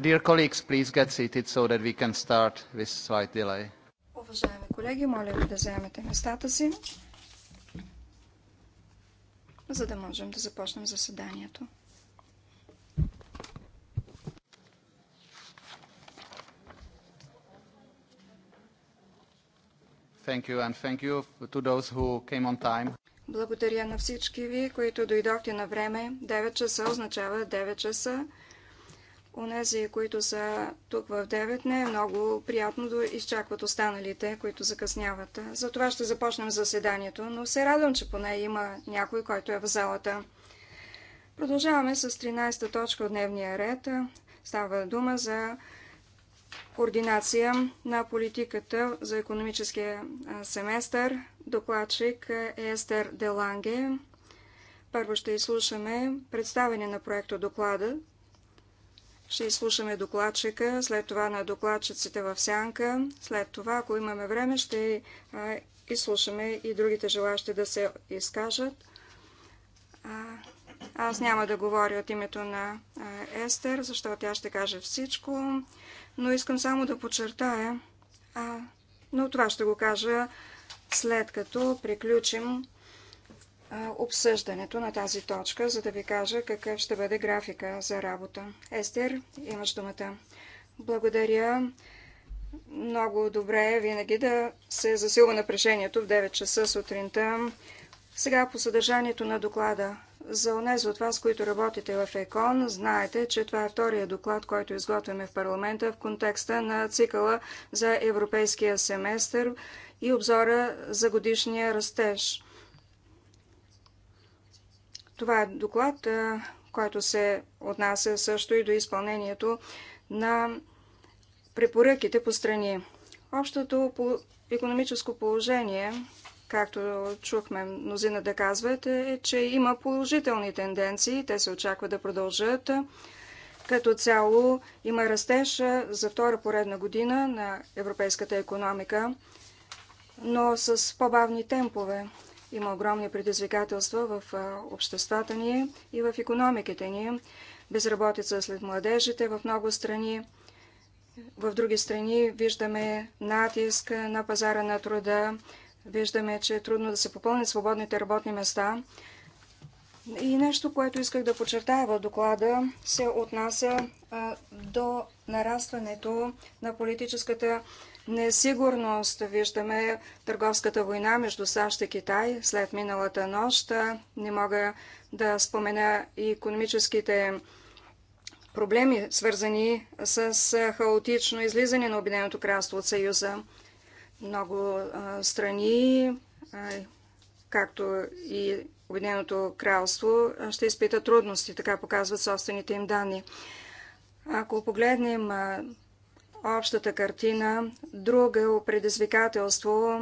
Dear colleagues, please get seated so that we can start with slight delay. Уважаеми колеги, моля ви да заемете местата си, за да можем да започнем заседанието. Thank you and thank you to those who came on time. Благодаря на всички ви, които дойдохте на време. 9 часа означава 9 часа. Унези, които са тук в 9, не е много приятно да изчакват останалите, които закъсняват. Затова ще започнем заседанието, но се радвам, че поне има някой, който е в залата. Продължаваме с 13-та точка от дневния ред. Става дума за координация на политиката за економическия семестър. Докладчик е Естер Деланге. Първо ще изслушаме представене на проекта доклада ще изслушаме докладчика, след това на докладчиците в сянка. След това, ако имаме време, ще изслушаме и другите желащи да се изкажат. Аз няма да говоря от името на Естер, защото тя ще каже всичко, но искам само да подчертая, но това ще го кажа след като приключим обсъждането на тази точка, за да ви кажа какъв ще бъде графика за работа. Естер, имаш думата. Благодаря. Много добре е винаги да се засилва напрежението в 9 часа сутринта. Сега по съдържанието на доклада. За онези от вас, които работите в ЕКОН, знаете, че това е втория доклад, който изготвяме в парламента в контекста на цикъла за европейския семестър и обзора за годишния растеж. Това е доклад, който се отнася също и до изпълнението на препоръките по страни. Общото економическо положение, както чухме мнозина да казват, е, че има положителни тенденции. Те се очаква да продължат. Като цяло има растеж за втора поредна година на европейската економика, но с по-бавни темпове. Има огромни предизвикателства в обществата ни и в економиките ни. Безработица след младежите в много страни. В други страни виждаме натиск на пазара на труда. Виждаме, че е трудно да се попълнят свободните работни места. И нещо, което исках да подчертая в доклада, се отнася до нарастването на политическата несигурност. Виждаме търговската война между САЩ и Китай след миналата нощ. Не мога да спомена и економическите проблеми, свързани с хаотично излизане на Обединеното кралство от Съюза. Много страни, както и Обединеното кралство, ще изпита трудности, така показват собствените им данни. Ако погледнем общата картина. Друго предизвикателство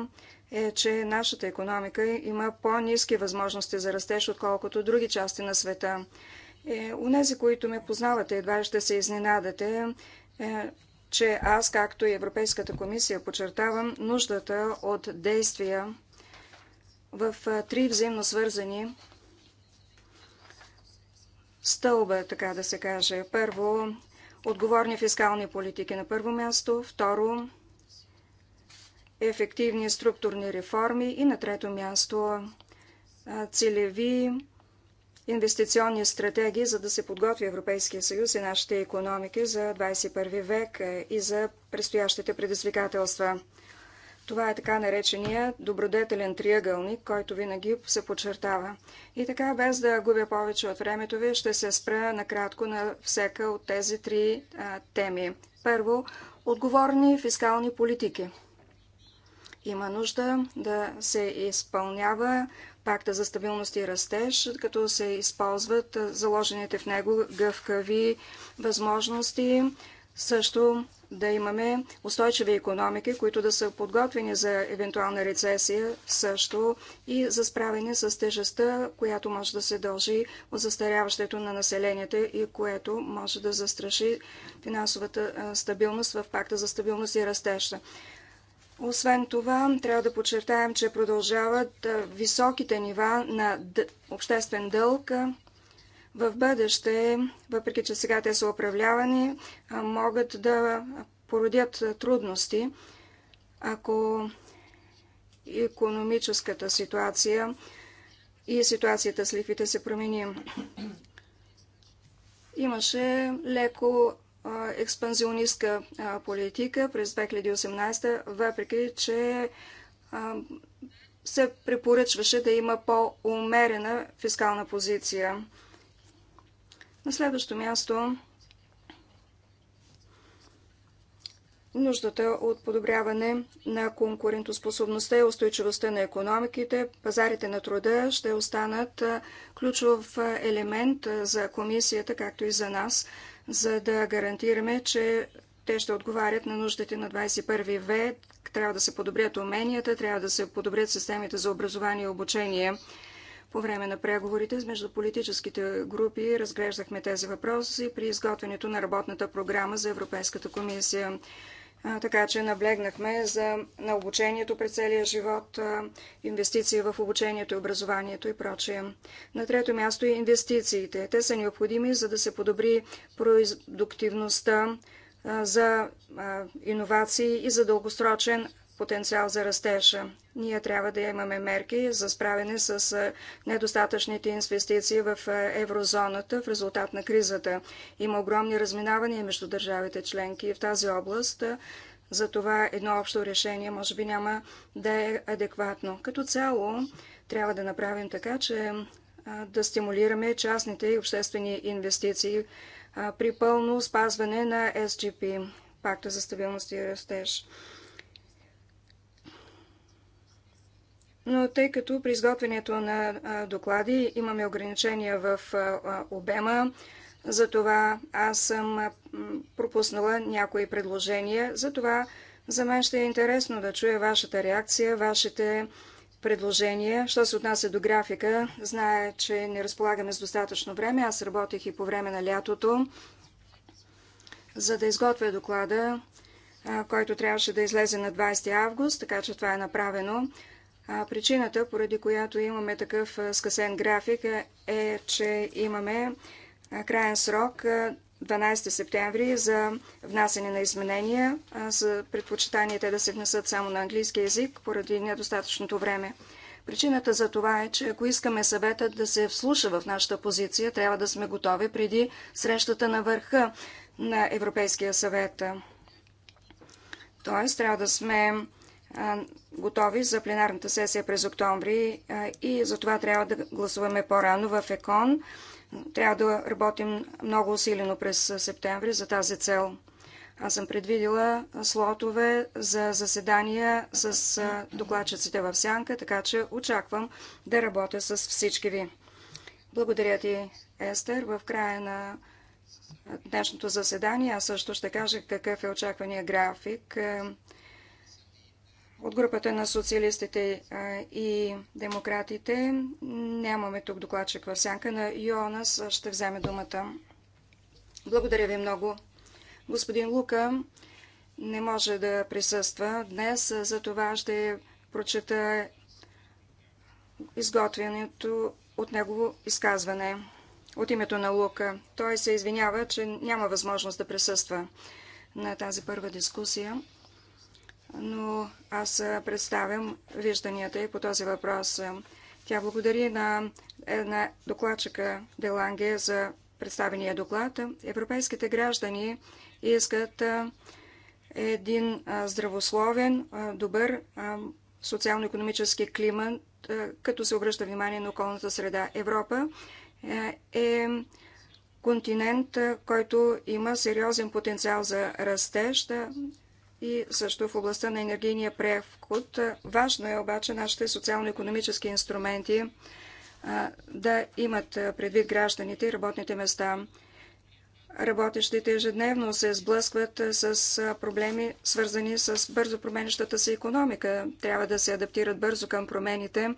е, че нашата економика има по-низки възможности за растеж, отколкото други части на света. Е, нези, които ме познавате, едва ще се изненадате, е, че аз, както и Европейската комисия, подчертавам нуждата от действия в е, три взаимно свързани стълба, така да се каже. Първо, отговорни фискални политики на първо място, второ ефективни структурни реформи и на трето място целеви инвестиционни стратегии, за да се подготви Европейския съюз и нашите економики за 21 век и за предстоящите предизвикателства. Това е така наречения добродетелен триъгълник, който винаги се подчертава. И така, без да губя повече от времето ви, ще се спра накратко на всека от тези три а, теми. Първо, отговорни фискални политики. Има нужда да се изпълнява пакта за стабилност и растеж, като се използват заложените в него гъвкави възможности, също да имаме устойчиви економики, които да са подготвени за евентуална рецесия също и за справяне с тежестта, която може да се дължи от застаряващето на населението и което може да застраши финансовата стабилност в пакта за стабилност и растеща. Освен това, трябва да подчертаем, че продължават високите нива на обществен дълг, в бъдеще, въпреки че сега те са управлявани, могат да породят трудности, ако економическата ситуация и ситуацията с лихвите се промени. Имаше леко експанзионистка политика през 2018, въпреки че се препоръчваше да има по-умерена фискална позиция. На следващо място нуждата от подобряване на конкурентоспособността и устойчивостта на економиките, пазарите на труда ще останат ключов елемент за комисията, както и за нас, за да гарантираме, че те ще отговарят на нуждите на 21 век. Трябва да се подобрят уменията, трябва да се подобрят системите за образование и обучение. По време на преговорите между политическите групи разглеждахме тези въпроси при изготвянето на работната програма за Европейската комисия. Така че наблегнахме за, на обучението през целия живот, инвестиции в обучението и образованието и прочее. На трето място и инвестициите. Те са необходими, за да се подобри продуктивността за иновации и за дългосрочен потенциал за растежа. Ние трябва да имаме мерки за справяне с недостатъчните инвестиции в еврозоната в резултат на кризата. Има огромни разминавания между държавите членки в тази област. Затова едно общо решение може би няма да е адекватно. Като цяло трябва да направим така, че да стимулираме частните и обществени инвестиции при пълно спазване на СГП, Пакта за стабилност и растеж. но тъй като при изготвянето на доклади имаме ограничения в обема, затова аз съм пропуснала някои предложения. Затова за мен ще е интересно да чуя вашата реакция, вашите предложения. Що се отнася до графика, зная, че не разполагаме с достатъчно време. Аз работех и по време на лятото, за да изготвя доклада, който трябваше да излезе на 20 август, така че това е направено. Причината, поради която имаме такъв скъсен график, е, е че имаме краен срок 12 септември за внасяне на изменения, за предпочитанията да се внесат само на английски язик, поради недостатъчното време. Причината за това е, че ако искаме съвета да се вслуша в нашата позиция, трябва да сме готови преди срещата на върха на Европейския съвет. Тоест, трябва да сме готови за пленарната сесия през октомври и за това трябва да гласуваме по-рано в ЕКОН. Трябва да работим много усилено през септември за тази цел. Аз съм предвидила слотове за заседания с докладчиците в сянка, така че очаквам да работя с всички ви. Благодаря ти, Естер. В края на днешното заседание аз също ще кажа какъв е очаквания график от групата на социалистите и демократите нямаме тук докладчик в сянка на Йонас. Ще вземе думата. Благодаря ви много. Господин Лука не може да присъства днес, за това ще прочета изготвянето от негово изказване от името на Лука. Той се извинява, че няма възможност да присъства на тази първа дискусия но аз представям вижданията и по този въпрос. Тя благодари на, една докладчика Деланге за представения доклад. Европейските граждани искат един здравословен, добър социално-економически климат, като се обръща внимание на околната среда. Европа е континент, който има сериозен потенциал за растеж, и също в областта на енергийния преход. Важно е обаче нашите социално-економически инструменти да имат предвид гражданите и работните места. Работещите ежедневно се сблъскват с проблеми, свързани с бързо променещата се економика. Трябва да се адаптират бързо към промените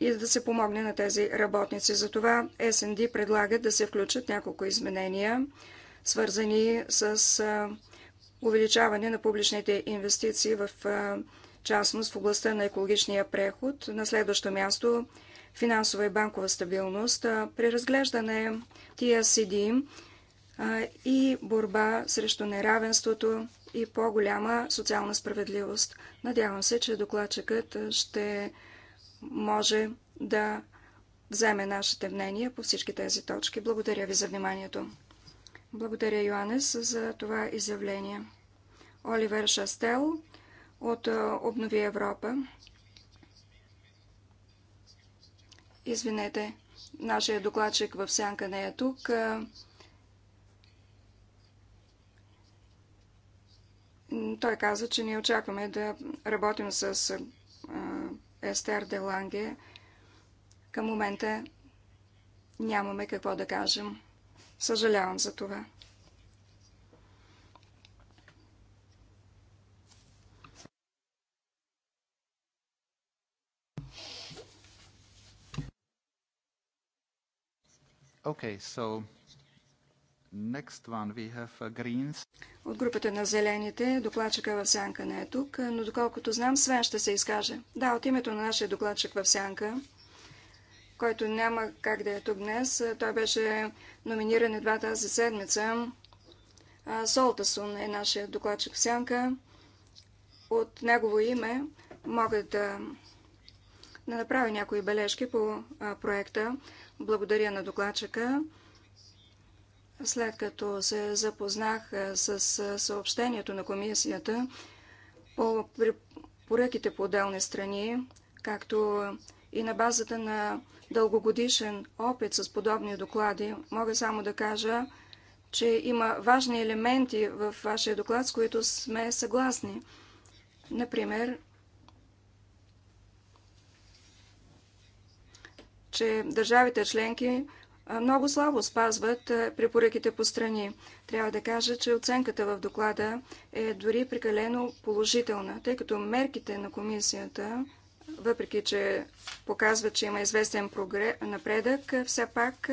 и да се помогне на тези работници. Затова СНД предлага да се включат няколко изменения – свързани с увеличаване на публичните инвестиции в частност в областта на екологичния преход. На следващо място финансова и банкова стабилност, при разглеждане TSCD и борба срещу неравенството и по-голяма социална справедливост. Надявам се, че докладчикът ще може да вземе нашите мнения по всички тези точки. Благодаря ви за вниманието. Благодаря, Йоанес, за това изявление. Оливер Шастел от Обнови Европа. Извинете, нашия докладчик в сянка не е тук. Той каза, че ние очакваме да работим с Естер Деланге. Към момента нямаме какво да кажем. Съжалявам за това. Okay, so next one we have uh, Greens. От групата на зелените докладчика в сянка не е тук, но доколкото знам, Свен ще се изкаже. Да, от името на нашия докладчик в сянка който няма как да е тук днес. Той беше номиниран едва тази седмица. Солтасун е нашия докладчик в сянка. От негово име мога да, да направя някои бележки по проекта. Благодаря на докладчика. След като се запознах с съобщението на комисията по поръките по отделни страни, както и на базата на дългогодишен опит с подобни доклади, мога само да кажа, че има важни елементи в вашия доклад, с които сме съгласни. Например, че държавите членки много слабо спазват препоръките по страни. Трябва да кажа, че оценката в доклада е дори прекалено положителна, тъй като мерките на комисията въпреки че показва, че има известен напредък, все пак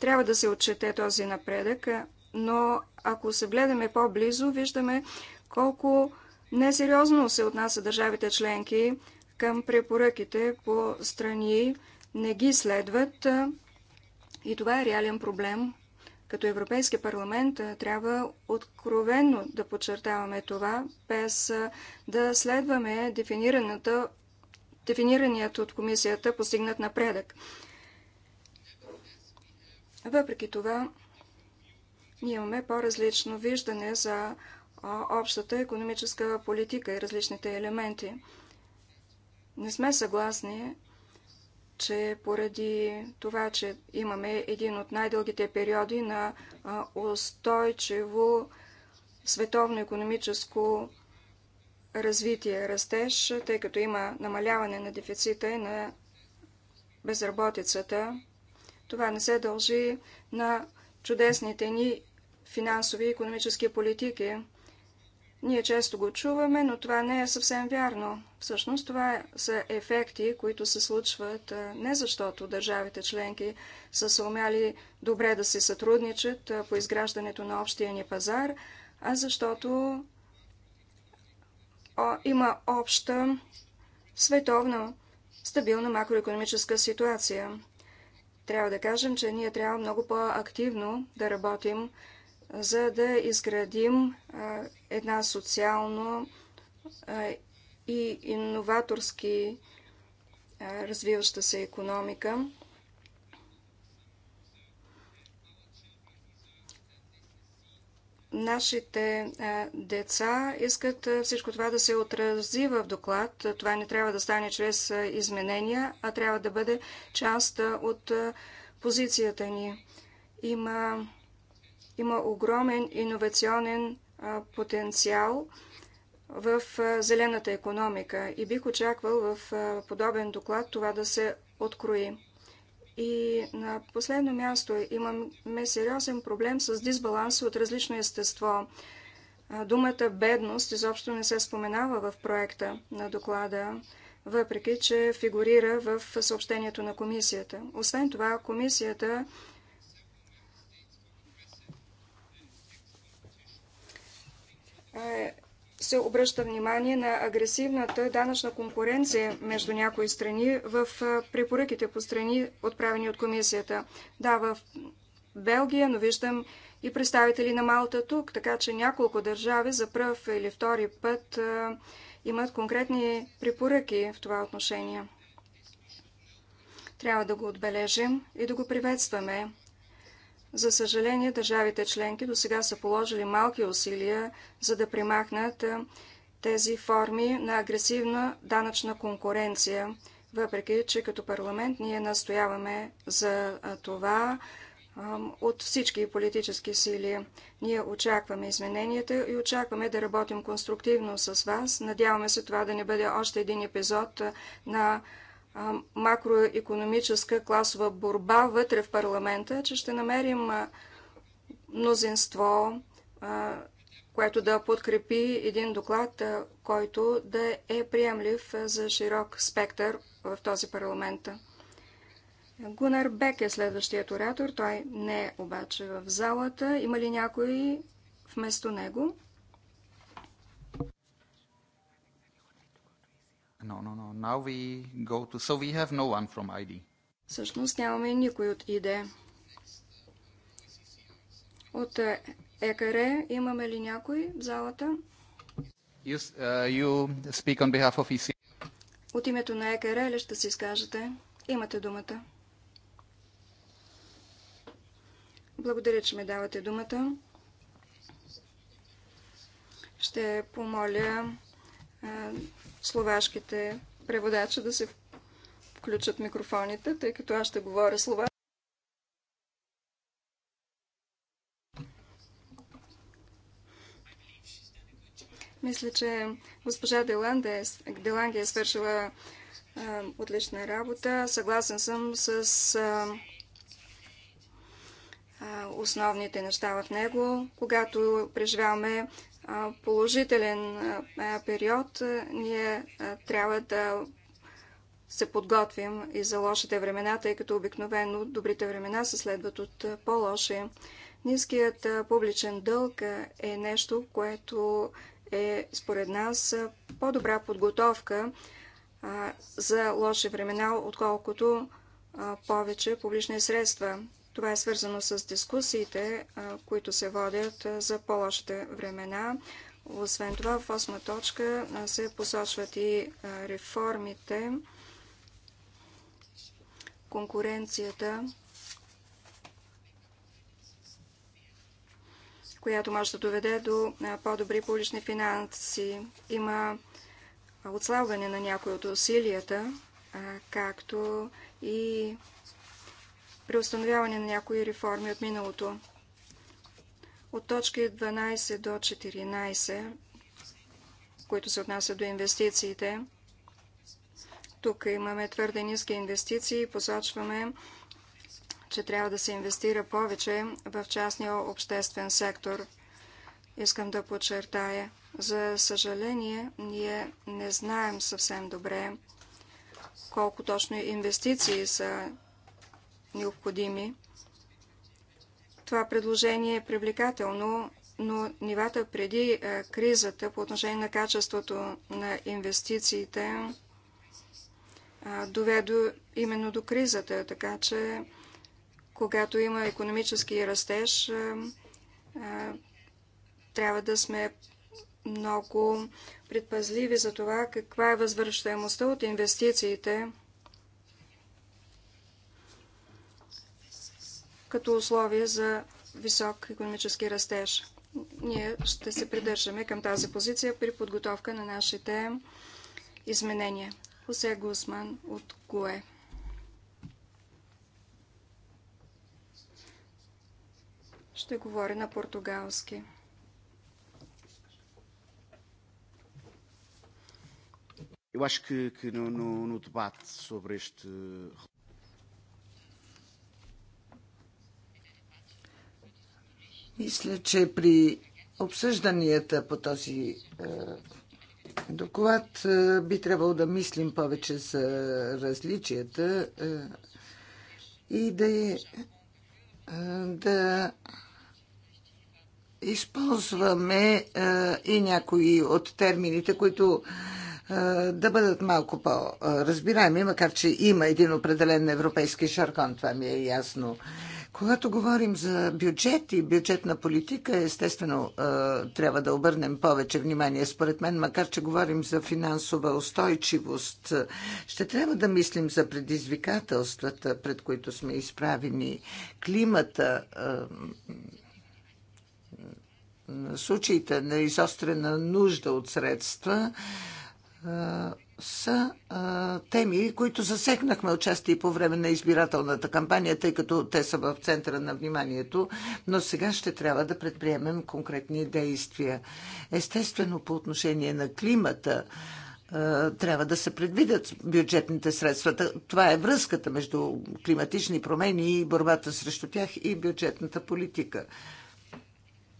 трябва да се отчете този напредък, но ако се гледаме по-близо, виждаме колко несериозно се отнася държавите членки към препоръките по страни, не ги следват и това е реален проблем, като Европейски парламент трябва откровенно да подчертаваме това, без да следваме дефинираният от комисията постигнат напредък. Въпреки това, ние имаме по-различно виждане за общата економическа политика и различните елементи. Не сме съгласни че поради това, че имаме един от най-дългите периоди на устойчиво световно економическо развитие, растеж, тъй като има намаляване на дефицита и на безработицата, това не се дължи на чудесните ни финансови и економически политики, ние често го чуваме, но това не е съвсем вярно. Всъщност това са ефекти, които се случват не защото държавите членки са се умяли добре да се сътрудничат по изграждането на общия ни пазар, а защото има обща световна стабилна макроекономическа ситуация. Трябва да кажем, че ние трябва много по-активно да работим за да изградим една социално и иноваторски развиваща се економика. Нашите деца искат всичко това да се отрази в доклад. Това не трябва да стане чрез изменения, а трябва да бъде част от позицията ни. Има има огромен иновационен потенциал в зелената економика и бих очаквал в подобен доклад това да се открои. И на последно място имаме сериозен проблем с дисбаланс от различно естество. Думата бедност изобщо не се споменава в проекта на доклада, въпреки че фигурира в съобщението на комисията. Освен това, комисията се обръща внимание на агресивната данъчна конкуренция между някои страни в препоръките по страни, отправени от комисията. Да, в Белгия, но виждам и представители на Малта тук, така че няколко държави за пръв или втори път имат конкретни препоръки в това отношение. Трябва да го отбележим и да го приветстваме. За съжаление, държавите членки до сега са положили малки усилия, за да примахнат тези форми на агресивна данъчна конкуренция, въпреки че като парламент ние настояваме за това от всички политически сили. Ние очакваме измененията и очакваме да работим конструктивно с вас. Надяваме се това да не бъде още един епизод на макроекономическа класова борба вътре в парламента, че ще намерим мнозинство, което да подкрепи един доклад, който да е приемлив за широк спектър в този парламент. Гунар Бек е следващият оратор. Той не е обаче в залата. Има ли някой вместо него? No, no, no. Now we go to... So we have no one from ID. Всъщност нямаме никой от ID. От ЕКР е имаме ли някой в залата? You, uh, you speak on behalf of EC. От името на ЕКР ли ще се изкажете? Имате думата. Благодаря, че ми давате думата. Ще помоля uh, словашките преводачи да се включат микрофоните, тъй като аз ще говоря слова. Мисля, че госпожа Деланге е, е свършила отлична работа. Съгласен съм с а, а, основните неща в него. Когато преживяваме положителен период, ние трябва да се подготвим и за лошите времена, тъй като обикновено добрите времена се следват от по-лоши. Ниският публичен дълг е нещо, което е според нас по-добра подготовка за лоши времена, отколкото повече публични средства. Това е свързано с дискусиите, които се водят за по-лошите времена. Освен това, в осма точка се посочват и реформите, конкуренцията, която може да доведе до по-добри публични финанси. Има отслабване на някои от усилията, както и преустановяване на някои реформи от миналото. От точки 12 до 14, които се отнасят до инвестициите, тук имаме твърде ниски инвестиции и посочваме, че трябва да се инвестира повече в частния обществен сектор. Искам да подчертая, за съжаление, ние не знаем съвсем добре колко точно инвестиции са необходими. Това предложение е привлекателно, но нивата преди е, кризата по отношение на качеството на инвестициите е, доведо именно до кризата, така че когато има економически растеж, е, трябва да сме много предпазливи за това каква е възвръщаемостта от инвестициите. като условие за висок економически растеж. Ние ще се придържаме към тази позиция при подготовка на нашите изменения. Хосе Гусман от ГУЕ. Ще говори на португалски. Eu acho que, que no, no, no debate sobre este. Мисля, че при обсъжданията по този е, доклад е, би трябвало да мислим повече за различията е, и да, е. да използваме и някои от термините, които да бъдат малко по-разбираеми, макар че има един определен европейски шаркон, това ми е ясно. Когато говорим за бюджет и бюджетна политика, естествено е, трябва да обърнем повече внимание. Според мен, макар че говорим за финансова устойчивост, ще трябва да мислим за предизвикателствата, пред които сме изправени, климата, е, случаите на изострена нужда от средства е, са а, теми, които засегнахме отчасти и по време на избирателната кампания, тъй като те са в центъра на вниманието, но сега ще трябва да предприемем конкретни действия. Естествено, по отношение на климата, а, трябва да се предвидят бюджетните средства. Това е връзката между климатични промени и борбата срещу тях и бюджетната политика.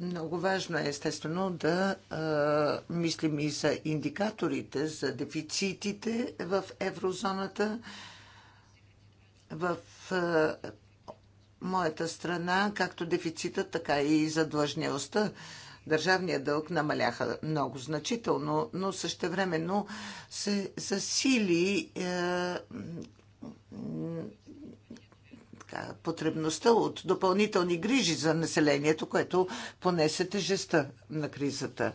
Много важно е, естествено, да а, мислим и за индикаторите, за дефицитите в еврозоната. В а, моята страна, както дефицита, така и задлъжнялостта, Държавният дълг намаляха много значително, но същевременно се засили. А, е, така, потребността от допълнителни грижи за населението, което понесе тежестта на кризата.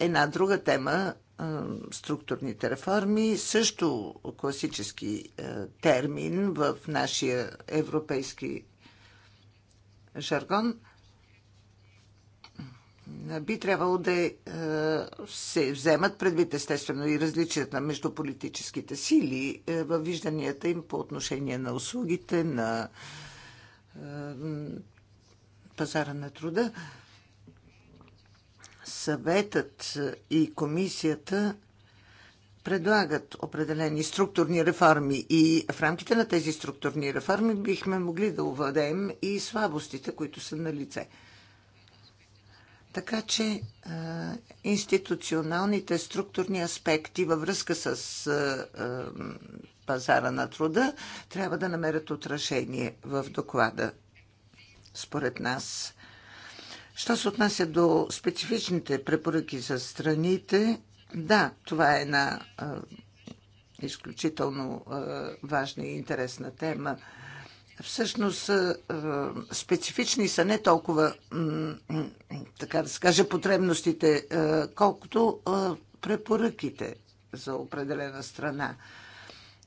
Една друга тема структурните реформи, също класически термин в нашия европейски жаргон – би трябвало да е, се вземат предвид естествено и различията между политическите сили е, в вижданията им по отношение на услугите, на е, пазара на труда. Съветът и комисията предлагат определени структурни реформи и в рамките на тези структурни реформи бихме могли да овладеем и слабостите, които са на лице – така че институционалните структурни аспекти във връзка с пазара на труда трябва да намерят отражение в доклада, според нас. Що се отнася до специфичните препоръки за страните, да, това е една изключително важна и интересна тема всъщност е, е, специфични са не толкова, така да се каже, потребностите, е, колкото препоръките за определена страна.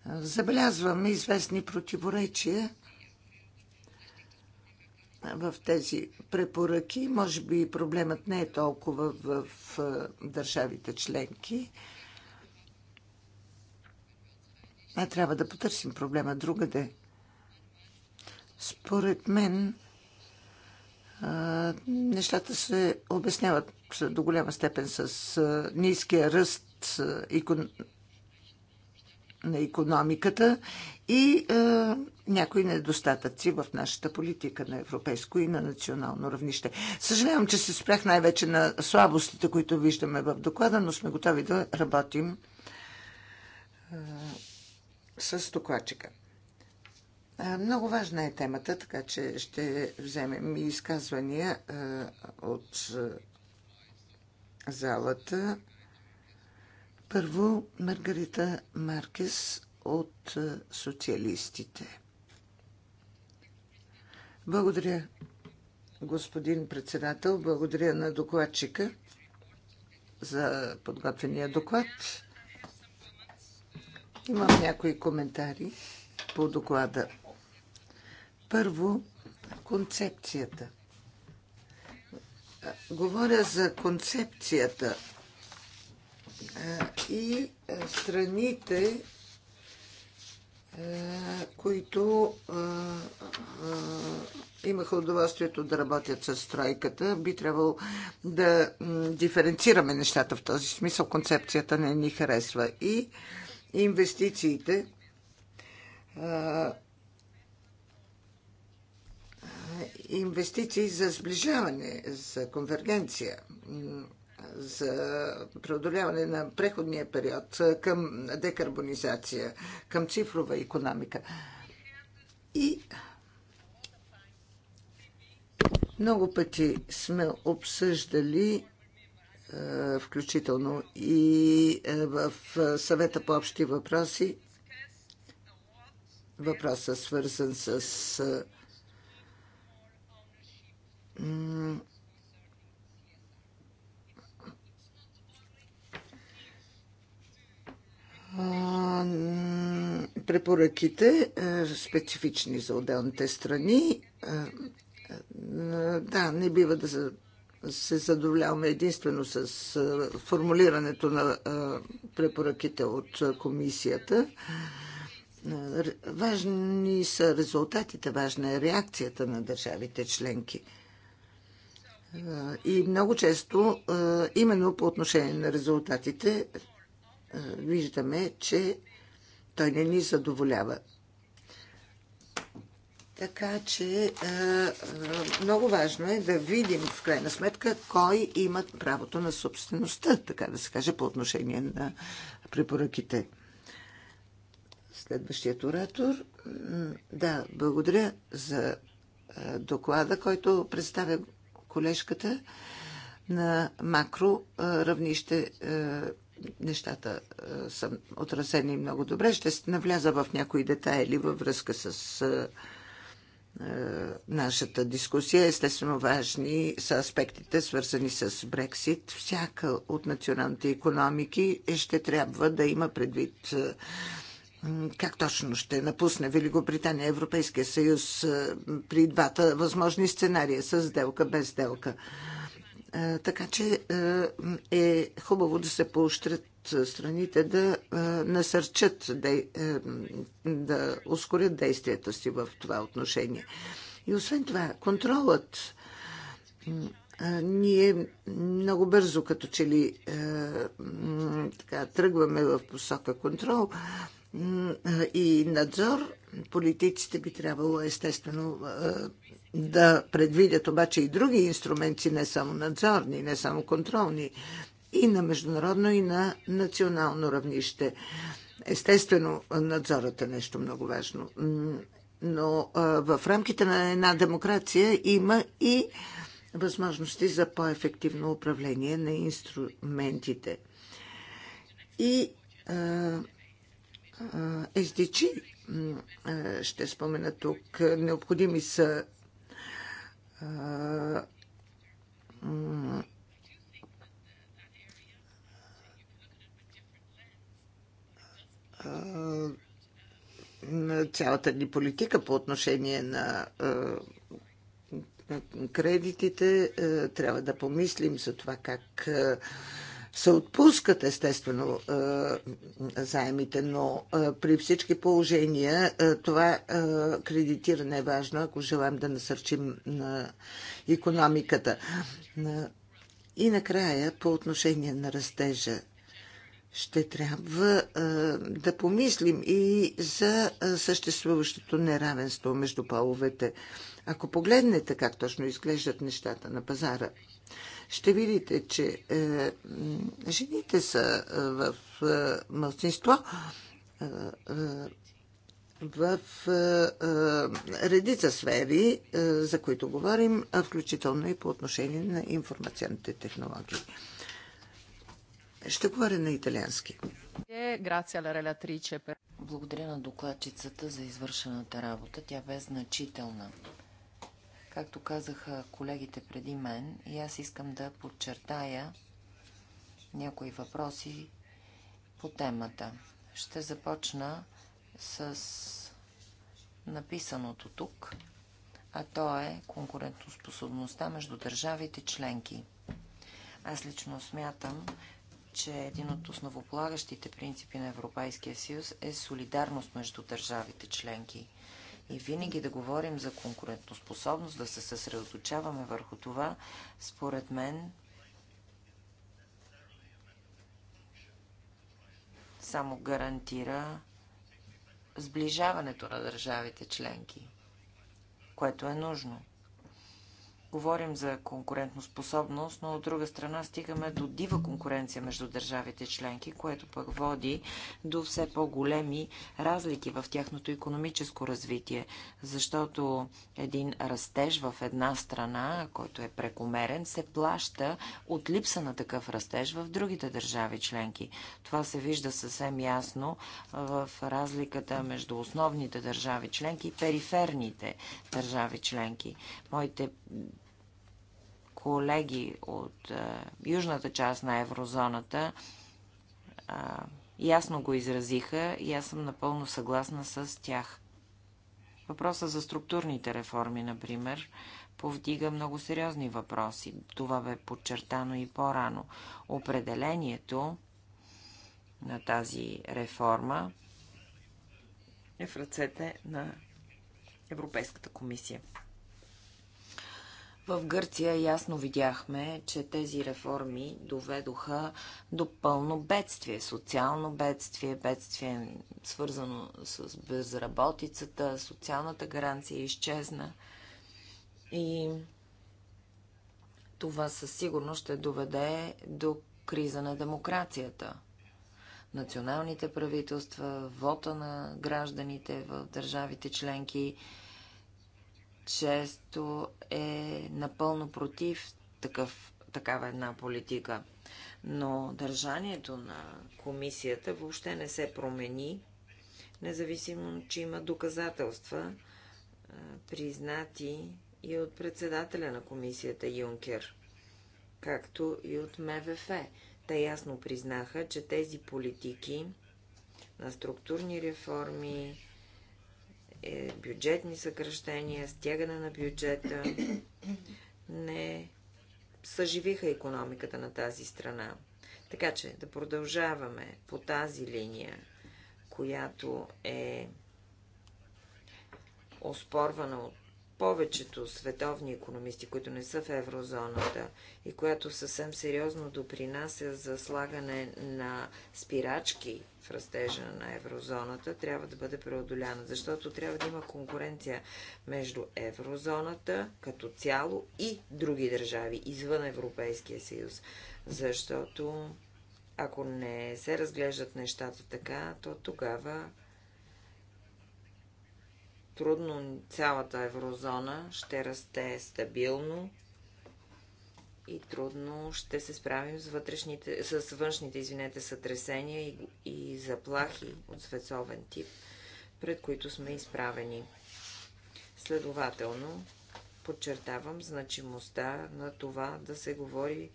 Забелязваме известни противоречия в тези препоръки. Може би проблемът не е толкова в държавите членки. А трябва да потърсим проблема другаде. Според мен нещата се обясняват до голяма степен с ниския ръст на економиката и някои недостатъци в нашата политика на европейско и на национално равнище. Съжалявам, че се спрях най-вече на слабостите, които виждаме в доклада, но сме готови да работим с докладчика. Много важна е темата, така че ще вземем и изказвания от залата. Първо Маргарита Маркес от социалистите. Благодаря, господин председател. Благодаря на докладчика за подготвения доклад. Имам някои коментари по доклада. Първо, концепцията. Говоря за концепцията и страните, които имаха удоволствието да работят с тройката. Би трябвало да диференцираме нещата в този смисъл. Концепцията не ни харесва. И инвестициите инвестиции за сближаване, за конвергенция, за преодоляване на преходния период към декарбонизация, към цифрова економика. И много пъти сме обсъждали е, включително и е, в съвета по общи въпроси. Въпроса свързан с е, препоръките, е, специфични за отделните страни. Е, е, да, не бива да се задоволяваме единствено с формулирането на препоръките от комисията. Важни са резултатите, важна е реакцията на държавите членки – и много често, именно по отношение на резултатите, виждаме, че той не ни задоволява. Така че много важно е да видим в крайна сметка кой има правото на собствеността, така да се каже, по отношение на препоръките. Следващият оратор. Да, благодаря за доклада, който представя колежката, на макро равнище нещата са отразени много добре. Ще навляза в някои детайли във връзка с нашата дискусия. Естествено важни са аспектите, свързани с Брексит. Всяка от националните економики е, ще трябва да има предвид как точно ще напусне Великобритания Европейския съюз е, при двата възможни сценария с сделка, без сделка. Е, така че е, е хубаво да се поощрят страните да насърчат, да, да ускорят действията си в това отношение. И освен това, контролът ние много бързо, като че ли така, тръгваме в посока контрол, и надзор. Политиците би трябвало естествено да предвидят обаче и други инструменти, не само надзорни, не само контролни, и на международно, и на национално равнище. Естествено, надзорът е нещо много важно. Но в рамките на една демокрация има и възможности за по-ефективно управление на инструментите. И SDG ще спомена тук. Необходими са цялата ни политика по отношение на кредитите. Трябва да помислим за това как се отпускат естествено е, заемите, но е, при всички положения е, това кредитиране е важно, ако желаем да насърчим на економиката. И накрая, по отношение на растежа, ще трябва да помислим и за съществуващото неравенство между половете. Ако погледнете как точно изглеждат нещата на пазара, ще видите, че е, жените са е, в е, мълцинство. Е, е, в е, редица сфери, за които говорим, включително и по отношение на информационните технологии. Ще говоря на италиански. Благодаря на докладчицата за извършената работа. Тя бе значителна. Както казаха колегите преди мен, и аз искам да подчертая някои въпроси по темата. Ще започна с написаното тук, а то е конкурентоспособността между държавите членки. Аз лично смятам, че един от основополагащите принципи на Европейския съюз е солидарност между държавите членки и винаги да говорим за конкурентоспособност, да се съсредоточаваме върху това, според мен само гарантира сближаването на държавите членки, което е нужно. Говорим за конкурентоспособност, но от друга страна стигаме до дива конкуренция между държавите членки, което пък води до все по-големи разлики в тяхното економическо развитие, защото един растеж в една страна, който е прекомерен, се плаща от липса на такъв растеж в другите държави членки. Това се вижда съвсем ясно в разликата между основните държави членки и периферните държави членки. Моите колеги от е, южната част на еврозоната е, ясно го изразиха и аз съм напълно съгласна с тях. Въпроса за структурните реформи, например, повдига много сериозни въпроси. Това бе подчертано и по-рано. Определението на тази реформа е в ръцете на Европейската комисия. В Гърция ясно видяхме, че тези реформи доведоха до пълно бедствие, социално бедствие, бедствие свързано с безработицата, социалната гаранция изчезна. И това със сигурност ще доведе до криза на демокрацията. Националните правителства, вота на гражданите в държавите членки – често е напълно против такъв, такава една политика. Но държанието на комисията въобще не се промени, независимо, че има доказателства, признати и от председателя на комисията Юнкер, както и от МВФ. Те ясно признаха, че тези политики на структурни реформи, е, бюджетни съкръщения, стягане на бюджета не съживиха економиката на тази страна. Така че да продължаваме по тази линия, която е оспорвана от повечето световни економисти, които не са в еврозоната и която съвсем сериозно допринася за слагане на спирачки в растежа на еврозоната, трябва да бъде преодоляна, защото трябва да има конкуренция между еврозоната като цяло и други държави извън Европейския съюз, защото ако не се разглеждат нещата така, то тогава трудно цялата еврозона ще расте стабилно и трудно ще се справим с, вътрешните, с външните извинете, сътресения и, и заплахи от свецовен тип, пред които сме изправени. Следователно, подчертавам значимостта на това да се говори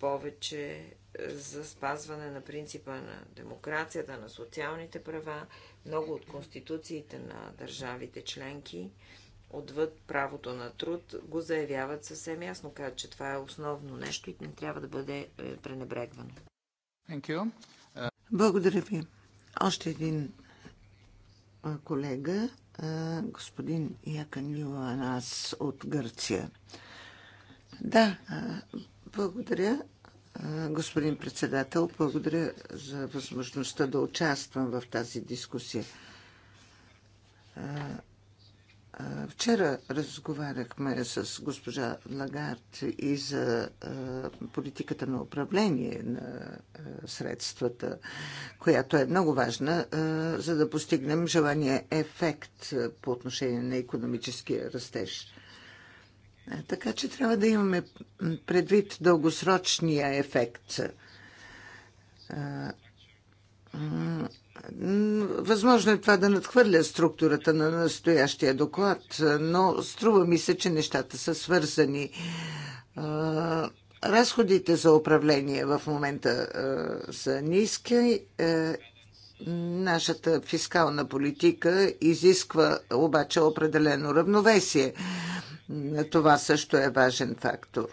повече е, за спазване на принципа на демокрацията, на социалните права, много от конституциите на държавите членки, отвъд правото на труд, го заявяват съвсем ясно, казват, че това е основно нещо и не трябва да бъде е, пренебрегвано. Uh... Благодаря ви. Още един колега, господин Яканил, Анас от Гърция. Да, благодаря, господин председател. Благодаря за възможността да участвам в тази дискусия. Вчера разговаряхме с госпожа Лагард и за политиката на управление на средствата, която е много важна, за да постигнем желания ефект по отношение на економическия растеж. Така че трябва да имаме предвид дългосрочния ефект. Възможно е това да надхвърля структурата на настоящия доклад, но струва ми се, че нещата са свързани. Разходите за управление в момента са ниски. Нашата фискална политика изисква обаче определено равновесие това също е важен фактор.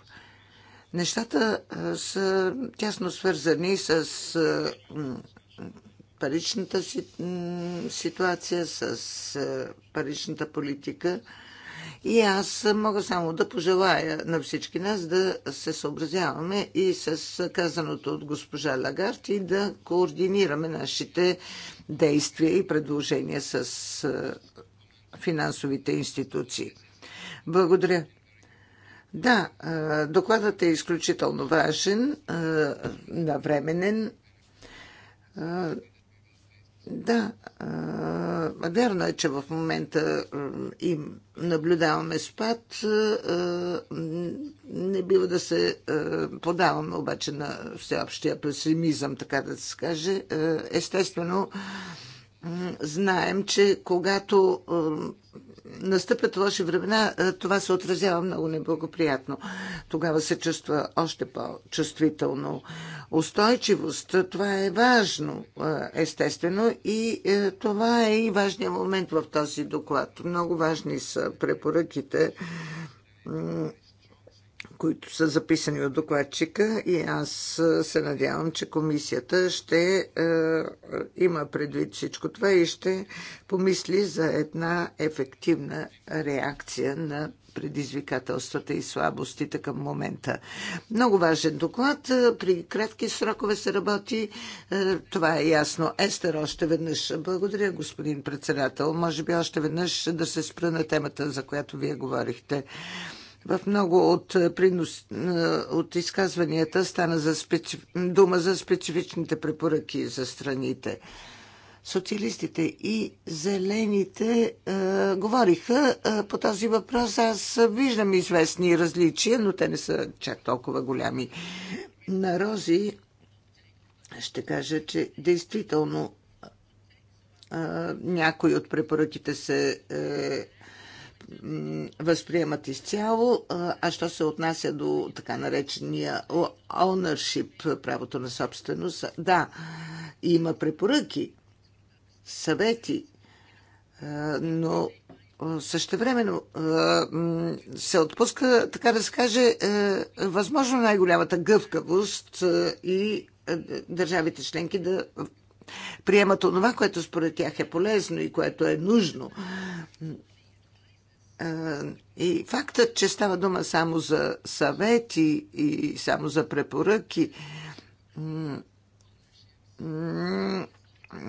Нещата са тясно свързани с паричната ситуация, с паричната политика. И аз мога само да пожелая на всички нас да се съобразяваме и с казаното от госпожа Лагард и да координираме нашите действия и предложения с финансовите институции. Благодаря. Да, докладът е изключително важен, навременен. Да, вярно е, че в момента им наблюдаваме спад. Не бива да се подаваме обаче на всеобщия песимизъм, така да се каже. Естествено, знаем, че когато настъпят лоши времена, това се отразява много неблагоприятно. Тогава се чувства още по-чувствително. Устойчивост, това е важно, естествено, и е, това е и важният момент в този доклад. Много важни са препоръките които са записани от докладчика и аз се надявам, че комисията ще е, има предвид всичко това и ще помисли за една ефективна реакция на предизвикателствата и слабостите към момента. Много важен доклад. При кратки срокове се работи. Това е ясно. Естер, още веднъж. Благодаря, господин председател. Може би още веднъж да се спра на темата, за която вие говорихте. В много от, е, принос, е, от изказванията стана за специ, дума за специфичните препоръки за страните. Социалистите и зелените е, говориха е, по този въпрос. Аз виждам известни различия, но те не са чак толкова голями. На Рози ще кажа, че действително е, някои от препоръките се е, възприемат изцяло, а що се отнася до така наречения ownership, правото на собственост, да, има препоръки, съвети, но същевременно се отпуска, така да се каже, е, възможно най-голямата гъвкавост и държавите членки да приемат онова, което според тях е полезно и което е нужно. Е, и фактът, че става дума само за съвети и само за препоръки,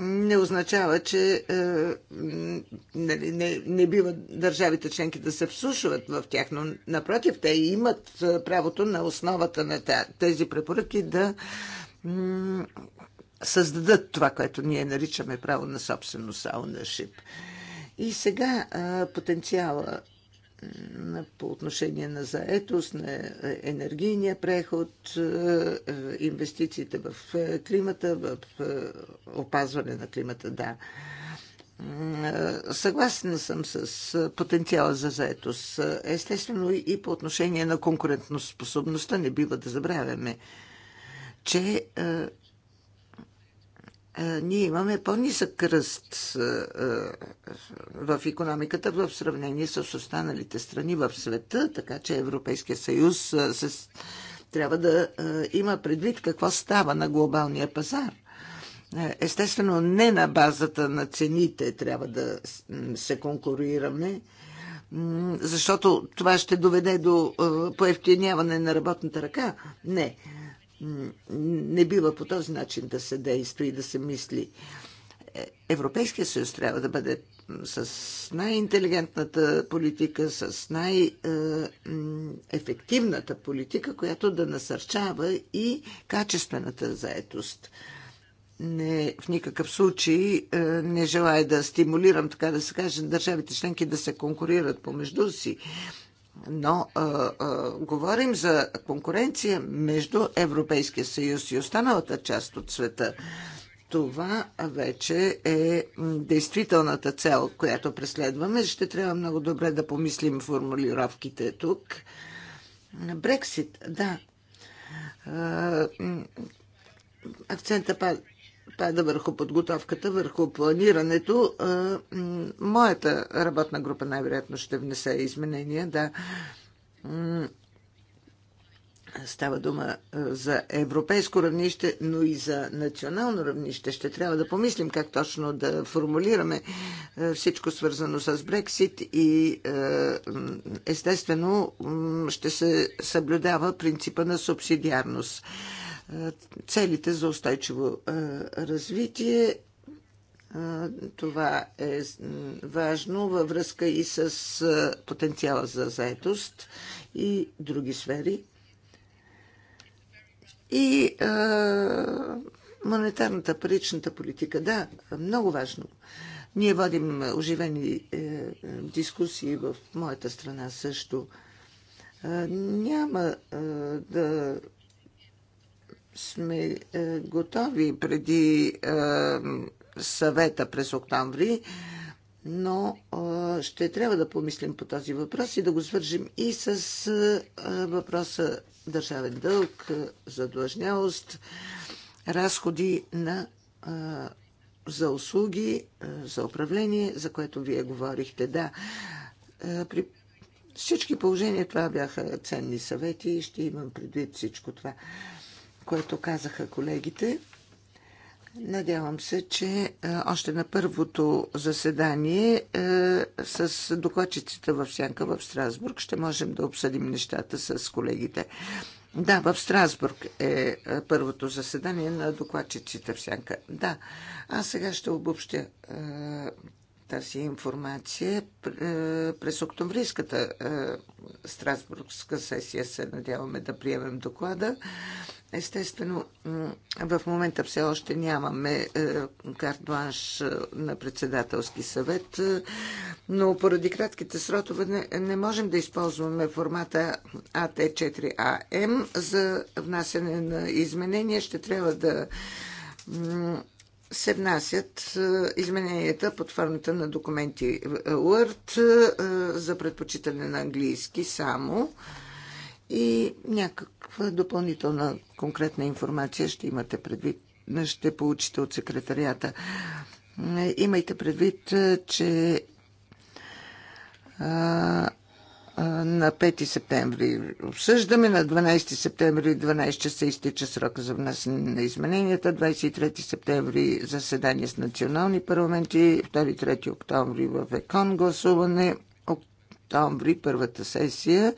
не означава, че не, нали, не, не бива държавите членки да се всушват в тях, но напротив, те имат е, правото на основата на тези препоръки да създадат това, което ние наричаме право на собственост, ownership. И сега потенциала по отношение на заетост, на е, енергийния преход, инвестициите в климата, в опазване на климата, да. Съгласен съм с потенциала за заетост. Естествено и по отношение на конкурентоспособността не бива да забравяме, че ние имаме по-нисък кръст в економиката в сравнение с останалите страни в света, така че Европейския съюз се, трябва да има предвид какво става на глобалния пазар. Естествено, не на базата на цените трябва да се конкурираме, защото това ще доведе до поевтиняване на работната ръка. Не не бива по този начин да се действа и да се мисли. Е, Европейския съюз трябва да бъде с най-интелигентната политика, с най-ефективната политика, която да насърчава и качествената заетост. Не, в никакъв случай е, не желая да стимулирам, така да се каже, държавите членки да се конкурират помежду си но а, а, говорим за конкуренция между Европейския съюз и останалата част от света. Това вече е действителната цел, която преследваме. Ще трябва много добре да помислим формулировките тук. Брексит, да. А, акцента пада пада върху подготовката, върху планирането. Моята работна група най-вероятно ще внесе изменения, да. Става дума за европейско равнище, но и за национално равнище. Ще трябва да помислим как точно да формулираме всичко свързано с Брексит и естествено ще се съблюдава принципа на субсидиарност целите за устойчиво е, развитие. Е, това е важно във връзка и с е, потенциала за заетост и други сфери. И а, монетарната паричната политика, да, много важно. Ние водим оживени е, дискусии в моята страна също. А, няма а, да сме е, готови преди е, съвета през октомври, но е, ще трябва да помислим по този въпрос и да го свържим и с въпроса държавен дълг, задлъжнялост, разходи на, за услуги, за управление, за което вие говорихте. Да, при всички положения това бяха ценни съвети и ще имам предвид всичко това което казаха колегите. Надявам се, че е, още на първото заседание е, с докладчиците в Сянка в Страсбург ще можем да обсъдим нещата с колегите. Да, в Страсбург е, е първото заседание на докладчиците в Сянка. Да, а сега ще обобщя тази информация. Е, през октомврийската е, Страсбургска сесия се надяваме да приемем доклада. Естествено, в момента все още нямаме е, карт-бланш на председателски съвет, но поради кратките сротове не, не можем да използваме формата АТ4АМ за внасяне на изменения. Ще трябва да се внасят е, измененията под формата на документи Word е, за предпочитане на английски само и някаква допълнителна конкретна информация ще имате предвид, ще получите от секретарията. Е, имайте предвид, че на 5 септември обсъждаме, на 12 септември 12 часа изтича срока за внасяне на измененията, 23 септември заседание с национални парламенти, 2-3 октомври в ЕКОН гласуване, октомври първата сесия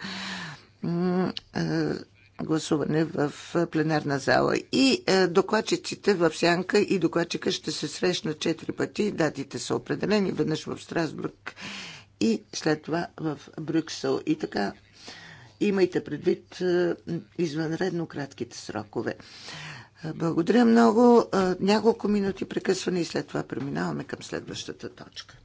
гласуване в пленарна зала. И докладчиците в Сянка и докладчика ще се срещнат четири пъти. Датите са определени веднъж в Страсбург и след това в Брюксел. И така, имайте предвид е, извънредно кратките срокове. Е, благодаря много. Е, няколко минути прекъсване и след това преминаваме към следващата точка.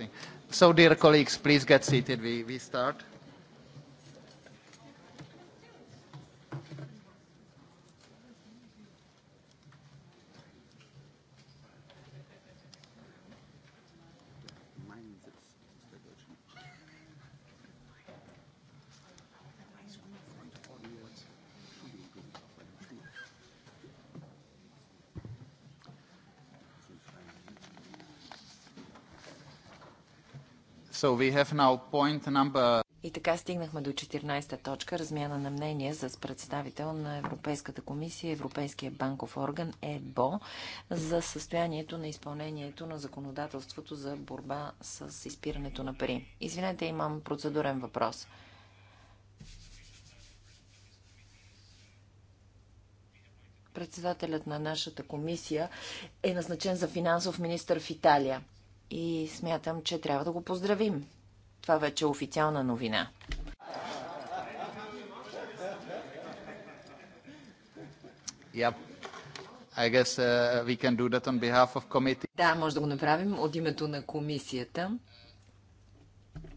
interesting. So, dear colleagues, please get seated. We, we start. So number... И така стигнахме до 14-та точка, размяна на мнение с представител на Европейската комисия, Европейския банков орган ЕБО за състоянието на изпълнението на законодателството за борба с изпирането на пари. Извинете, имам процедурен въпрос. Председателят на нашата комисия е назначен за финансов министър в Италия и смятам, че трябва да го поздравим. Това вече е официална новина. Yep. I guess uh, we can do that on behalf of committee. Да, може да го направим от името на комисията.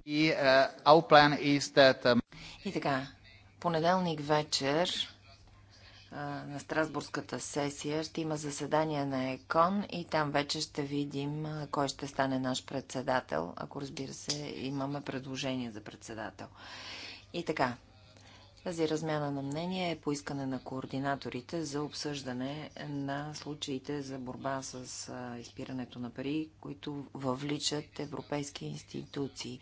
И, uh, our plan is that, um... и така, понеделник вечер на Страсбургската сесия ще има заседание на ЕКОН и там вече ще видим кой ще стане наш председател, ако разбира се имаме предложение за председател. И така, тази размяна на мнение е поискане на координаторите за обсъждане на случаите за борба с изпирането на пари, които въвличат европейски институции.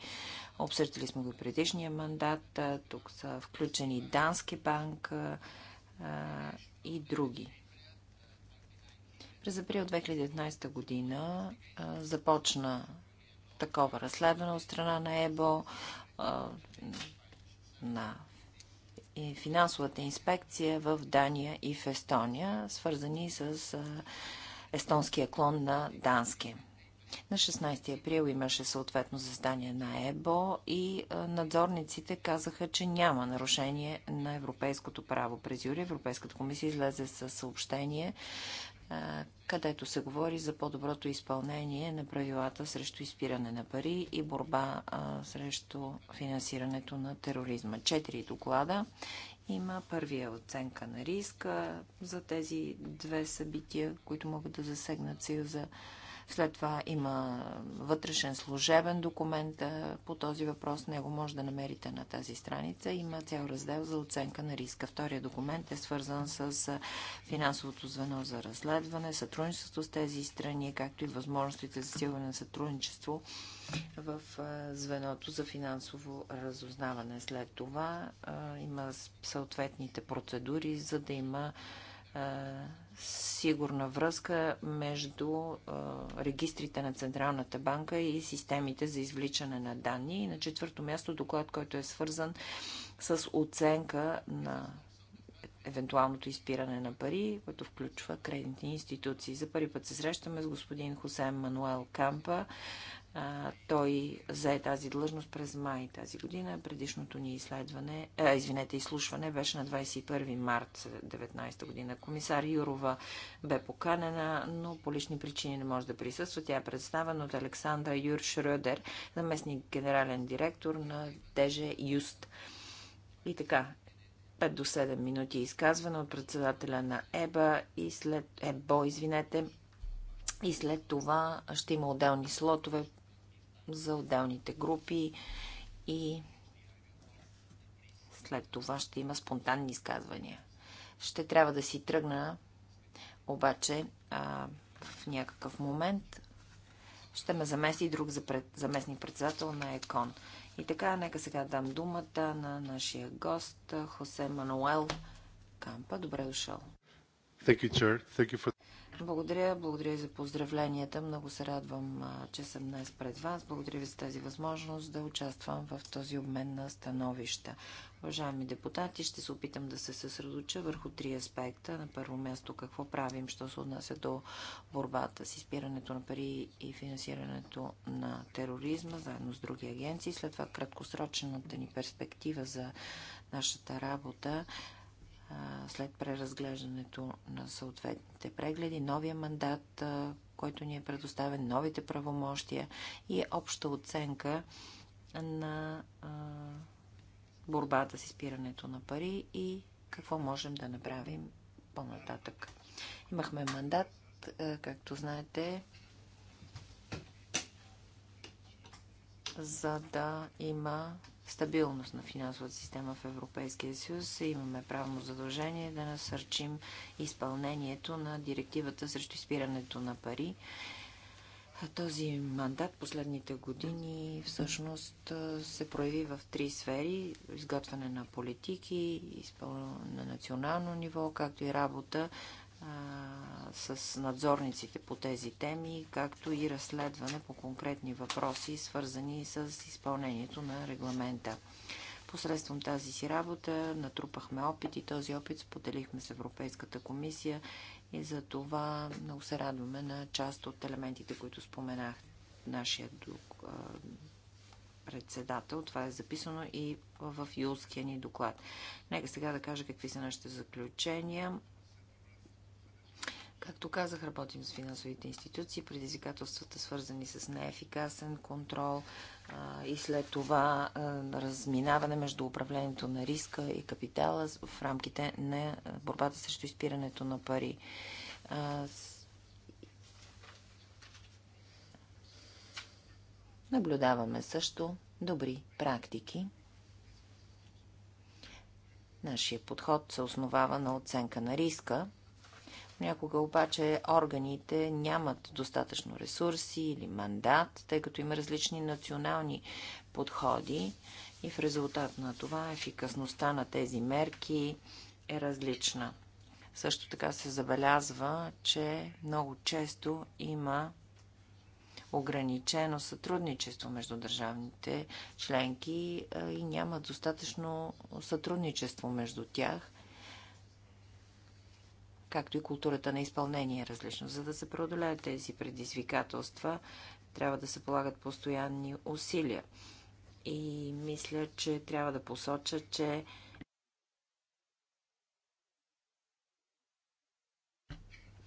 Обсъждали сме го предишния мандат. Тук са включени Дански банк, и други. През април 2019 година започна такова разследване от страна на ЕБО, на финансовата инспекция в Дания и в Естония, свързани с естонския клон на Данския. На 16 април имаше съответно заседание на ЕБО и надзорниците казаха, че няма нарушение на европейското право. През юли Европейската комисия излезе със съобщение, където се говори за по-доброто изпълнение на правилата срещу изпиране на пари и борба срещу финансирането на тероризма. Четири доклада има. Първия е оценка на риска за тези две събития, които могат да засегнат Съюза. За след това има вътрешен служебен документ по този въпрос. Него може да намерите на тази страница. Има цял раздел за оценка на риска. Втория документ е свързан с финансовото звено за разследване, сътрудничество с тези страни, както и възможностите за силване на сътрудничество в звеното за финансово разузнаване. След това има съответните процедури, за да има сигурна връзка между регистрите на Централната банка и системите за извличане на данни. И на четвърто място доклад, който е свързан с оценка на евентуалното изпиране на пари, което включва кредитни институции. За първи път се срещаме с господин Хусен Мануел Кампа, а, той зае тази длъжност през май тази година. Предишното ни изследване, а, извинете, изслушване беше на 21 март 19 година. Комисар Юрова бе поканена, но по лични причини не може да присъства. Тя е представена от Александра Юр Шрёдер, заместник генерален директор на Теже Юст. И така, 5 до 7 минути изказване от председателя на ЕБА и след ЕБО, извинете, и след това ще има отделни слотове за отделните групи и след това ще има спонтанни изказвания. Ще трябва да си тръгна, обаче а, в някакъв момент ще ме замести друг запред, заместник председател на ЕКОН. И така, нека сега дам думата на нашия гост Хосе Мануел Кампа. Добре дошъл. Thank you, Chair. Thank you for... Благодаря, благодаря и за поздравленията. Много се радвам, че съм днес пред вас. Благодаря ви за тази възможност да участвам в този обмен на становища. Уважаеми депутати, ще се опитам да се съсредоча върху три аспекта. На първо място какво правим, що се отнася до борбата с изпирането на пари и финансирането на тероризма, заедно с други агенции. След това краткосрочната ни перспектива за нашата работа след преразглеждането на съответните прегледи, новия мандат, който ни е предоставен, новите правомощия и обща оценка на борбата с изпирането на пари и какво можем да направим по-нататък. Имахме мандат, както знаете, за да има стабилност на финансовата система в Европейския съюз, имаме правно задължение да насърчим изпълнението на директивата срещу изпирането на пари. Този мандат последните години всъщност се прояви в три сфери. Изготвяне на политики, изпълнение на национално ниво, както и работа с надзорниците по тези теми, както и разследване по конкретни въпроси, свързани с изпълнението на регламента. Посредством тази си работа натрупахме опит и този опит споделихме с Европейската комисия и за това много се радваме на част от елементите, които споменах нашия председател. Това е записано и в юлския ни доклад. Нека сега да кажа какви са нашите заключения Както казах, работим с финансовите институции, предизвикателствата свързани с неефикасен контрол а, и след това а, разминаване между управлението на риска и капитала в рамките на борбата срещу изпирането на пари. А, с... Наблюдаваме също добри практики. Нашия подход се основава на оценка на риска Понякога обаче органите нямат достатъчно ресурси или мандат, тъй като има различни национални подходи и в резултат на това ефикасността на тези мерки е различна. Също така се забелязва, че много често има ограничено сътрудничество между държавните членки и няма достатъчно сътрудничество между тях, както и културата на изпълнение е различно. За да се преодолеят тези предизвикателства, трябва да се полагат постоянни усилия. И мисля, че трябва да посоча, че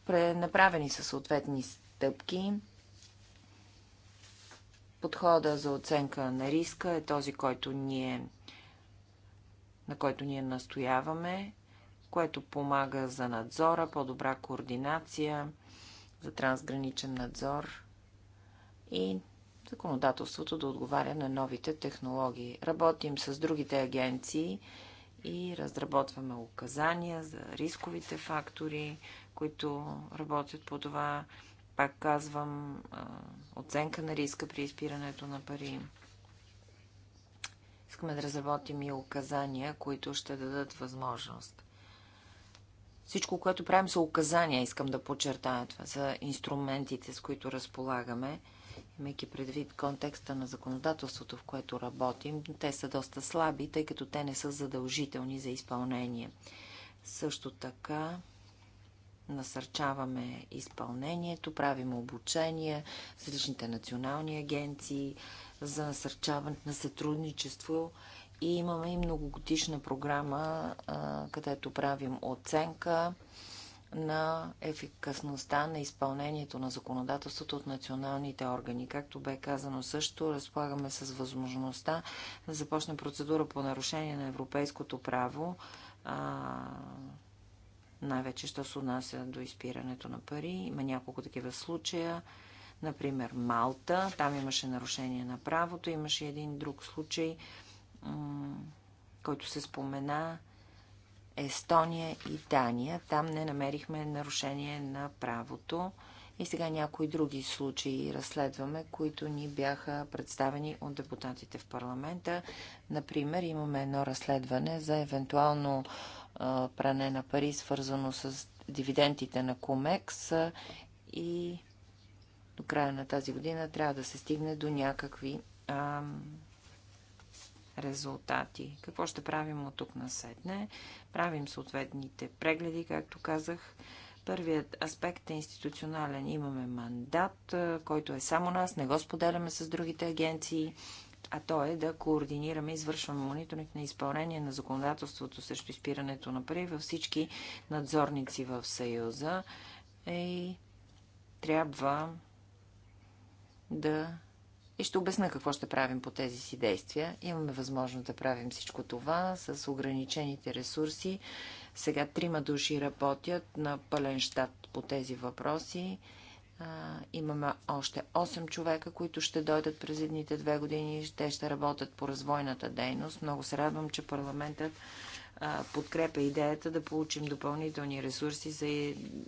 пренаправени са съответни стъпки. Подхода за оценка на риска е този, който ние, на който ние настояваме което помага за надзора, по-добра координация, за трансграничен надзор и законодателството да отговаря на новите технологии. Работим с другите агенции и разработваме указания за рисковите фактори, които работят по това. Пак казвам, оценка на риска при изпирането на пари. Искаме да разработим и указания, които ще дадат възможност всичко, което правим са указания, искам да подчертая това, за инструментите, с които разполагаме, имайки предвид контекста на законодателството, в което работим. Те са доста слаби, тъй като те не са задължителни за изпълнение. Също така насърчаваме изпълнението, правим обучение с различните национални агенции за насърчаване на сътрудничество и имаме и многогодишна програма, където правим оценка на ефикасността на изпълнението на законодателството от националните органи. Както бе казано също, разполагаме с възможността да започне процедура по нарушение на европейското право, най-вече, що се отнася до изпирането на пари. Има няколко такива случая. Например, Малта. Там имаше нарушение на правото. Имаше един друг случай – който се спомена, Естония и Дания. Там не намерихме нарушение на правото. И сега някои други случаи разследваме, които ни бяха представени от депутатите в парламента. Например, имаме едно разследване за евентуално пране на пари, свързано с дивидендите на Комекс и до края на тази година трябва да се стигне до някакви а, резултати. Какво ще правим от тук на седне? Правим съответните прегледи, както казах. Първият аспект е институционален. Имаме мандат, който е само нас, не го споделяме с другите агенции, а то е да координираме, извършваме мониторинг на изпълнение на законодателството срещу изпирането на пари във всички надзорници в Съюза. Е, и трябва да и ще обясна какво ще правим по тези си действия. Имаме възможност да правим всичко това с ограничените ресурси. Сега трима души работят на пълен щат по тези въпроси. А, имаме още 8 човека, които ще дойдат през едните две години. Те ще работят по развойната дейност. Много се радвам, че парламентът а, подкрепя идеята да получим допълнителни ресурси за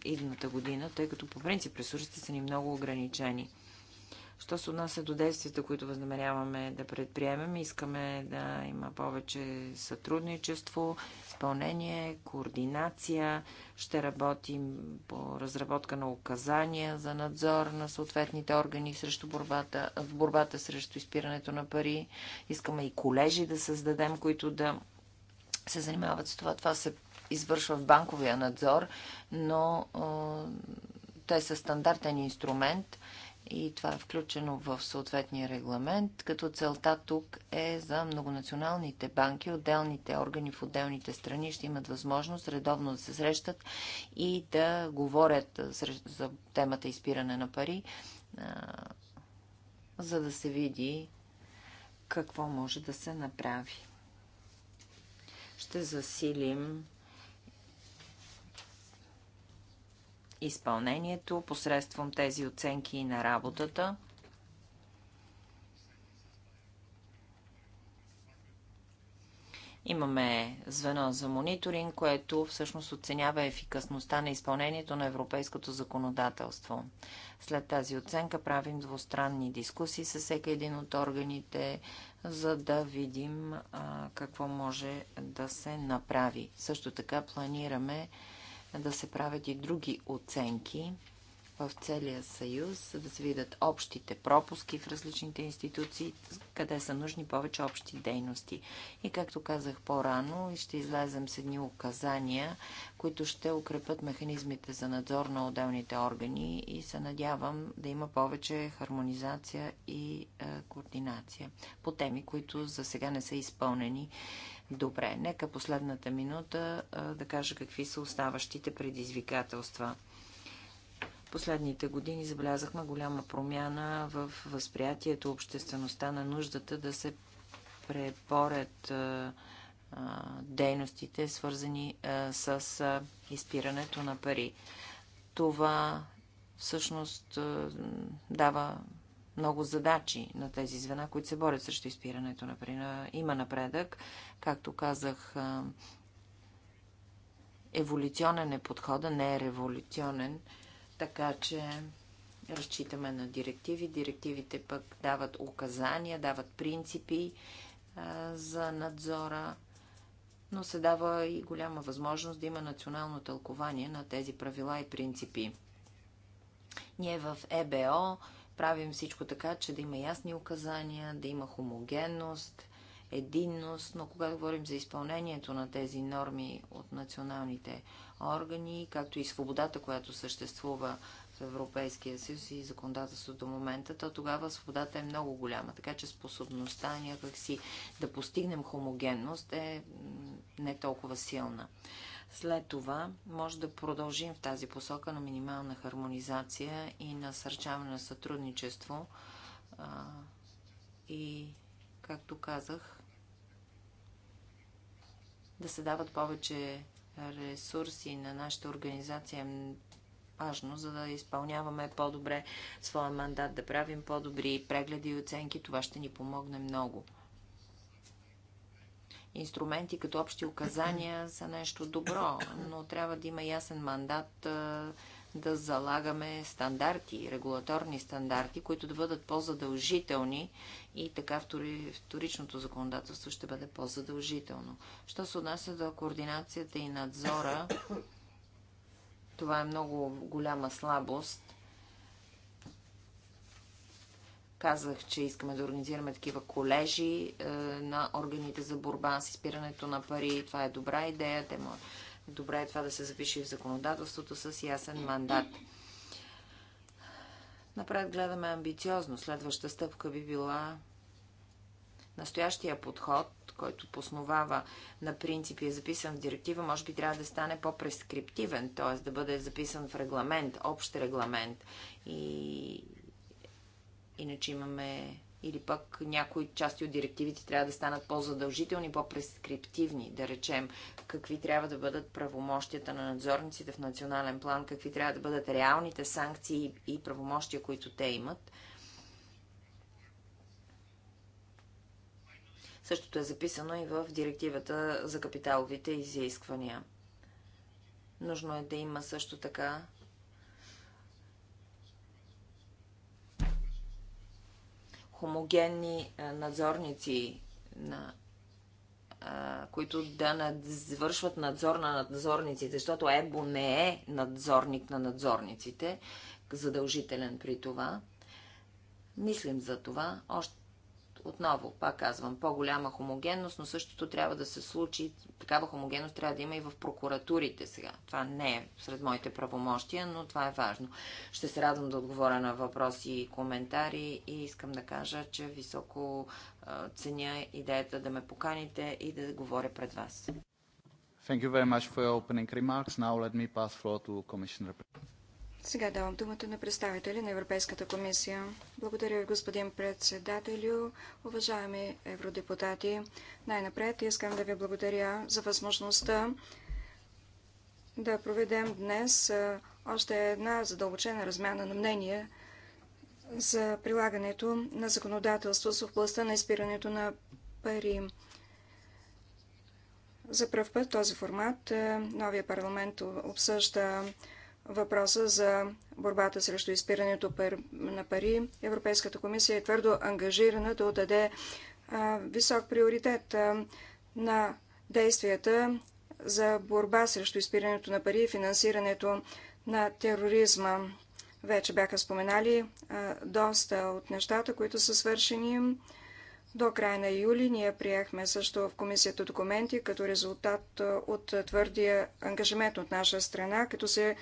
идната година, тъй като по принцип ресурсите са ни много ограничени. Що се отнася до действията, които възнамеряваме да предприемем, искаме да има повече сътрудничество, изпълнение, координация. Ще работим по разработка на указания за надзор на съответните органи срещу борбата, в борбата срещу изпирането на пари. Искаме и колежи да създадем, които да се занимават с това. Това се извършва в банковия надзор, но те са стандартен инструмент – и това е включено в съответния регламент, като целта тук е за многонационалните банки, отделните органи в отделните страни ще имат възможност редовно да се срещат и да говорят за темата изпиране на пари, за да се види какво може да се направи. Ще засилим изпълнението посредством тези оценки на работата. Имаме звено за мониторинг, което всъщност оценява ефикасността на изпълнението на европейското законодателство. След тази оценка правим двустранни дискусии с всеки един от органите, за да видим а, какво може да се направи. Също така планираме да се правят и други оценки в целия съюз, за да се видят общите пропуски в различните институции, къде са нужни повече общи дейности. И както казах по-рано, ще излезем с едни указания, които ще укрепят механизмите за надзор на отделните органи и се надявам да има повече хармонизация и е, координация по теми, които за сега не са изпълнени Добре, нека последната минута да кажа какви са оставащите предизвикателства последните години забелязахме голяма промяна в възприятието обществеността на нуждата да се препорят дейностите, свързани с изпирането на пари. Това всъщност дава много задачи на тези звена, които се борят срещу изпирането. Например, има напредък. Както казах, еволюционен е подхода, не е революционен. Така че разчитаме на директиви. Директивите пък дават указания, дават принципи за надзора, но се дава и голяма възможност да има национално тълкование на тези правила и принципи. Ние в ЕБО правим всичко така, че да има ясни указания, да има хомогенност, единност, но когато говорим за изпълнението на тези норми от националните органи, както и свободата, която съществува в Европейския съюз и законодателството до момента, то тогава свободата е много голяма. Така че способността някакси да постигнем хомогенност е не толкова силна. След това може да продължим в тази посока на минимална хармонизация и насърчаване на сътрудничество. А, и, както казах, да се дават повече ресурси на нашата организация е важно, за да изпълняваме по-добре своя мандат, да правим по-добри прегледи и оценки. Това ще ни помогне много инструменти като общи указания са нещо добро, но трябва да има ясен мандат да залагаме стандарти, регулаторни стандарти, които да бъдат по-задължителни и така вторичното законодателство ще бъде по-задължително. Що се отнася до координацията и надзора, това е много голяма слабост Казах, че искаме да организираме такива колежи е, на органите за борба с изпирането на пари. Това е добра идея. Тема. Добре е това да се запише в законодателството с ясен мандат. Напред гледаме амбициозно. Следваща стъпка би била настоящия подход, който поснувава на принципи е записан в директива, може би трябва да стане по-прескриптивен, т.е. да бъде записан в регламент, общ регламент и Иначе имаме или пък някои части от директивите трябва да станат по-задължителни, по-прескриптивни, да речем, какви трябва да бъдат правомощията на надзорниците в национален план, какви трябва да бъдат реалните санкции и правомощия, които те имат. Същото е записано и в директивата за капиталовите изисквания. Нужно е да има също така хомогенни надзорници на които да надвършват надзор на надзорниците, защото ЕБО не е надзорник на надзорниците, задължителен при това. Мислим за това. Още отново, пак казвам, по-голяма хомогенност, но същото трябва да се случи. Такава хомогенност трябва да има и в прокуратурите сега. Това не е сред моите правомощия, но това е важно. Ще се радвам да отговоря на въпроси и коментари и искам да кажа, че високо ценя идеята да ме поканите и да говоря пред вас. Thank you very much for your opening remarks. Now let me pass floor to Commissioner. Сега давам думата на представители на Европейската комисия. Благодаря ви, господин председателю, уважаеми евродепутати. Най-напред искам да ви благодаря за възможността да проведем днес още една задълбочена размяна на мнение за прилагането на законодателство с областта на изпирането на пари. За пръв път този формат новия парламент обсъжда въпроса за борбата срещу изпирането на пари. Европейската комисия е твърдо ангажирана да отдаде висок приоритет на действията за борба срещу изпирането на пари и финансирането на тероризма. Вече бяха споменали доста от нещата, които са свършени. До края на юли ние приехме също в комисията документи като резултат от твърдия ангажимент от наша страна, като се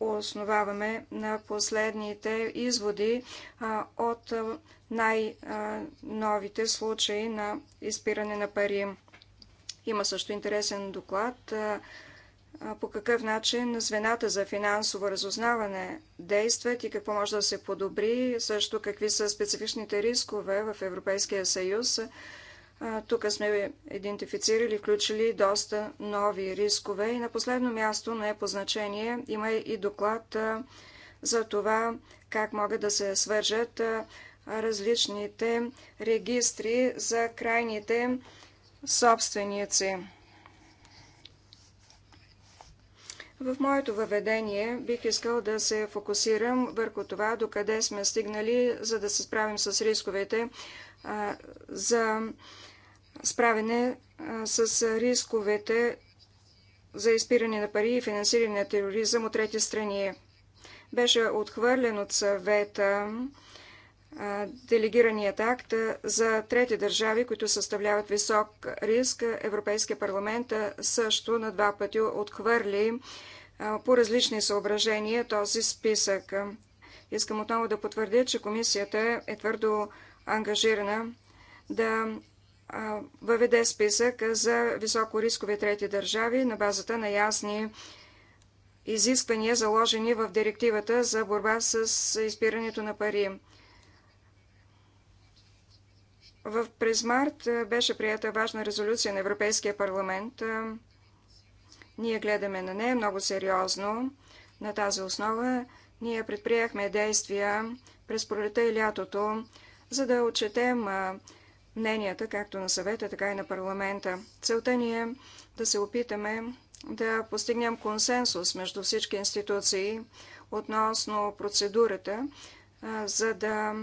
основаваме на последните изводи от най-новите случаи на изпиране на пари. Има също интересен доклад по какъв начин звената за финансово разузнаване действат и какво може да се подобри, също какви са специфичните рискове в Европейския съюз. Тук сме идентифицирали, включили доста нови рискове и на последно място, но е по значение, има и доклад за това как могат да се свържат различните регистри за крайните собственици. В моето въведение бих искал да се фокусирам върху това, докъде сме стигнали, за да се справим с рисковете за справяне с рисковете за изпиране на пари и финансиране на тероризъм от трети страни. Беше отхвърлен от съвета делегираният акт за трети държави, които съставляват висок риск. Европейския парламент също на два пъти отхвърли по различни съображения този списък. Искам отново да потвърдя, че комисията е твърдо ангажирана да въведе списък за високо рискови трети държави на базата на ясни изисквания, заложени в директивата за борба с изпирането на пари. В, през март беше прията важна резолюция на Европейския парламент. Ние гледаме на нея много сериозно. На тази основа ние предприехме действия през пролета и лятото, за да отчетем мненията както на съвета, така и на парламента. Целта ни е да се опитаме да постигнем консенсус между всички институции относно процедурата, за да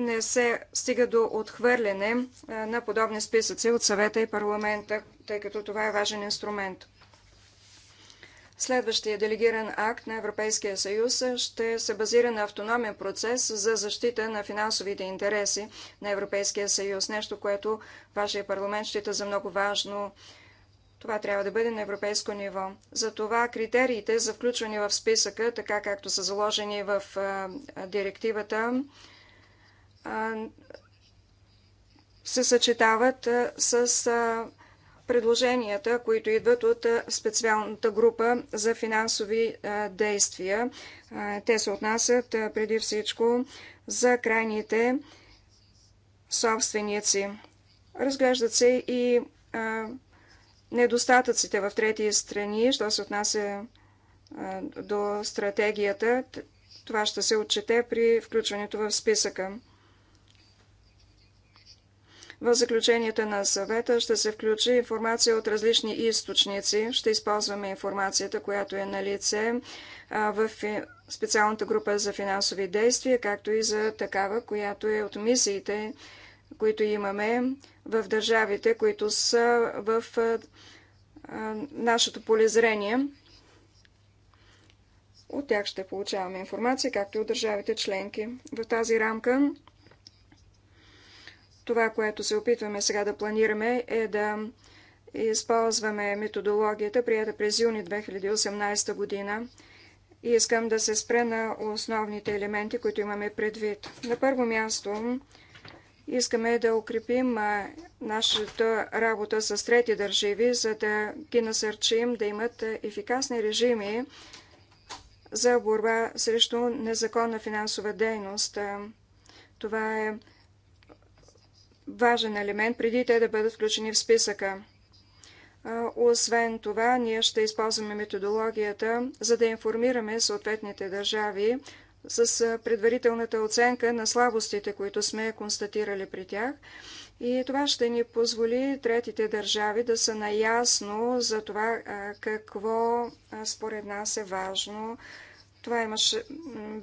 не се стига до отхвърляне е, на подобни списъци от съвета и парламента, тъй като това е важен инструмент. Следващия делегиран акт на Европейския съюз ще се базира на автономен процес за защита на финансовите интереси на Европейския съюз. Нещо, което вашия парламент счита за много важно. Това трябва да бъде на европейско ниво. Затова критериите за включване в списъка, така както са заложени в е, директивата, се съчетават с предложенията, които идват от специалната група за финансови действия. Те се отнасят преди всичко за крайните собственици. Разглеждат се и недостатъците в трети страни, що се отнася до стратегията. Това ще се отчете при включването в списъка. В заключенията на съвета ще се включи информация от различни източници. Ще използваме информацията, която е на лице в специалната група за финансови действия, както и за такава, която е от мисиите, които имаме в държавите, които са в нашето полезрение. От тях ще получаваме информация, както и от държавите членки. В тази рамка това, което се опитваме сега да планираме е да използваме методологията, прията през юни 2018 година и искам да се спре на основните елементи, които имаме предвид. На първо място искаме да укрепим нашата работа с трети държави, за да ги насърчим да имат ефикасни режими за борба срещу незаконна финансова дейност. Това е важен елемент преди те да бъдат включени в списъка. Освен това, ние ще използваме методологията, за да информираме съответните държави с предварителната оценка на слабостите, които сме констатирали при тях. И това ще ни позволи третите държави да са наясно за това какво според нас е важно това имаше,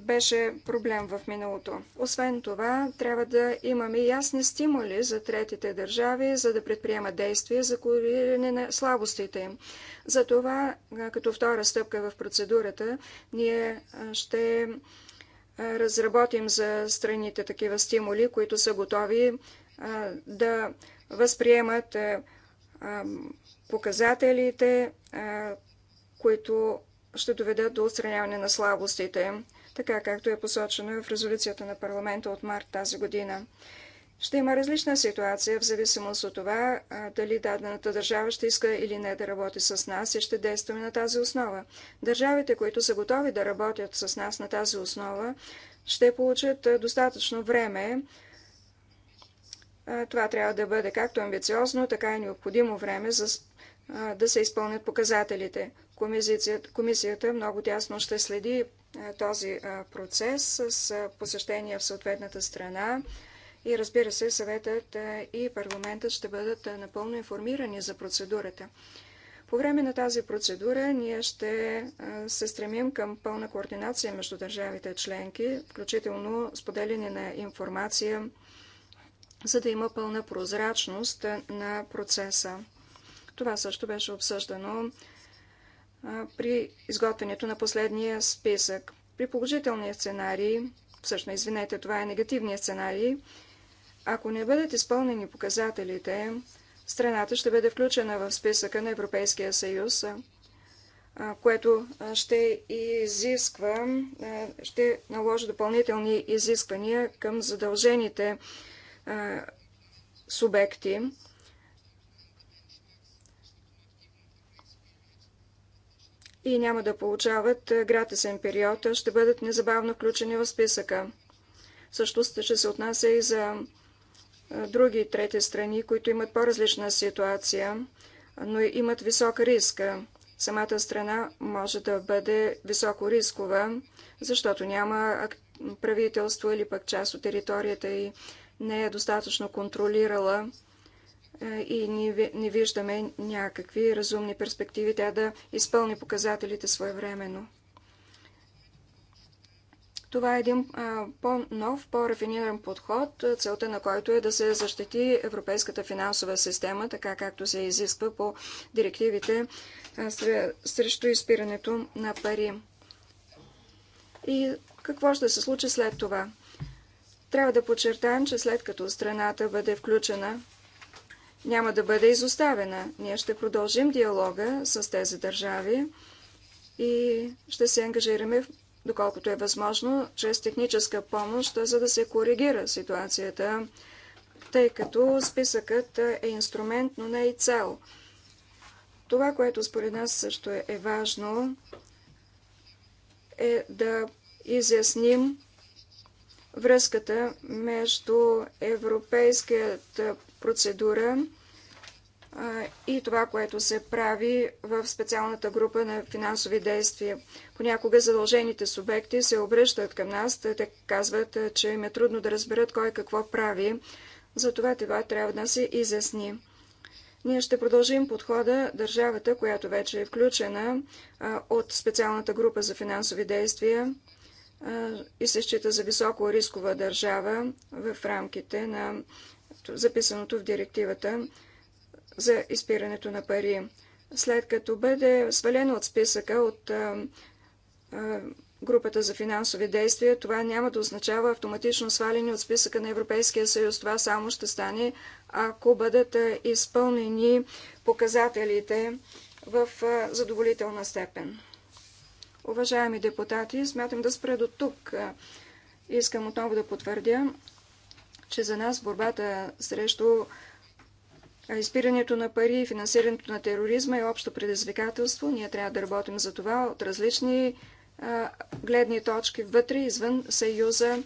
беше проблем в миналото. Освен това, трябва да имаме ясни стимули за третите държави, за да предприемат действия за колиране на слабостите им. това, като втора стъпка в процедурата, ние ще разработим за страните такива стимули, които са готови да възприемат показателите, които ще доведат до отстраняване на слабостите, така както е посочено и в резолюцията на парламента от март тази година. Ще има различна ситуация в зависимост от това дали дадената държава ще иска или не да работи с нас и ще действаме на тази основа. Държавите, които са готови да работят с нас на тази основа, ще получат достатъчно време. Това трябва да бъде както амбициозно, така и необходимо време за да се изпълнят показателите. Комисията, комисията много тясно ще следи е, този е, процес с е, посещения в съответната страна и разбира се, съветът и парламентът ще бъдат напълно информирани за процедурата. По време на тази процедура ние ще се стремим към пълна координация между държавите членки, включително споделяне на информация, за да има пълна прозрачност на процеса. Това също беше обсъждано при изготвянето на последния списък. При положителния сценарий, всъщност, извинете, това е негативният сценарий, ако не бъдат изпълнени показателите, страната ще бъде включена в списъка на Европейския съюз, което ще изисква, ще наложи допълнителни изисквания към задължените субекти и няма да получават е, гратисен период, ще бъдат незабавно включени в списъка. Също ще се отнася и за е, други трети страни, които имат по-различна ситуация, но имат висок риск. Самата страна може да бъде високо рискова, защото няма правителство или пък част от територията и не е достатъчно контролирала е, и не виждаме някакви разумни перспективи тя да изпълни показателите своевременно. Това е един по-нов, по-рафиниран подход, целта на който е да се защити европейската финансова система, така както се изисква по директивите срещу изпирането на пари. И какво ще се случи след това? Трябва да подчертаем, че след като страната бъде включена няма да бъде изоставена. Ние ще продължим диалога с тези държави и ще се ангажираме, доколкото е възможно, чрез техническа помощ, за да се коригира ситуацията, тъй като списъкът е инструмент, но не и цел. Това, което според нас също е важно, е да изясним връзката между Европейският процедура и това, което се прави в специалната група на финансови действия. Понякога задължените субекти се обръщат към нас, те казват, че им е трудно да разберат кой какво прави. Затова това трябва да се изясни. Ние ще продължим подхода държавата, която вече е включена от специалната група за финансови действия и се счита за високо рискова държава в рамките на записаното в директивата за изпирането на пари. След като бъде свалено от списъка от групата за финансови действия, това няма да означава автоматично сваляне от списъка на Европейския съюз. Това само ще стане, ако бъдат изпълнени показателите в задоволителна степен. Уважаеми депутати, смятам да спра до тук. Искам отново да потвърдя, че за нас борбата срещу изпирането на пари и финансирането на тероризма е общо предизвикателство. Ние трябва да работим за това от различни гледни точки вътре, извън Съюза.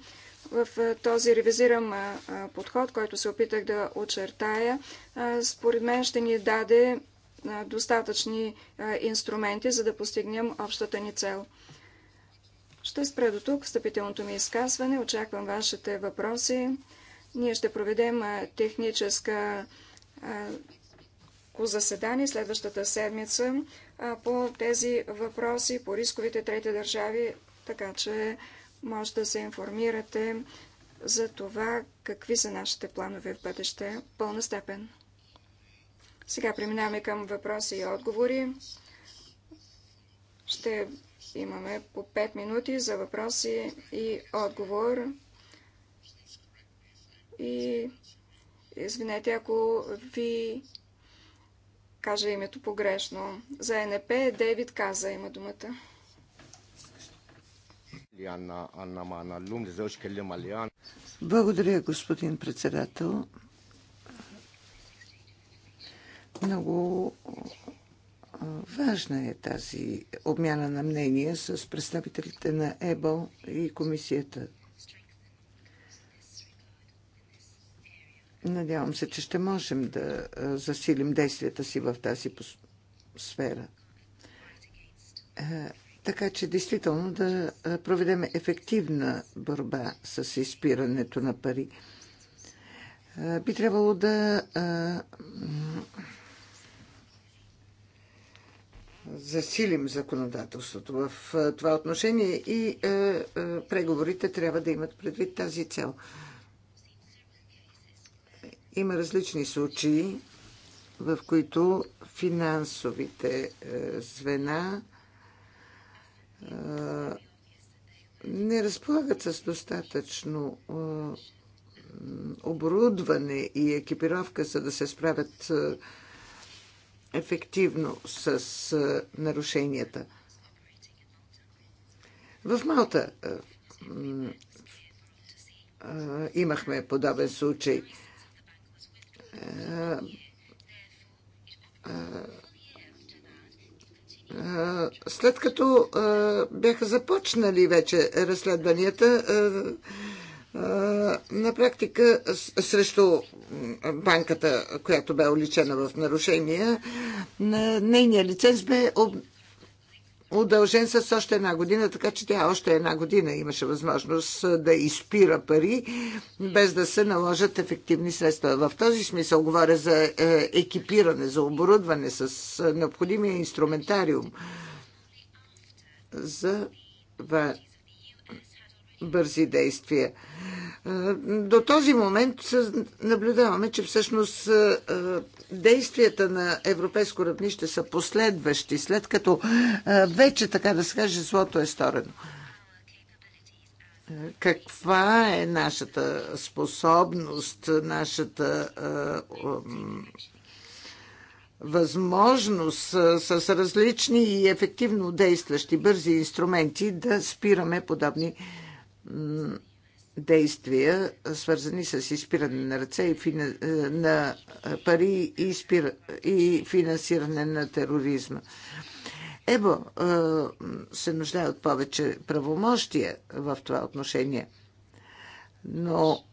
В този ревизиран подход, който се опитах да очертая, според мен ще ни даде достатъчни инструменти, за да постигнем общата ни цел. Ще спра до тук встъпителното ми изказване. Очаквам вашите въпроси. Ние ще проведем техническа заседание следващата седмица по тези въпроси, по рисковите трети държави, така че може да се информирате за това какви са нашите планове в бъдеще пълна степен. Сега преминаваме към въпроси и отговори. Ще имаме по 5 минути за въпроси и отговор и извинете, ако ви кажа името погрешно. За НП Дейвид Каза има думата. Благодаря, господин председател. Много важна е тази обмяна на мнения с представителите на ЕБО и комисията Надявам се, че ще можем да засилим действията си в тази сфера. Е, така че действително да проведем ефективна борба с изпирането на пари. Е, би трябвало да засилим законодателството в това отношение и е, преговорите трябва да имат предвид тази цел. Има различни случаи, в които финансовите е, звена е, не разполагат с достатъчно е, оборудване и екипировка, за да се справят ефективно с нарушенията. В Малта имахме подобен случай – след като бяха започнали вече разследванията, на практика срещу банката, която бе уличена в нарушения, нейният лиценз бе удължен с още една година, така че тя още една година имаше възможност да изпира пари, без да се наложат ефективни средства. В този смисъл говоря за е, екипиране, за оборудване с необходимия инструментариум за бързи действия. Е, до този момент наблюдаваме, че всъщност е, действията на европейско равнище са последващи, след като е, вече, така да се каже, злото е сторено. Каква е нашата способност, нашата възможност с различни и ефективно действащи бързи инструменти да спираме подобни действия, свързани с изпиране на ръце и фина... Е, на пари и, спир... и финансиране на тероризма. ЕБО е, се нуждае от повече правомощия в това отношение. Но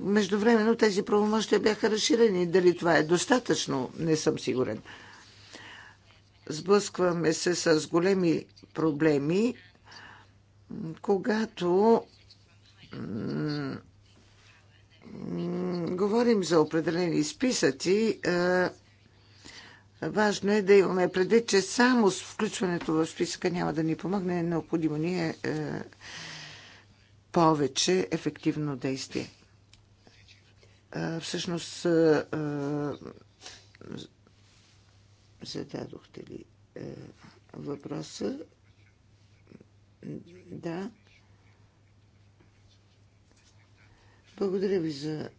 междувременно тези правомощия бяха разширени. Дали това е достатъчно, не съм сигурен. Сблъскваме се с големи проблеми когато говорим за определени списъци, е, важно е да имаме предвид, че само с включването в списъка няма да ни помогне. Необходимо ни е, е повече ефективно действие. Е, всъщност, зададохте ли въпроса? Да. Благодаря ви за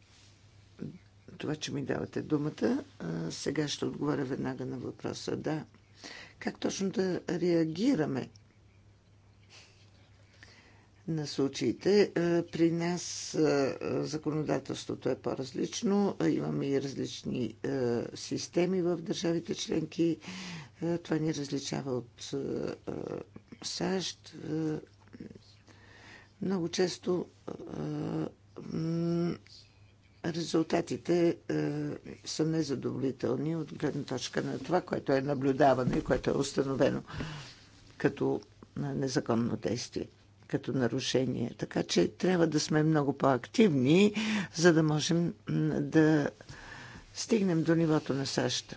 това, че ми давате думата. Сега ще отговоря веднага на въпроса. Да. Как точно да реагираме на случаите? При нас законодателството е по-различно. Имаме и различни системи в държавите членки. Това ни различава от САЩ е, много често е, резултатите е, са незадоволителни от гледна точка на това, което е наблюдавано и което е установено като незаконно действие като нарушение. Така че трябва да сме много по-активни, за да можем да стигнем до нивото на САЩ.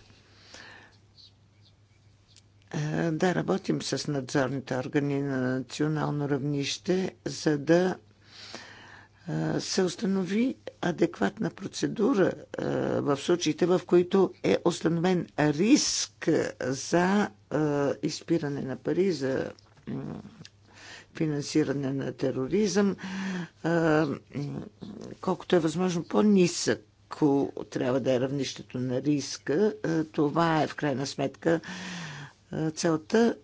Е, да, работим с надзорните органи на национално равнище, за да е, се установи адекватна процедура е, в случаите, в които е установен риск за изпиране на пари, за финансиране на тероризъм, колкото е възможно по-нисък трябва да е равнището на риска. Това е в крайна сметка целта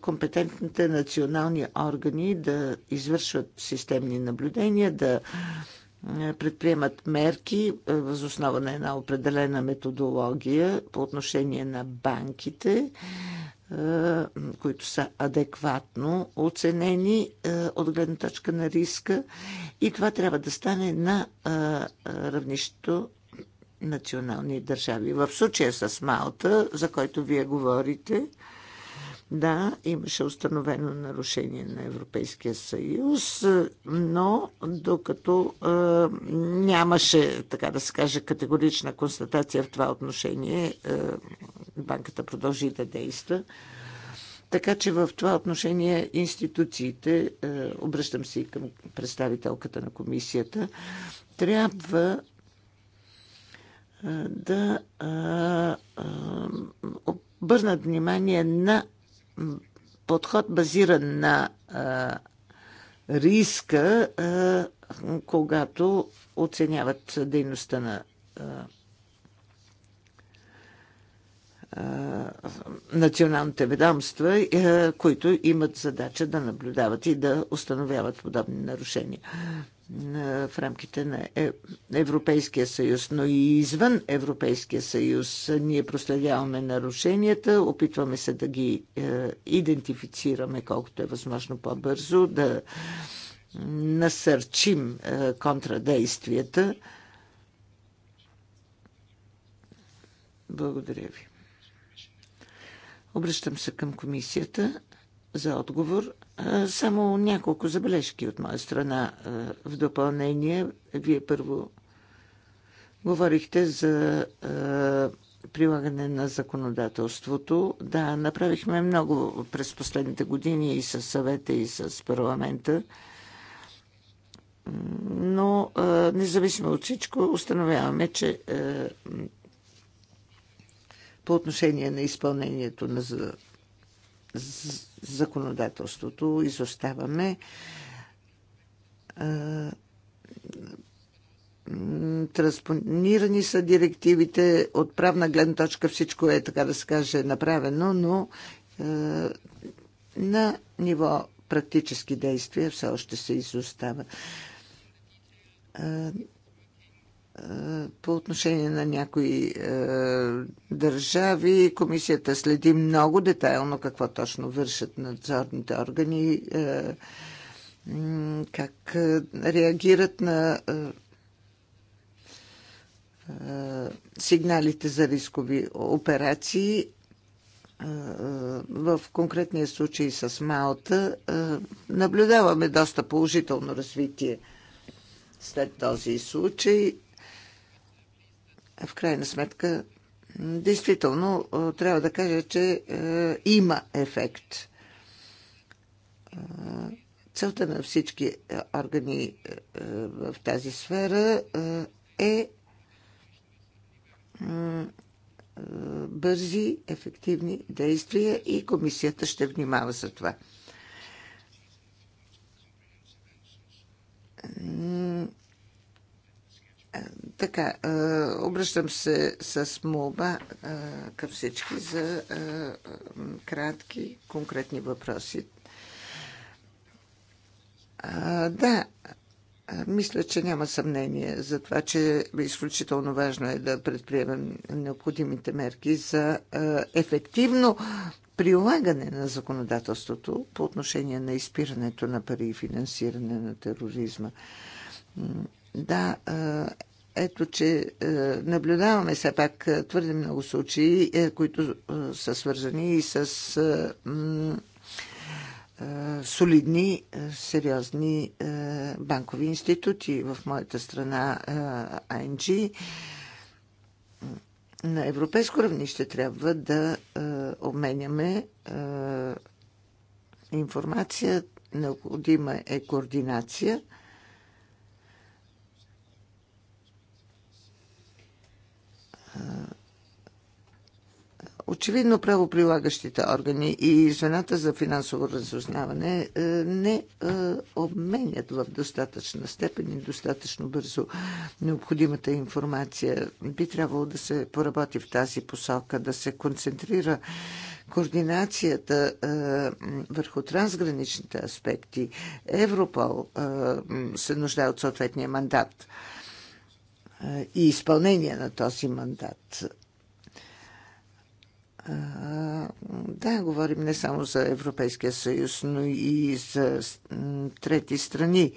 компетентните национални органи да извършват системни наблюдения, да предприемат мерки възоснова на една определена методология по отношение на банките, които са адекватно оценени от гледна точка на риска. И това трябва да стане на равнището национални държави. В случая с Малта, за който вие говорите, да, имаше установено нарушение на Европейския съюз, но докато е, нямаше, така да се каже, категорична констатация в това отношение, е, банката продължи да действа. Така че в това отношение институциите, е, обръщам се и към представителката на комисията, трябва да обърнат внимание на подход базиран на риска, когато оценяват дейността на националните ведомства, които имат задача да наблюдават и да установяват подобни нарушения в рамките на е, Европейския съюз, но и извън Европейския съюз. Ние проследяваме нарушенията, опитваме се да ги е, идентифицираме колкото е възможно по-бързо, да насърчим е, контрадействията. Благодаря ви. Обръщам се към комисията за отговор. Само няколко забележки от моя страна в допълнение. Вие първо говорихте за прилагане на законодателството. Да, направихме много през последните години и с съвета, и с парламента. Но независимо от всичко, установяваме, че по отношение на изпълнението на законодателството. Изоставаме. Транспонирани са директивите. От правна гледна точка всичко е, така да се каже, направено, но на ниво практически действия все още се изостава по отношение на някои е, държави. Комисията следи много детайлно какво точно вършат надзорните органи, е, как е, реагират на е, е, сигналите за рискови операции. Е, в конкретния случай с Малта наблюдаваме доста положително развитие след този случай в крайна сметка, действително е, трябва да кажа, че е, има ефект. Е, целта на всички органи в тази сфера е бързи, ефективни действия и комисията ще внимава за това. Така, е, обръщам се с молба е, към всички за е, кратки, конкретни въпроси. Да, мисля, че няма съмнение за това, че изключително важно е да предприемем необходимите мерки за ефективно прилагане на законодателството по отношение на изпирането на пари и финансиране на тероризма. Да, ето, че наблюдаваме все пак твърде много случаи, които са свързани и с солидни, сериозни банкови институти в моята страна АНГ. На европейско равнище трябва да обменяме информация, необходима е координация – Очевидно правоприлагащите органи и звената за финансово разузнаване е, не е, обменят в достатъчна степен и достатъчно бързо необходимата информация. Би трябвало да се поработи в тази посока, да се концентрира координацията е, върху трансграничните аспекти. Европол се нуждае от съответния мандат и изпълнение на този мандат. Да, говорим не само за Европейския съюз, но и за трети страни.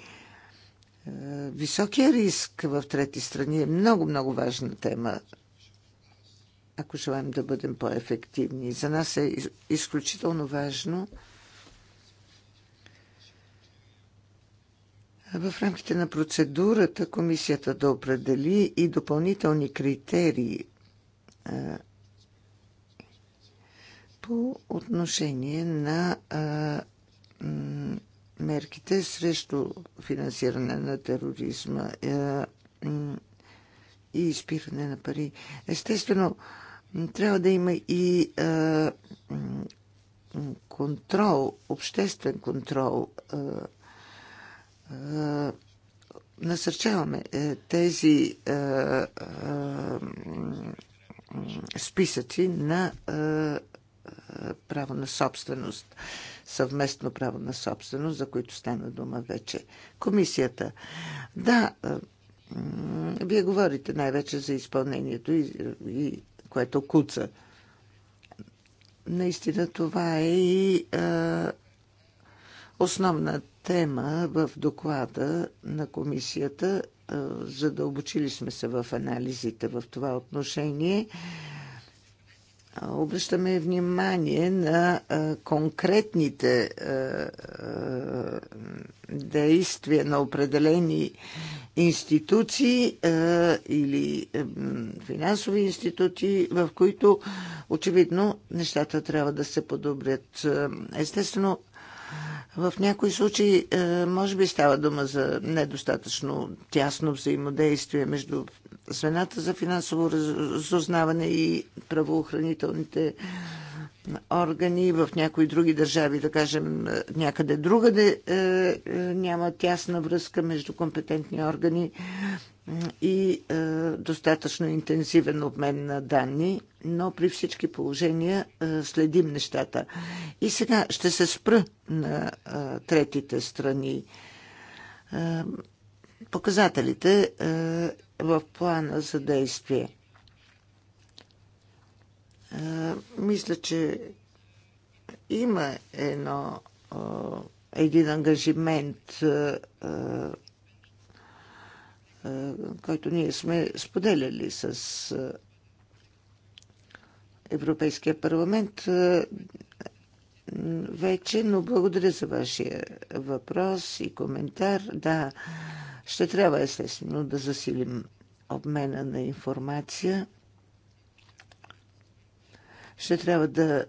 Високия риск в трети страни е много, много важна тема, ако желаем да бъдем по-ефективни. За нас е изключително важно в рамките на процедурата комисията да определи и допълнителни критерии по отношение на мерките срещу финансиране на тероризма и изпиране на пари. Естествено, трябва да има и контрол, обществен контрол е, насърчаваме е, тези е, списъци на право на собственост, съвместно право на собственост, за които стана дума вече. Комисията. Да, вие говорите най-вече за изпълнението и, и което куца. Наистина това е и е, основна тема в доклада на комисията. Е, задълбочили сме се в анализите в това отношение. Е, обръщаме внимание на е, конкретните действия на определени институции или финансови институти, в които очевидно нещата трябва да се подобрят. Естествено, в някои случаи, е, може би, става дума за недостатъчно тясно взаимодействие между звената за финансово разузнаване и правоохранителните органи. В някои други държави, да кажем, е, някъде другаде е, няма тясна връзка между компетентни органи и е, достатъчно интензивен обмен на данни, но при всички положения е, следим нещата. И сега ще се спра на е, третите страни. Е, показателите е, в плана за действие. Е, мисля, че има едно, е, един ангажимент. Е, е е, който ние сме споделяли с е, Европейския парламент е, вече, но благодаря за вашия въпрос и коментар. Да, ще трябва естествено да засилим обмена на информация. Ще трябва да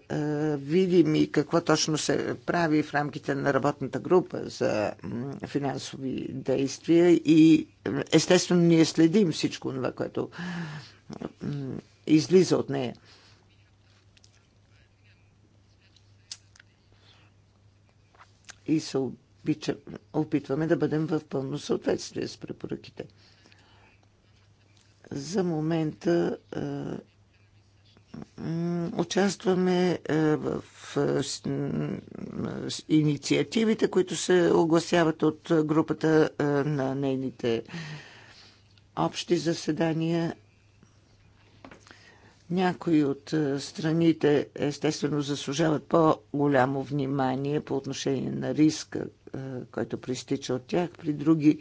видим и какво точно се прави в рамките на работната група за финансови действия и естествено ние следим всичко това, което излиза от нея. И се обича, опитваме да бъдем в пълно съответствие с препоръките. За момента участваме е, в е, инициативите, които се огласяват от групата е, на нейните общи заседания. Някои от страните естествено заслужават по-голямо внимание по отношение на риска, който проистича от тях. При други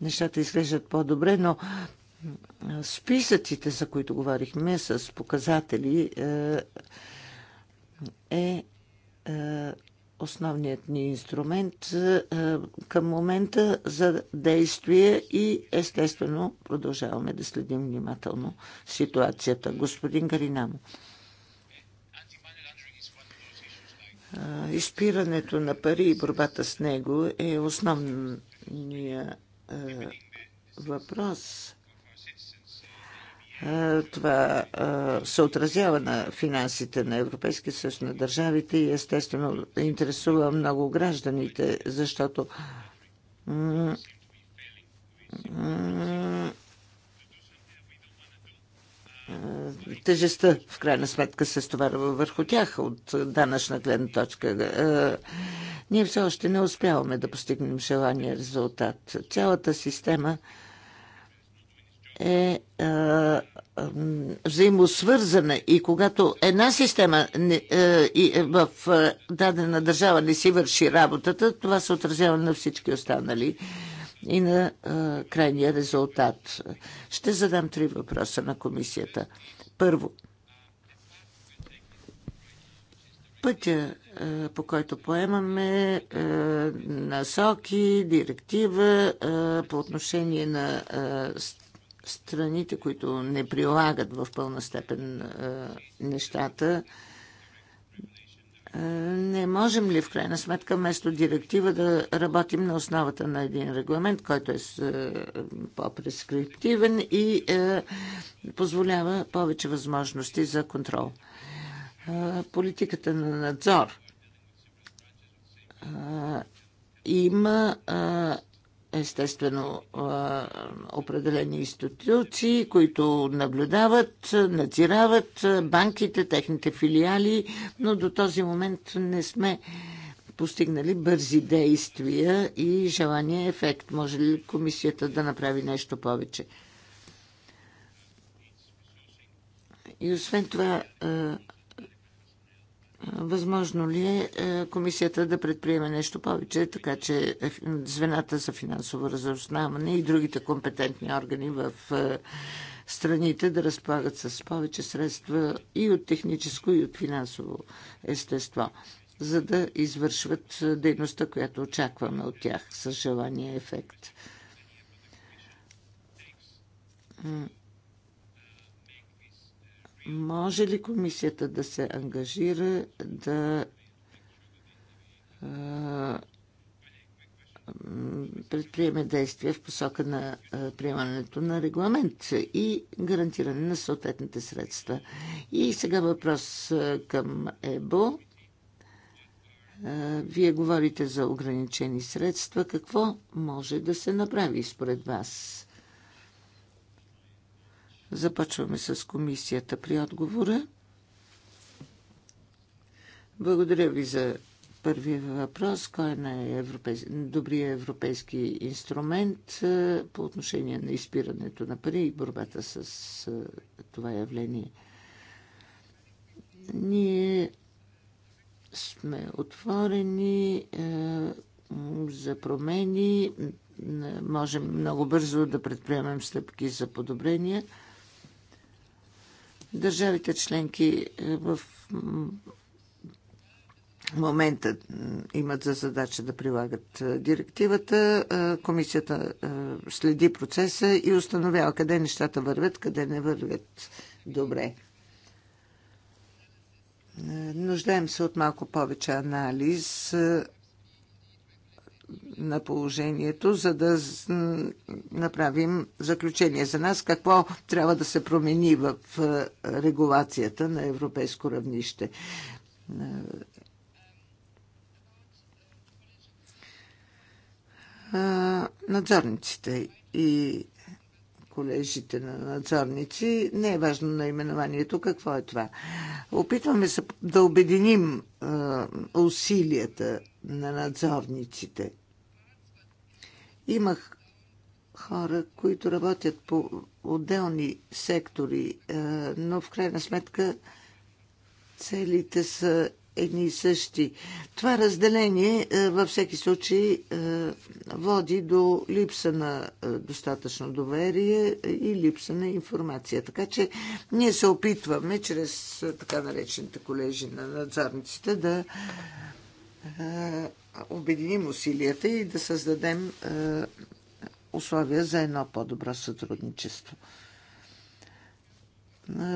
нещата изглеждат по-добре, но списъците, за които говорихме, с показатели, е, е основният ни инструмент е, към момента за действие и естествено продължаваме да следим внимателно ситуацията. Господин Гаринамо. Е, изпирането на пари и борбата с него е основният въпрос. Това се отразява на финансите на Европейския съюз, на държавите и естествено интересува много гражданите, защото тежестта в крайна сметка се стоварва върху тях от данъчна гледна точка. Ние все още не успяваме да постигнем желания резултат. Цялата система е е, е взаимосвързана и когато една система е, в е, дадена държава не си върши работата, това се отразява на всички останали и на крайния резултат. Ще задам три въпроса на комисията. Първо, пътя, по който поемаме насоки, директива по отношение на страните, които не прилагат в пълна степен нещата, не можем ли в крайна сметка вместо директива да работим на основата на един регламент, който е по-прескриптивен и позволява повече възможности за контрол? Политиката на надзор има естествено определени институции, които наблюдават, надзирават банките, техните филиали, но до този момент не сме постигнали бързи действия и желания ефект. Може ли комисията да направи нещо повече? И освен това, Възможно ли е, е комисията да предприеме нещо повече, така че е, звената за финансово разузнаване и другите компетентни органи в е, страните да разполагат с повече средства и от техническо, и от финансово естество, за да извършват дейността, която очакваме от тях с желания ефект? Може ли комисията да се ангажира да предприеме действия в посока на приемането на регламент и гарантиране на съответните средства. И сега въпрос към ЕБО. Вие говорите за ограничени средства. Какво може да се направи според вас? Започваме с комисията при отговора. Благодаря ви за първия въпрос. Кой е най европейс... добрия европейски инструмент е, по отношение на изпирането на пари и борбата с е, това явление? Ние сме отворени е, за промени. Можем много бързо да предприемем стъпки за подобрения Държавите членки е, в момента имат за задача да прилагат е, директивата. Е, комисията следи процеса и установява къде нещата вървят, къде не вървят добре. Нуждаем се от малко повече анализ на положението, за да направим заключение за нас какво трябва да се промени в е, регулацията на европейско равнище. Е, е, надзорниците и колежите на надзорници. Не е важно наименованието, какво е това. Опитваме се да обединим усилията на надзорниците. Имах хора, които работят по отделни сектори, но в крайна сметка целите са едни и същи. Това разделение е, във всеки случай е, води до липса на е, достатъчно доверие и липса на информация. Така че ние се опитваме чрез така наречените колежи на надзорниците да обединим усилията и да създадем условия за едно по-добро сътрудничество.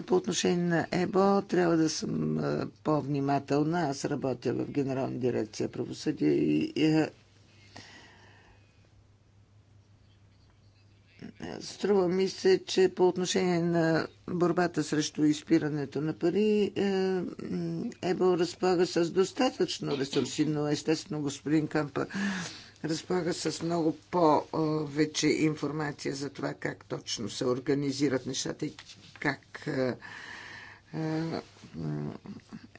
По отношение на ЕБО трябва да съм по-внимателна. Аз работя в Генерална дирекция правосъдие и е, Струва ми се, че по отношение на борбата срещу изпирането на пари, е, ЕБО разполага с достатъчно ресурси, но естествено господин Кампа разполага с много повече информация за това как точно се организират нещата и как е, е, е,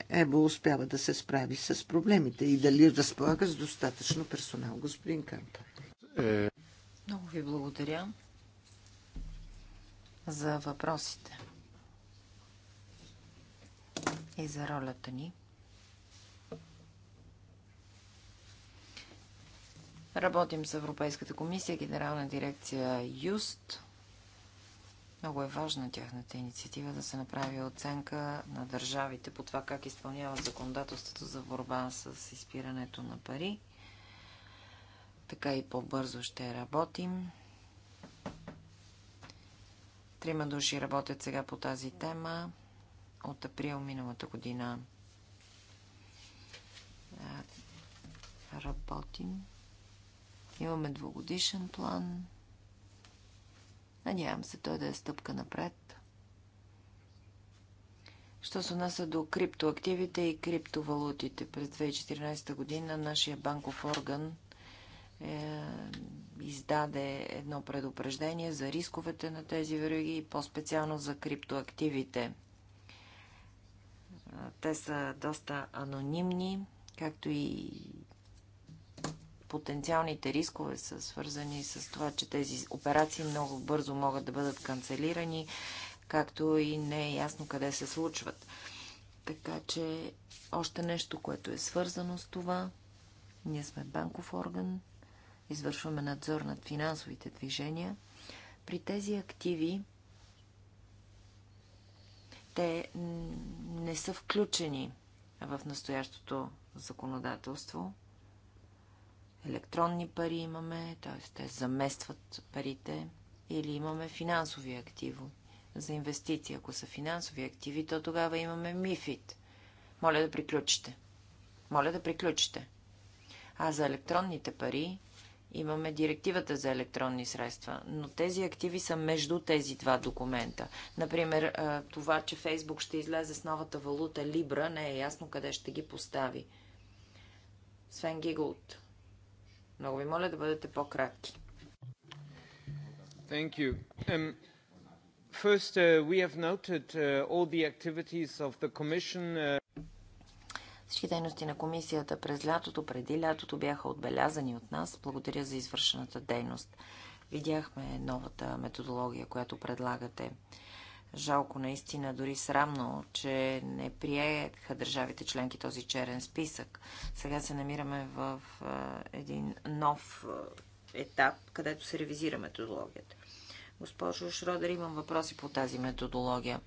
ЕБО успява да се справи с проблемите и дали разполага с достатъчно персонал, господин Кампа. Много ви благодаря за въпросите и за ролята ни Работим с Европейската комисия, Генерална дирекция ЮСТ. Много е важна тяхната инициатива да се направи оценка на държавите по това как изпълняват законодателството за борба с изпирането на пари. Така и по-бързо ще работим. Трима души работят сега по тази тема от април миналата година. Работим. Имаме двогодишен план. Надявам се той да е стъпка напред. Що се отнася до криптоактивите и криптовалутите? През 2014 година нашия банков орган е, издаде едно предупреждение за рисковете на тези вериги и по-специално за криптоактивите. Е, те са доста анонимни, както и потенциалните рискове са свързани с това, че тези операции много бързо могат да бъдат канцелирани, както и не е ясно къде се случват. Така че още нещо, което е свързано с това. Ние сме банков орган, извършваме надзор над финансовите движения. При тези активи те не са включени в настоящото законодателство – електронни пари имаме, т.е. те заместват парите, или имаме финансови активи за инвестиции. Ако са финансови активи, то тогава имаме мифит. Моля да приключите. Моля да приключите. А за електронните пари имаме директивата за електронни средства, но тези активи са между тези два документа. Например, това, че Фейсбук ще излезе с новата валута Libra, не е ясно къде ще ги постави. Свен Гиголт. Много ви моля да бъдете по-кратки. Thank you. Um, first, uh, we have noted uh, all the activities of the Commission. Uh, Всички дейности на комисията през лятото, преди лятото бяха отбелязани от нас. Благодаря за извършената дейност. Видяхме новата методология, която предлагате. Uh, Жалко наистина, дори срамно, че не приеха държавите членки този черен списък. Сега се намираме в един нов етап, където се ревизира методологията. Госпожо Шродер, имам въпроси по тази методология.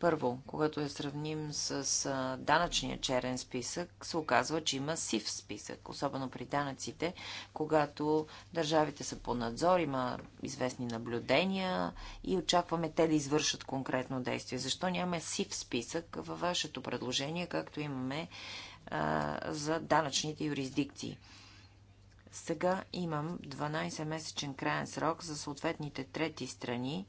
Първо, когато я сравним с данъчния черен списък, се оказва, че има сив списък, особено при данъците, когато държавите са по надзор, има известни наблюдения и очакваме те да извършат конкретно действие. Защо няма сив списък във вашето предложение, както имаме а, за данъчните юрисдикции? Сега имам 12-месечен краен срок за съответните трети страни,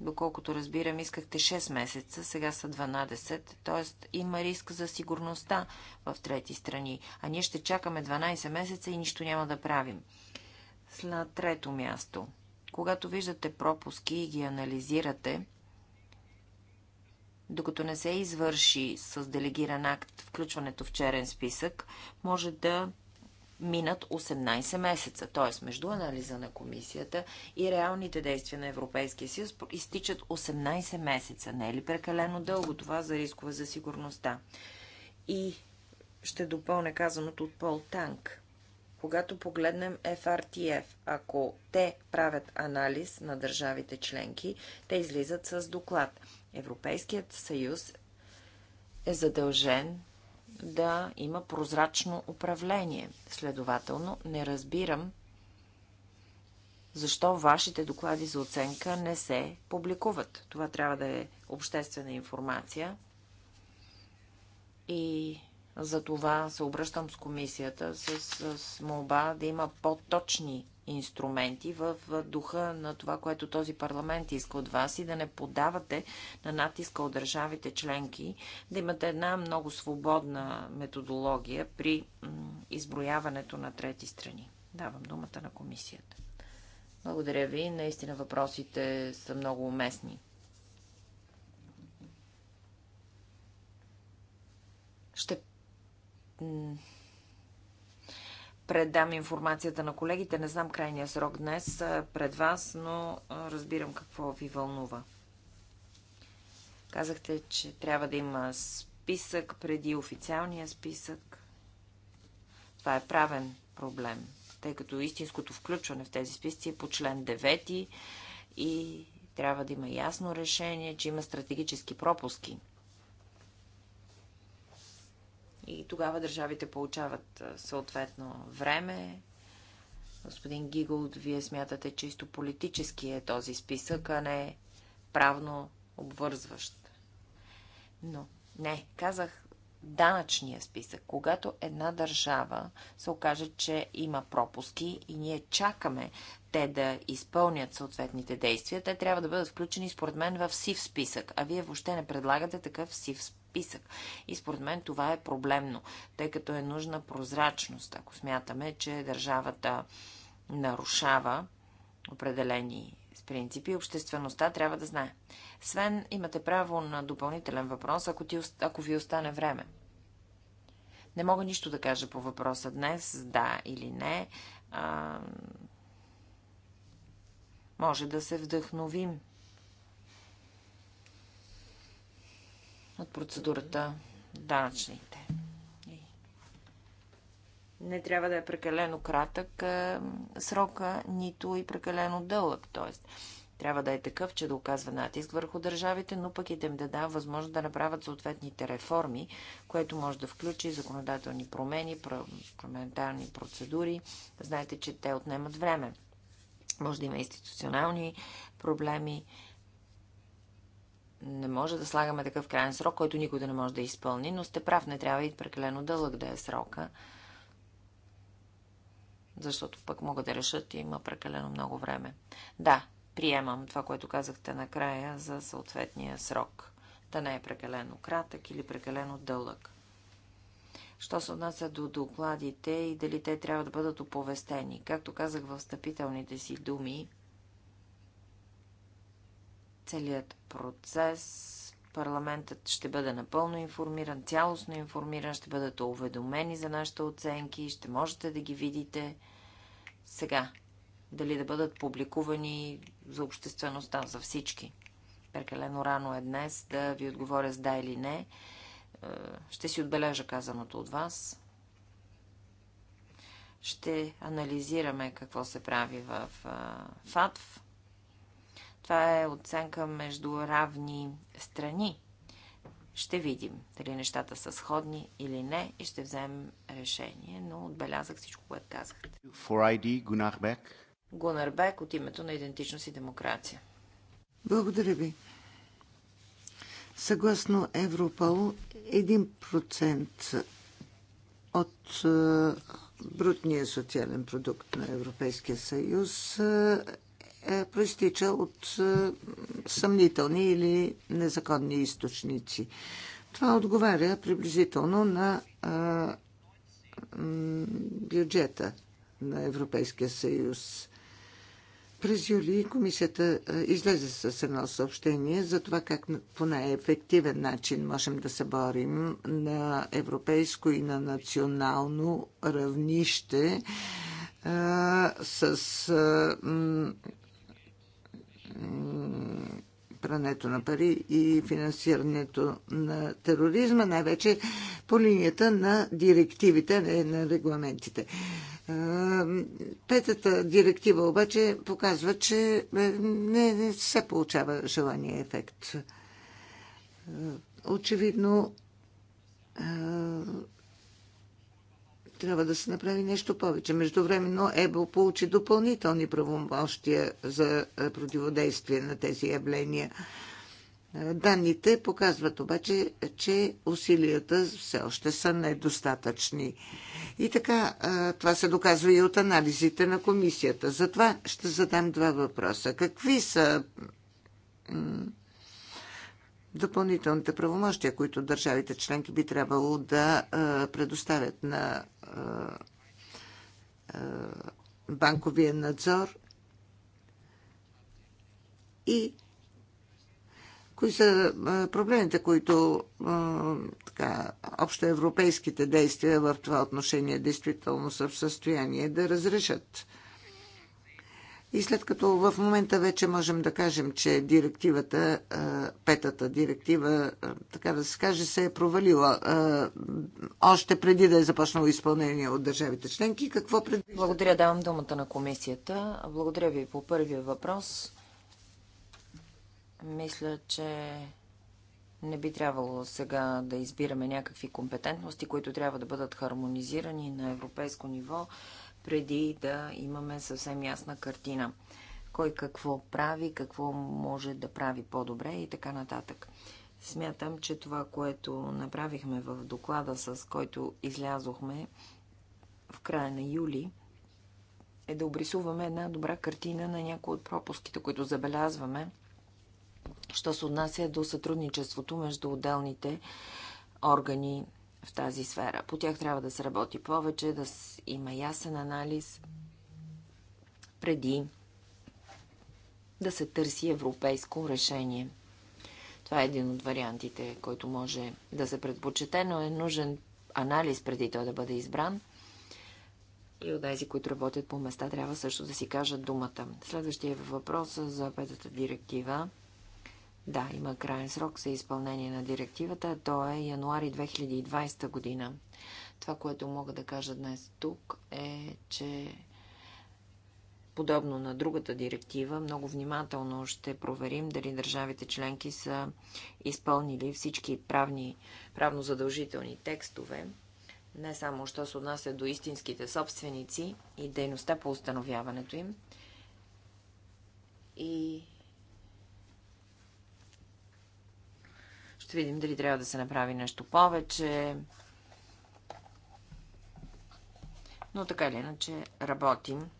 Доколкото разбирам, искахте 6 месеца, сега са 12, т.е. има риск за сигурността в трети страни, а ние ще чакаме 12 месеца и нищо няма да правим. На трето място, когато виждате пропуски и ги анализирате, докато не се извърши с делегиран акт включването в черен списък, може да минат 18 месеца, т.е. между анализа на комисията и реалните действия на Европейския съюз изтичат 18 месеца. Не е ли прекалено дълго това за рискове за сигурността? И ще допълня казаното от Пол Танк. Когато погледнем FRTF, ако те правят анализ на държавите членки, те излизат с доклад. Европейският съюз е задължен да има прозрачно управление. Следователно, не разбирам защо вашите доклади за оценка не се публикуват. Това трябва да е обществена информация. И за това се обръщам с комисията с, с молба да има по-точни инструменти в духа на това, което този парламент иска от вас и да не подавате на натиска от държавите членки, да имате една много свободна методология при изброяването на трети страни. Давам думата на комисията. Благодаря ви. Наистина въпросите са много уместни. Ще предам информацията на колегите. Не знам крайния срок днес пред вас, но разбирам какво ви вълнува. Казахте, че трябва да има списък преди официалния списък. Това е правен проблем, тъй като истинското включване в тези списъци е по член 9 и трябва да има ясно решение, че има стратегически пропуски. И тогава държавите получават съответно време. Господин Гиголд, вие смятате, чисто политически е този списък, а не правно обвързващ. Но не, казах данъчния списък. Когато една държава се окаже, че има пропуски и ние чакаме те да изпълнят съответните действия, те трябва да бъдат включени според мен в сив списък. А вие въобще не предлагате такъв сив списък списък. И според мен това е проблемно, тъй като е нужна прозрачност, ако смятаме, че държавата нарушава определени с принципи, обществеността трябва да знае. Свен, имате право на допълнителен въпрос, ако, ти, ако ви остане време. Не мога нищо да кажа по въпроса днес, да или не. А... Може да се вдъхновим от процедурата данъчните. Не трябва да е прекалено кратък срока, нито и прекалено дълъг. Тоест, трябва да е такъв, че да оказва натиск върху държавите, но пък и да им да дава възможност да направят съответните реформи, което може да включи законодателни промени, парламентарни процедури. Знаете, че те отнемат време. Може да има институционални проблеми не може да слагаме такъв крайен срок, който никой да не може да изпълни, но сте прав, не трябва и прекалено дълъг да е срока. Защото пък могат да решат, и има прекалено много време. Да, приемам това, което казахте накрая за съответния срок. Да не е прекалено кратък или прекалено дълъг. Що се отнася до докладите и дали те трябва да бъдат оповестени? Както казах в встъпителните си думи, целият процес. Парламентът ще бъде напълно информиран, цялостно информиран, ще бъдете уведомени за нашите оценки, ще можете да ги видите сега. Дали да бъдат публикувани за обществеността, за всички. Прекалено рано е днес да ви отговоря с да или не. Е, ще си отбележа казаното от вас ще анализираме какво се прави в е, ФАТВ. Това е оценка между равни страни. Ще видим дали нещата са сходни или не и ще вземем решение, но отбелязах всичко, което казахте. For ID, Гунарбек. от името на идентичност и демокрация. Благодаря ви. Съгласно Европол, 1% от е, брутния социален продукт на Европейския съюз е, е, проистича от е, съмнителни или незаконни източници. Това отговаря приблизително на е, бюджета на Европейския съюз. През юли комисията излезе с едно съобщение за това как по най-ефективен начин можем да се борим на европейско и на национално равнище с прането на пари и финансирането на тероризма, най-вече по линията на директивите, не на регламентите. Петата директива обаче показва, че е, не, не се получава желания ефект. Очевидно, трябва да се направи нещо повече. Междувременно ЕБО получи допълнителни правомощия за противодействие на тези явления. Данните показват обаче, че усилията все още са недостатъчни. И така, това се доказва и от анализите на комисията. Затова ще задам два въпроса. Какви са допълнителните правомощия, които държавите членки би трябвало да е, предоставят на е, е, банковия надзор и кои са проблемите, които така, общоевропейските действия в това отношение действително са в състояние да разрешат. И след като в момента вече можем да кажем, че директивата, петата директива, така да се каже, се е провалила още преди да е започнало изпълнение от държавите членки, какво предвижда? Благодаря, давам думата на комисията. Благодаря ви по първия въпрос. Мисля, че не би трябвало сега да избираме някакви компетентности, които трябва да бъдат хармонизирани на европейско ниво преди да имаме съвсем ясна картина. Кой какво прави, какво може да прави по-добре и така нататък. Смятам, че това, което направихме в доклада, с който излязохме в края на юли, е да обрисуваме една добра картина на някои от пропуските, които забелязваме, що се отнася до сътрудничеството между отделните органи в тази сфера. По тях трябва да се работи повече, да има ясен анализ преди да се търси европейско решение. Това е един от вариантите, който може да се предпочете, но е нужен анализ преди той да бъде избран. И от тези, които работят по места, трябва също да си кажат думата. Следващия въпрос за петата директива да, има крайен срок за изпълнение на директивата. То е януари 2020 година. Това, което мога да кажа днес тук е, че подобно на другата директива, много внимателно ще проверим дали държавите членки са изпълнили всички правни, правно задължителни текстове, не само, що се отнася до истинските собственици и дейността по установяването им, и Ще видим дали трябва да се направи нещо повече. Но така или иначе работим,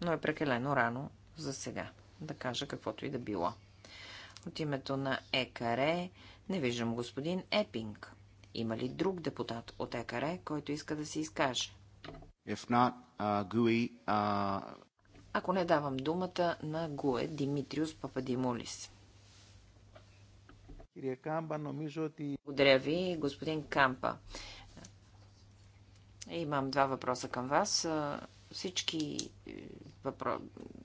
но е прекалено рано за сега да кажа каквото и да било. От името на ЕКАРЕ не виждам господин Епинг. Има ли друг депутат от ЕКАРЕ, който иска да се изкаже? If not, uh, GUI, uh... Ако не давам думата на ГУЕ Димитриус Пападимулис. Κάμπα, νομίζω ότι... Благодаря ви, господин Кампа. Имам два въпроса към вас. Всички е, въпро...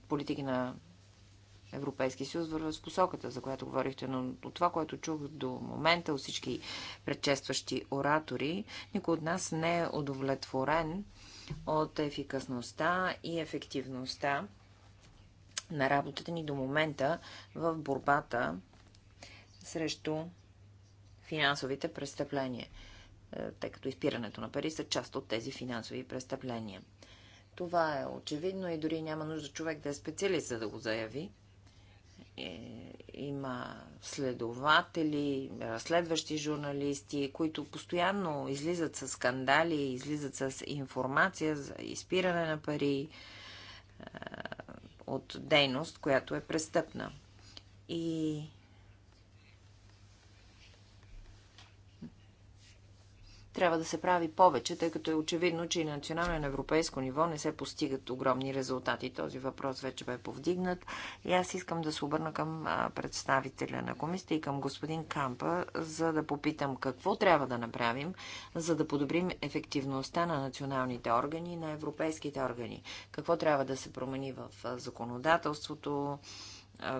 политики на Европейски съюз върва с посоката, за която говорихте, но от това, което чух до момента от всички предшестващи оратори, никой от нас не е удовлетворен от ефикасността и ефективността на работата ни до момента в борбата срещу финансовите престъпления, е, тъй като изпирането на пари са част от тези финансови престъпления. Това е очевидно и дори няма нужда човек да е специалист, за да го заяви. Е, има следователи, разследващи журналисти, които постоянно излизат с скандали, излизат с информация за изпиране на пари е, от дейност, която е престъпна. И Трябва да се прави повече, тъй като е очевидно, че и на национално и на европейско ниво не се постигат огромни резултати. Този въпрос вече бе повдигнат и аз искам да се обърна към представителя на комисията и към господин Кампа, за да попитам какво трябва да направим, за да подобрим ефективността на националните органи и на европейските органи. Какво трябва да се промени в законодателството,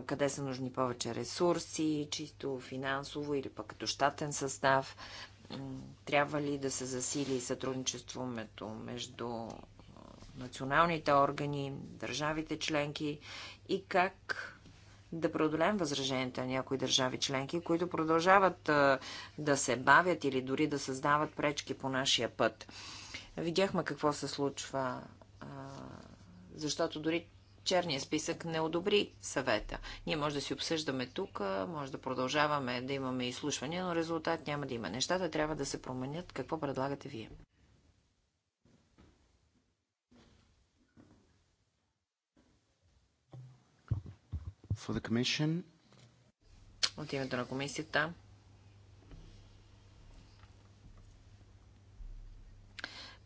къде са нужни повече ресурси, чисто финансово или пък като щатен състав трябва ли да се засили сътрудничеството между националните органи, държавите членки и как да преодолеем възраженията на някои държави членки, които продължават да се бавят или дори да създават пречки по нашия път. Видяхме какво се случва, защото дори черния списък не одобри съвета. Ние може да си обсъждаме тук, може да продължаваме да имаме изслушвания, но резултат няма да има. Нещата трябва да се променят. Какво предлагате вие? For the commission. От името на комисията.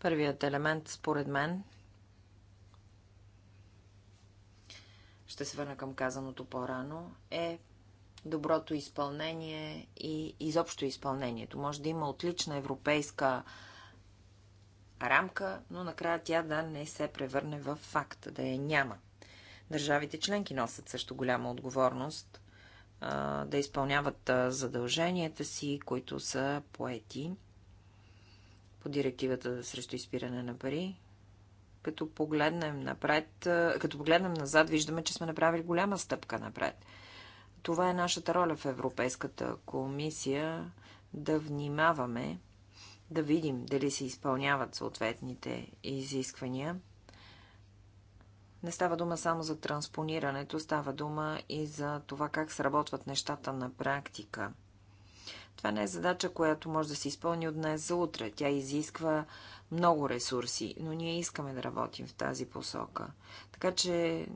Първият елемент, според мен, ще се върна към казаното по-рано, е доброто изпълнение и изобщо изпълнението. Може да има отлична европейска рамка, но накрая тя да не се превърне в факт, да я няма. Държавите членки носят също голяма отговорност да изпълняват задълженията си, които са поети по директивата срещу изпиране на пари като погледнем напред, като погледнем назад, виждаме, че сме направили голяма стъпка напред. Това е нашата роля в Европейската комисия да внимаваме, да видим дали се изпълняват съответните изисквания. Не става дума само за транспонирането, става дума и за това как сработват нещата на практика. Това не е задача, която може да се изпълни от днес за утре. Тя изисква много ресурси, но ние искаме да работим в тази посока. Така че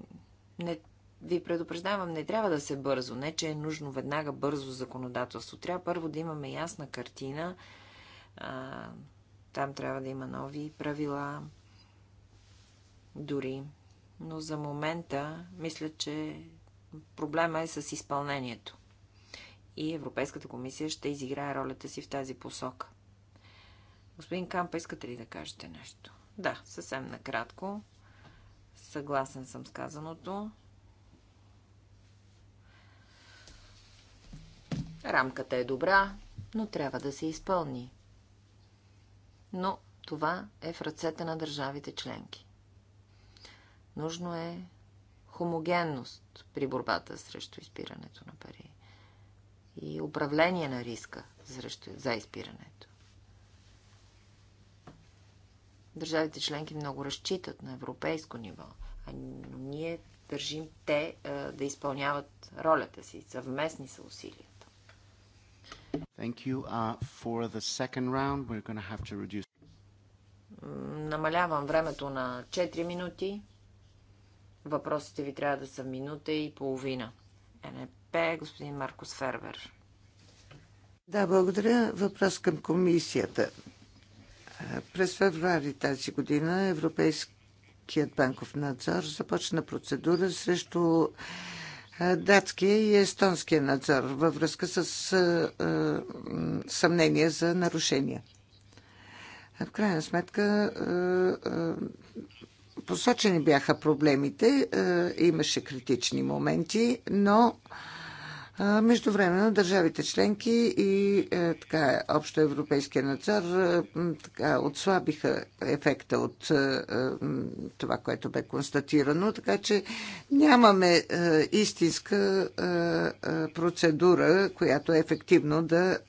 не, ви предупреждавам, не трябва да се бързо. Не, че е нужно веднага бързо законодателство. Трябва първо да имаме ясна картина. А, там трябва да има нови правила. Дори. Но за момента мисля, че проблема е с изпълнението. И Европейската комисия ще изиграе ролята си в тази посока. Господин Кампа, искате ли да кажете нещо? Да, съвсем накратко. Съгласен съм с казаното. Рамката е добра, но трябва да се изпълни. Но това е в ръцете на държавите членки. Нужно е хомогенност при борбата срещу изпирането на пари и управление на риска срещу, за изпирането. Държавите членки много разчитат на европейско ниво, а ние държим те да изпълняват ролята си. Съвместни са усилията. Reduce... Намалявам времето на 4 минути. Въпросите ви трябва да са минута и половина. НП, господин Маркос Фервер. Да, благодаря. Въпрос към комисията. През февруари тази година Европейският банков надзор започна процедура срещу датския и естонския надзор във връзка с съмнения за нарушения. В крайна сметка посочени бяха проблемите, имаше критични моменти, но между време на държавите членки и е, така, общо европейския надзор е, така, отслабиха ефекта от е, това, което бе констатирано, така че нямаме истинска процедура, която е ефективно да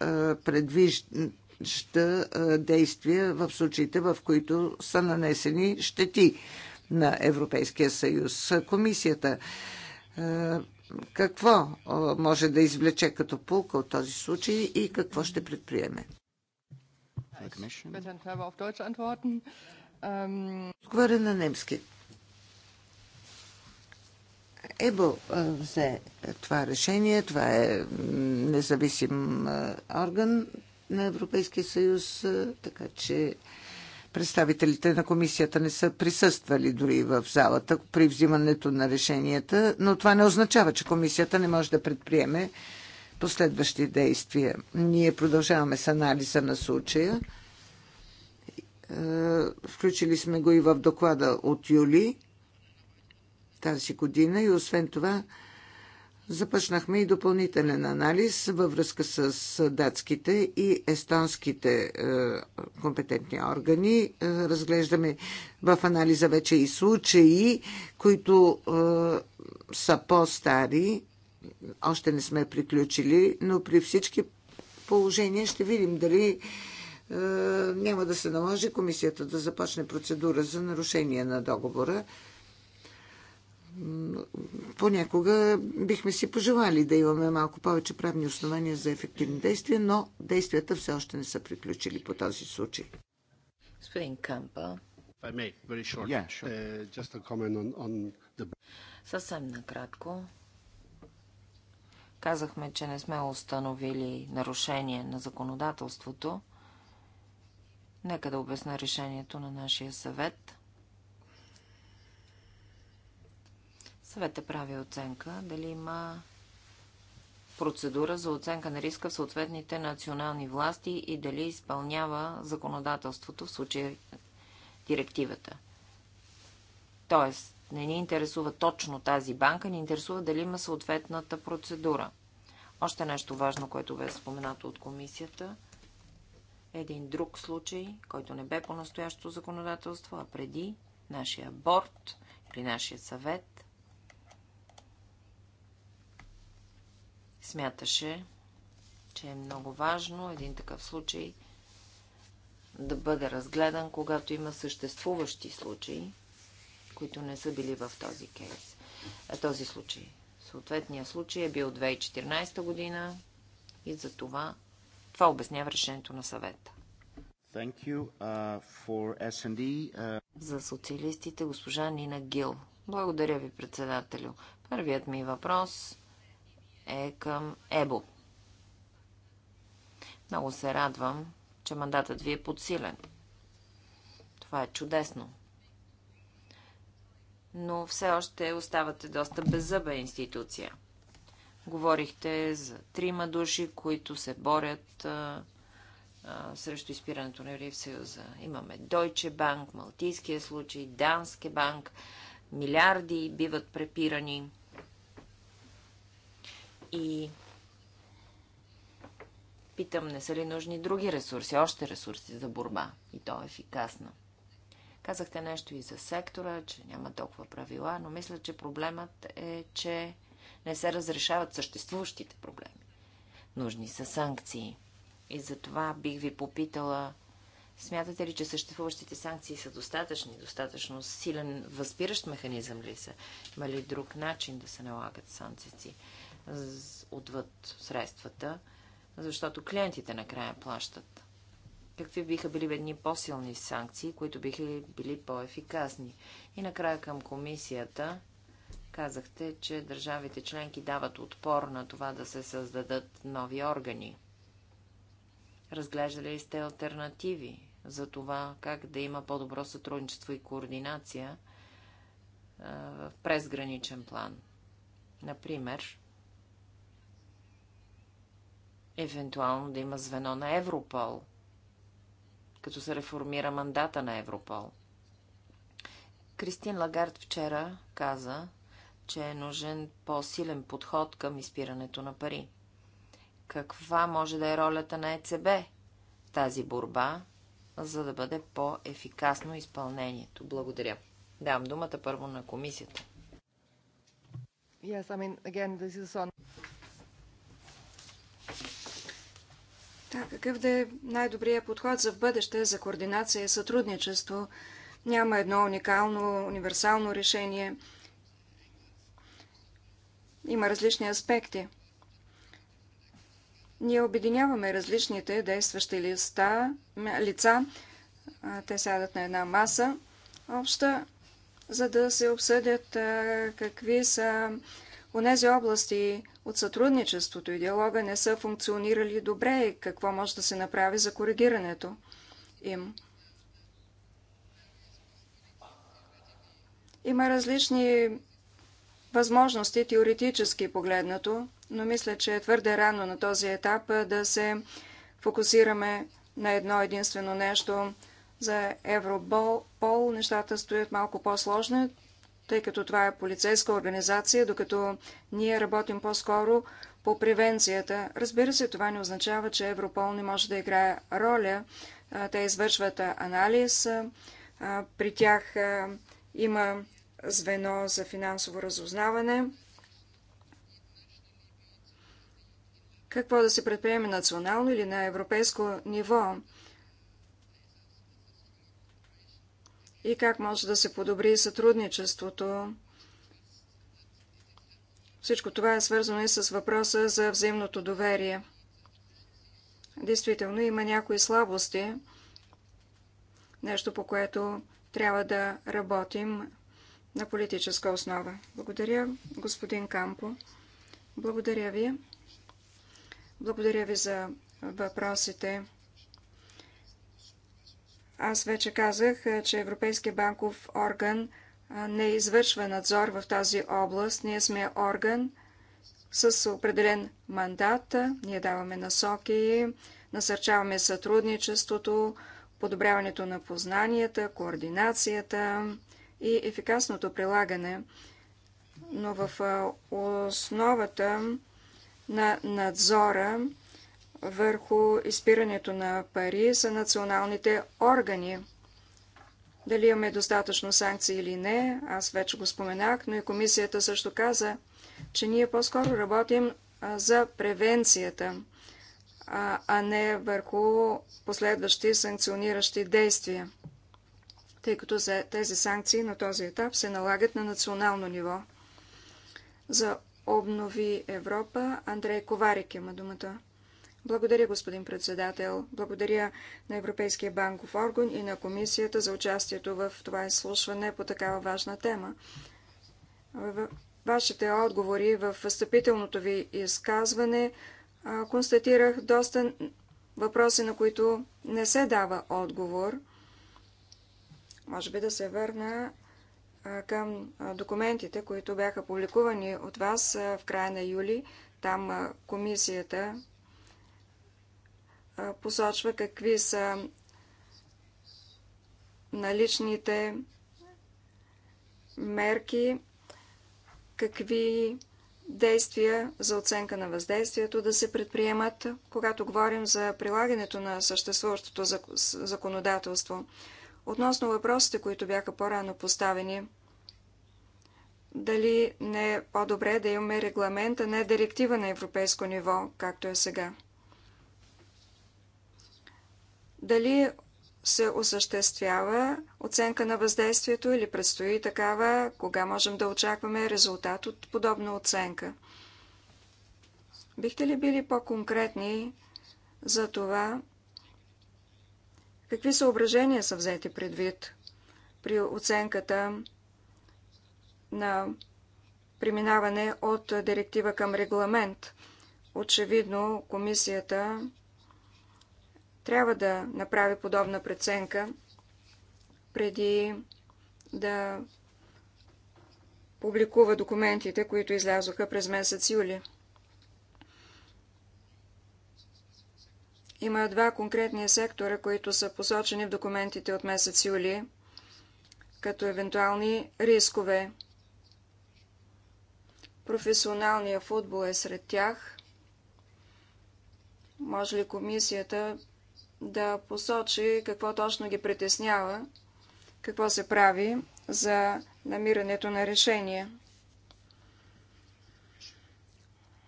предвижда действия в случаите, в които са нанесени щети на Европейския съюз. Комисията какво може да извлече като пулка от този случай и какво ще предприеме? Отговаря на немски. ЕБО взе това решение. Това е независим орган на Европейския съюз, така че Представителите на комисията не са присъствали дори в залата при взимането на решенията, но това не означава, че комисията не може да предприеме последващи действия. Ние продължаваме с анализа на случая. Е, включили сме го и в доклада от юли тази година и освен това Започнахме и допълнителен анализ във връзка с датските и естонските е, компетентни органи. Е, разглеждаме в анализа вече и случаи, които е, са по-стари. Още не сме приключили, но при всички положения ще видим дали няма да се наложи комисията да започне процедура за нарушение на договора понякога бихме си пожелали да имаме малко повече правни основания за ефективни действия, но действията все още не са приключили по този случай. Господин Кампа. Uh, Съвсем накратко. Казахме, че не сме установили нарушение на законодателството. Нека да обясна решението на нашия съвет – Съвета прави оценка дали има процедура за оценка на риска в съответните национални власти и дали изпълнява законодателството, в случая директивата. Тоест, не ни интересува точно тази банка, ни интересува дали има съответната процедура. Още нещо важно, което бе споменато от комисията. Един друг случай, който не бе по настоящото законодателство, а преди нашия борт, при нашия съвет, смяташе, че е много важно един такъв случай да бъде разгледан, когато има съществуващи случаи, които не са били в този кейс. А този случай. Съответният случай е бил 2014 година и за това това обяснява решението на съвета. Thank you, uh, for S&D, uh... За социалистите госпожа Нина Гил. Благодаря ви, председателю. Първият ми въпрос е към ЕБО. Много се радвам, че мандатът ви е подсилен. Това е чудесно. Но все още оставате доста беззъба институция. Говорихте за трима души, които се борят а, а, срещу изпирането на Юрия в Съюза. Имаме Deutsche Bank, Малтийския случай, Данския банк. Милиарди биват препирани. И питам, не са ли нужни други ресурси, още ресурси за борба? И то е ефикасна. Казахте нещо и за сектора, че няма толкова правила, но мисля, че проблемът е, че не се разрешават съществуващите проблеми. Нужни са санкции. И за това бих ви попитала, смятате ли, че съществуващите санкции са достатъчни, достатъчно силен възпиращ механизъм ли са? Има ли друг начин да се налагат санкции? отвъд средствата, защото клиентите накрая плащат. Какви биха били едни по-силни санкции, които биха били по-ефикасни? И накрая към комисията казахте, че държавите членки дават отпор на това да се създадат нови органи. Разглеждали сте альтернативи за това как да има по-добро сътрудничество и координация а, в презграничен план? Например, Евентуално да има звено на Европол, като се реформира мандата на Европол. Кристин Лагард вчера каза, че е нужен по-силен подход към изпирането на пари. Каква може да е ролята на ЕЦБ в тази борба, за да бъде по-ефикасно изпълнението? Благодаря. Давам думата първо на комисията. Yes, I mean, again, on... Та, какъв да е най-добрият подход за в бъдеще за координация и сътрудничество? Няма едно уникално, универсално решение. Има различни аспекти. Ние обединяваме различните действащи листа, лица. Те сядат на една маса обща, за да се обсъдят какви са онези области от сътрудничеството и диалога не са функционирали добре и какво може да се направи за коригирането им. Има различни възможности теоретически погледнато, но мисля, че е твърде рано на този етап да се фокусираме на едно единствено нещо. За Европол нещата стоят малко по-сложни тъй като това е полицейска организация, докато ние работим по-скоро по превенцията. Разбира се, това не означава, че Европол не може да играе роля. Те извършват анализ. При тях има звено за финансово разузнаване. Какво да се предприеме национално или на европейско ниво? и как може да се подобри сътрудничеството. Всичко това е свързано и с въпроса за взаимното доверие. Действително има някои слабости, нещо по което трябва да работим на политическа основа. Благодаря, господин Кампо. Благодаря ви. Благодаря ви за въпросите. Аз вече казах, че Европейския банков орган не извършва надзор в тази област. Ние сме орган с определен мандат. Ние даваме насоки, насърчаваме сътрудничеството, подобряването на познанията, координацията и ефикасното прилагане. Но в основата на надзора върху изпирането на пари са националните органи. Дали имаме достатъчно санкции или не, аз вече го споменах, но и комисията също каза, че ние по-скоро работим за превенцията, а не върху последващи санкциониращи действия, тъй като тези санкции на този етап се налагат на национално ниво. За обнови Европа Андрей Коварик има думата. Благодаря, господин председател. Благодаря на Европейския банков орган и на комисията за участието в това изслушване по такава важна тема. Вашите отговори в встъпителното ви изказване констатирах доста въпроси, на които не се дава отговор. Може би да се върна към документите, които бяха публикувани от вас в края на юли. Там комисията посочва какви са наличните мерки, какви действия за оценка на въздействието да се предприемат, когато говорим за прилагането на съществуващото законодателство. Относно въпросите, които бяха по-рано поставени, дали не е по-добре да имаме регламента, не директива на европейско ниво, както е сега дали се осъществява оценка на въздействието или предстои такава, кога можем да очакваме резултат от подобна оценка. Бихте ли били по-конкретни за това, какви съображения са взети предвид при оценката на преминаване от директива към регламент? Очевидно, комисията трябва да направи подобна преценка преди да публикува документите, които излязоха през месец юли. Има два конкретни сектора, които са посочени в документите от месец юли, като евентуални рискове. Професионалният футбол е сред тях. Може ли комисията да посочи какво точно ги притеснява, какво се прави за намирането на решение.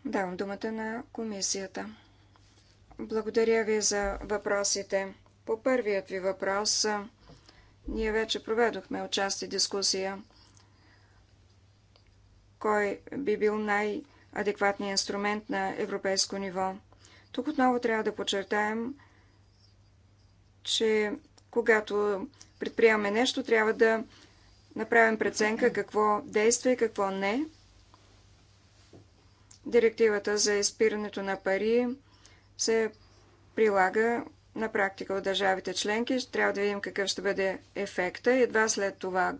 Давам думата на комисията. Благодаря ви за въпросите. По първият ви въпрос, ние вече проведохме отчасти дискусия. Кой би бил най-адекватният инструмент на европейско ниво? Тук отново трябва да подчертаем, че когато предприемаме нещо, трябва да направим преценка какво действа и какво не. Директивата за изпирането на пари се прилага на практика от държавите членки. Трябва да видим какъв ще бъде ефекта. Едва след това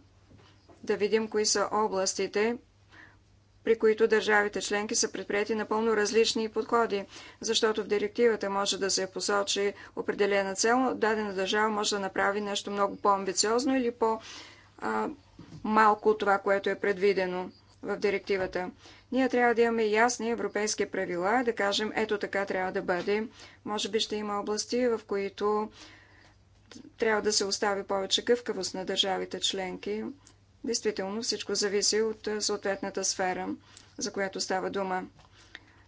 да видим кои са областите, при които държавите членки са предприяти напълно различни подходи, защото в директивата може да се посочи определена цел, но дадена държава може да направи нещо много по-амбициозно или по-малко от това, което е предвидено в директивата. Ние трябва да имаме ясни европейски правила, да кажем ето така трябва да бъде. Може би ще има области, в които трябва да се остави повече гъвкавост на държавите членки, Действително всичко зависи от съответната сфера, за която става дума.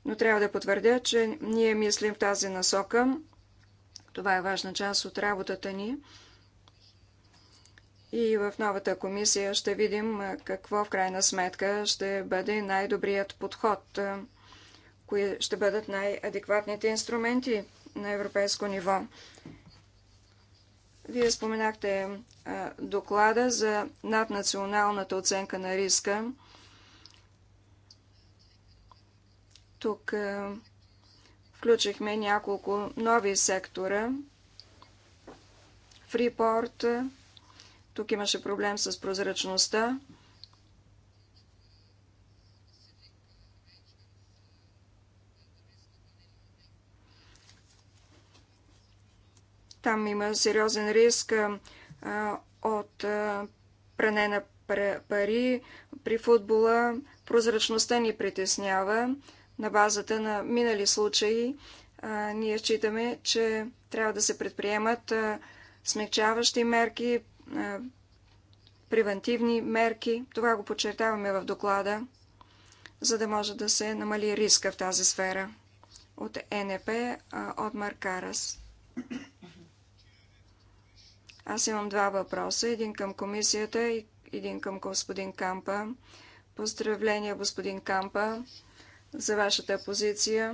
Но трябва да потвърдя, че ние мислим в тази насока. Това е важна част от работата ни. И в новата комисия ще видим какво в крайна сметка ще бъде най-добрият подход, кои ще бъдат най-адекватните инструменти на европейско ниво. Вие споменахте доклада за наднационалната оценка на риска. Тук включихме няколко нови сектора. Фрипорт. Тук имаше проблем с прозрачността. Там има сериозен риск от пране на пари при футбола. Прозрачността ни притеснява. На базата на минали случаи ние считаме, че трябва да се предприемат смягчаващи мерки, превентивни мерки. Това го подчертаваме в доклада, за да може да се намали риска в тази сфера. От НП, от Маркарас. Карас. Аз имам два въпроса. Един към комисията и един към господин Кампа. Поздравления, господин Кампа, за вашата позиция.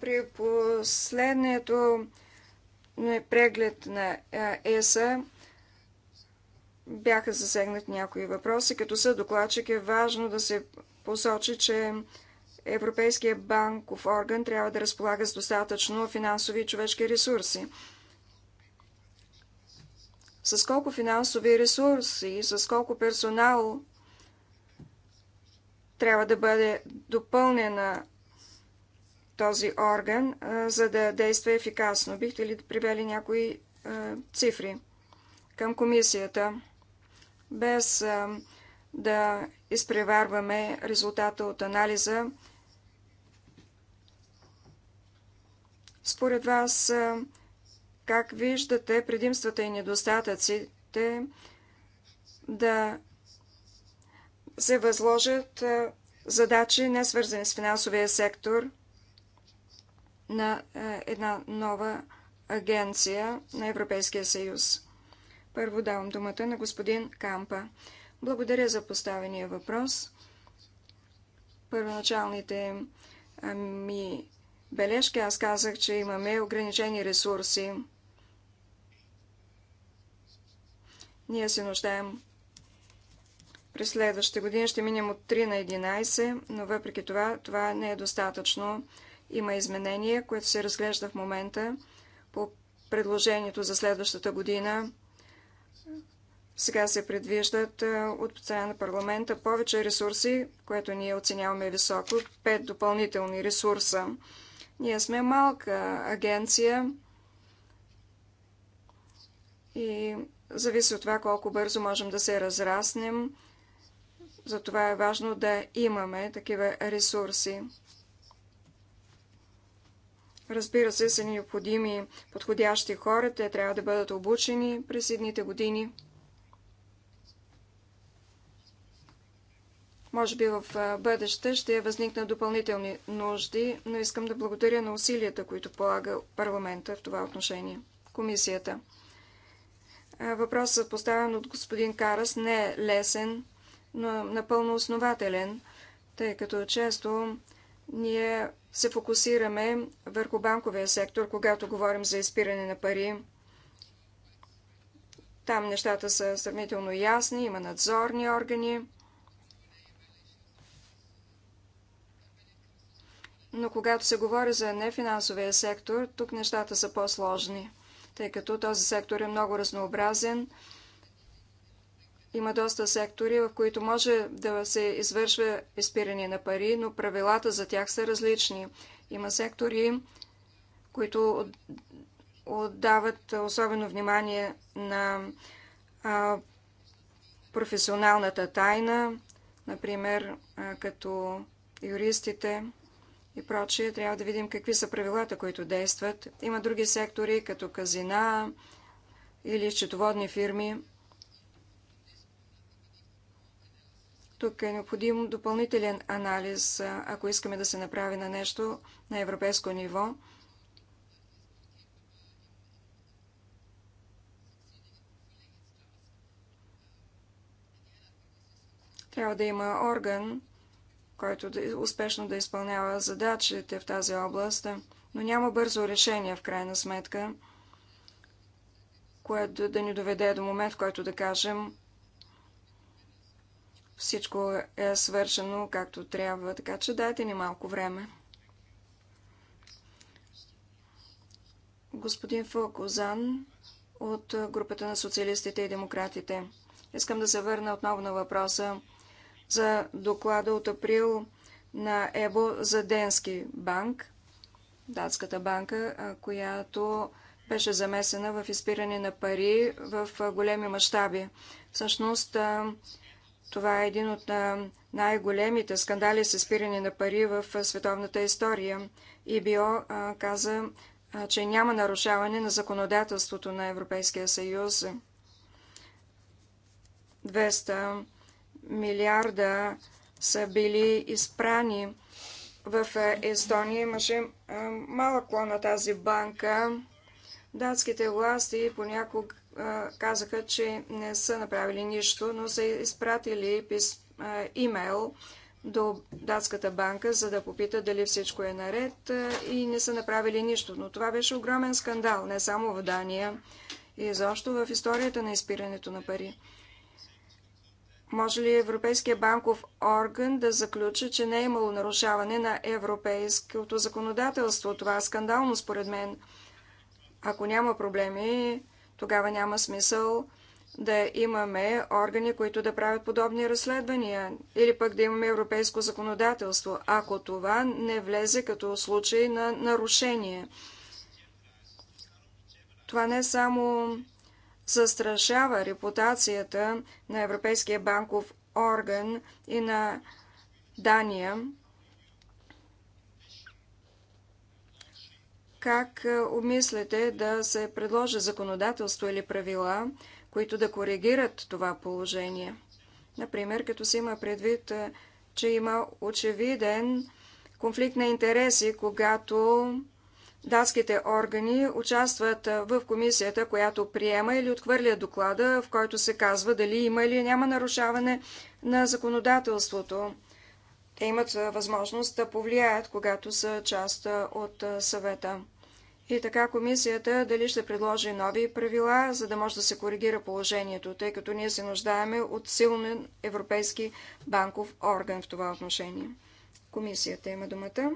При последното преглед на ЕСА бяха засегнати някои въпроси. Като са докладчик е важно да се посочи, че Европейския банков орган трябва да разполага с достатъчно финансови и човешки ресурси с колко финансови ресурси, с колко персонал трябва да бъде допълнена този орган, за да действа ефикасно. Бихте ли привели някои цифри към комисията, без да изпреварваме резултата от анализа? Според вас, как виждате предимствата и недостатъците да се възложат задачи, не свързани с финансовия сектор, на една нова агенция на Европейския съюз? Първо давам думата на господин Кампа. Благодаря за поставения въпрос. Първоначалните ми бележки аз казах, че имаме ограничени ресурси. Ние се нуждаем през следващите години ще минем от 3 на 11, но въпреки това, това не е достатъчно. Има изменение, което се разглежда в момента по предложението за следващата година. Сега се предвиждат от постоянно на парламента повече ресурси, което ние оценяваме високо, 5 допълнителни ресурса. Ние сме малка агенция и зависи от това колко бързо можем да се разраснем. Затова е важно да имаме такива ресурси. Разбира се, са необходими подходящи хора. Те трябва да бъдат обучени през едните години. Може би в бъдеще ще възникнат допълнителни нужди, но искам да благодаря на усилията, които полага парламента в това отношение. Комисията. Въпросът, поставен от господин Карас, не е лесен, но е напълно основателен, тъй като често ние се фокусираме върху банковия сектор, когато говорим за изпиране на пари. Там нещата са сравнително ясни, има надзорни органи. Но когато се говори за нефинансовия сектор, тук нещата са по-сложни тъй като този сектор е много разнообразен. Има доста сектори, в които може да се извършва изпиране на пари, но правилата за тях са различни. Има сектори, които отдават особено внимание на професионалната тайна, например, като юристите и прочие. Трябва да видим какви са правилата, които действат. Има други сектори, като казина или счетоводни фирми. Тук е необходим допълнителен анализ, ако искаме да се направи на нещо на европейско ниво. Трябва да има орган, който да, успешно да изпълнява задачите в тази област, но няма бързо решение в крайна сметка, което да ни доведе до момент, в който да кажем всичко е свършено както трябва, така че дайте ни малко време. Господин Фокозан от групата на социалистите и демократите. Искам да се върна отново на въпроса за доклада от април на Ебо за Денски банк, датската банка, която беше замесена в изпиране на пари в големи мащаби. Всъщност, това е един от най-големите скандали с изпиране на пари в световната история. ИБО каза, че няма нарушаване на законодателството на Европейския съюз. 200 милиарда са били изпрани. В Естония имаше малък клон на тази банка. Датските власти понякога казаха, че не са направили нищо, но са изпратили пис... имейл до датската банка, за да попита дали всичко е наред и не са направили нищо. Но това беше огромен скандал, не само в Дания, и изобщо в историята на изпирането на пари. Може ли Европейския банков орган да заключи, че не е имало нарушаване на европейското законодателство? Това е скандално според мен. Ако няма проблеми, тогава няма смисъл да имаме органи, които да правят подобни разследвания или пък да имаме европейско законодателство, ако това не влезе като случай на нарушение. Това не е само застрашава репутацията на Европейския банков орган и на Дания. Как умислите е, да се предложи законодателство или правила, които да коригират това положение? Например, като се има предвид, е, че има очевиден конфликт на интереси, когато датските органи участват в комисията, която приема или отхвърля доклада, в който се казва дали има или няма нарушаване на законодателството. Те имат възможност да повлияят, когато са част от съвета. И така комисията дали ще предложи нови правила, за да може да се коригира положението, тъй като ние се нуждаеме от силен европейски банков орган в това отношение. Комисията има думата.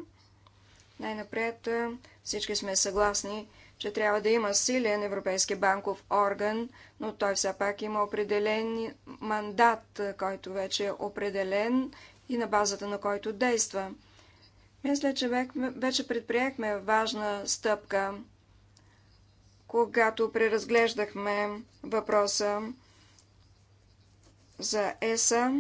Най-напред всички сме съгласни, че трябва да има силен европейски банков орган, но той все пак има определен мандат, който вече е определен и на базата на който действа. Мисля, че вече предприехме важна стъпка, когато преразглеждахме въпроса за ЕСА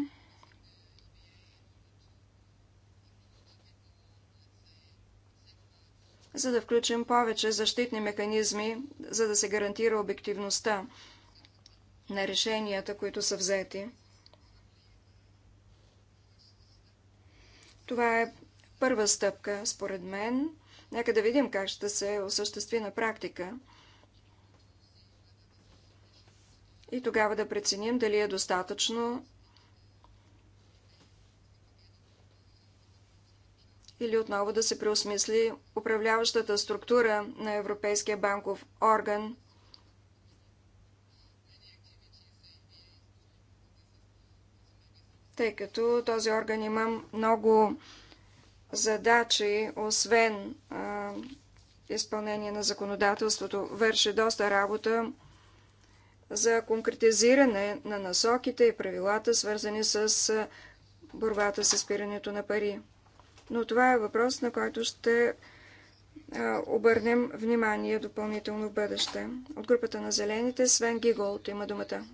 за да включим повече защитни механизми, за да се гарантира обективността на решенията, които са взети. Това е първа стъпка, според мен. Нека да видим как ще се осъществи на практика. И тогава да преценим дали е достатъчно или отново да се преосмисли управляващата структура на Европейския банков орган. Тъй като този орган има много задачи, освен а, изпълнение на законодателството, върши доста работа за конкретизиране на насоките и правилата, свързани с борбата с изпирането на пари но това е въпрос, на който ще обърнем внимание допълнително в бъдеще. От групата на зелените Свен Гиголт има думата.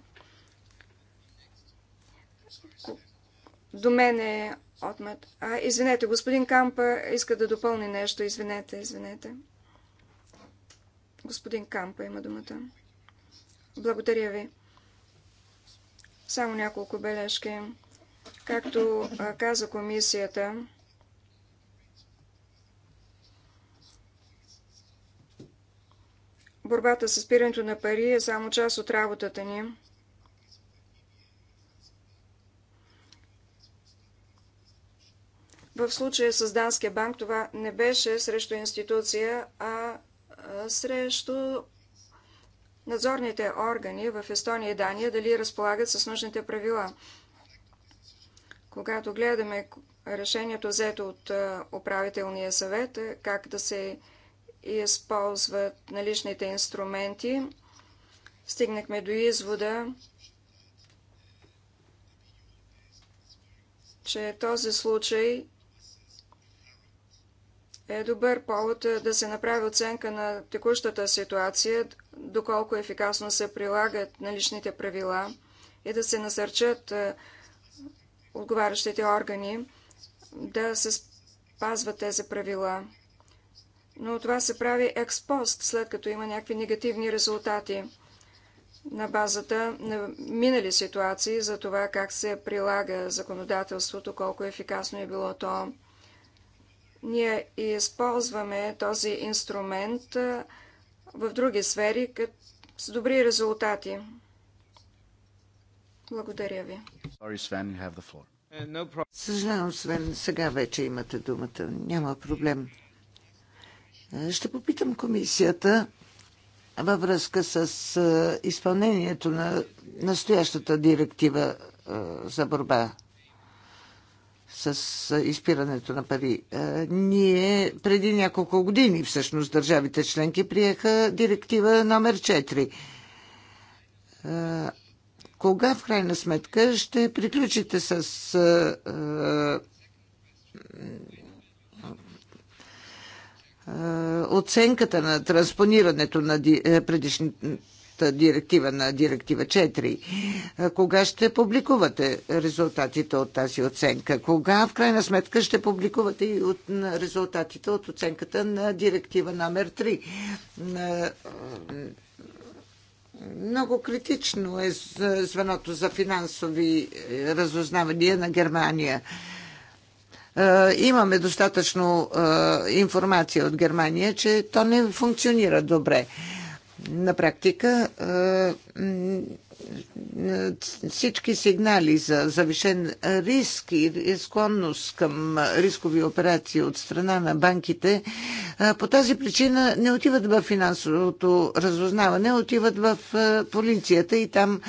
До мен е отмет. А, извинете, господин Кампа иска да допълни нещо. Извинете, извинете. Господин Кампа има думата. Благодаря ви. Само няколко бележки. Както каза комисията, Борбата с спирането на пари е само част от работата ни. В случая с Данския банк това не беше срещу институция, а срещу надзорните органи в Естония и Дания дали разполагат с нужните правила. Когато гледаме решението взето от управителния съвет, как да се използват наличните инструменти, стигнахме до извода, че този случай е добър повод е, да се направи оценка на текущата ситуация, доколко ефикасно се прилагат наличните правила и да се насърчат е, отговарящите органи да се спазват тези правила но това се прави експост, след като има някакви негативни резултати на базата на минали ситуации за това как се прилага законодателството, колко ефикасно е било то. Ние използваме този инструмент в други сфери с добри резултати. Благодаря ви. Е, Съжалявам, Свен, сега вече имате думата. Няма проблем. Ще попитам комисията във връзка с изпълнението на настоящата директива за борба с изпирането на пари. Ние преди няколко години всъщност държавите членки приеха директива номер 4. Кога в крайна сметка ще приключите с е, оценката на транспонирането на е, предишната директива на директива 4. Е, кога ще публикувате резултатите от тази оценка? Кога в крайна сметка ще публикувате и от резултатите от оценката на директива номер 3? Много критично е звеното за финансови разузнавания на Германия. Е, имаме достатъчно е, информация от Германия, че то не функционира добре. На практика е, всички сигнали за завишен риск и склонност към рискови операции от страна на банките по тази причина не отиват в финансовото разузнаване, отиват в полицията и там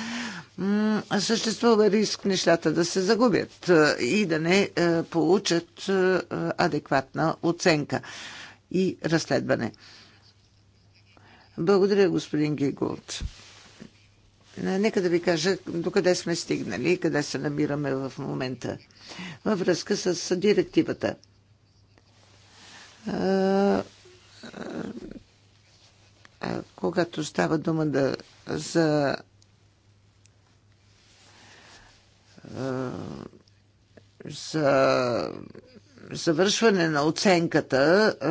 съществува риск нещата да се загубят е, и да не е, получат е, адекватна оценка и разследване. Благодаря, господин Гигулт. Нека да ви кажа докъде сме стигнали и къде се намираме в момента във връзка с директивата. Когато става дума да, за Е, за завършване на оценката е,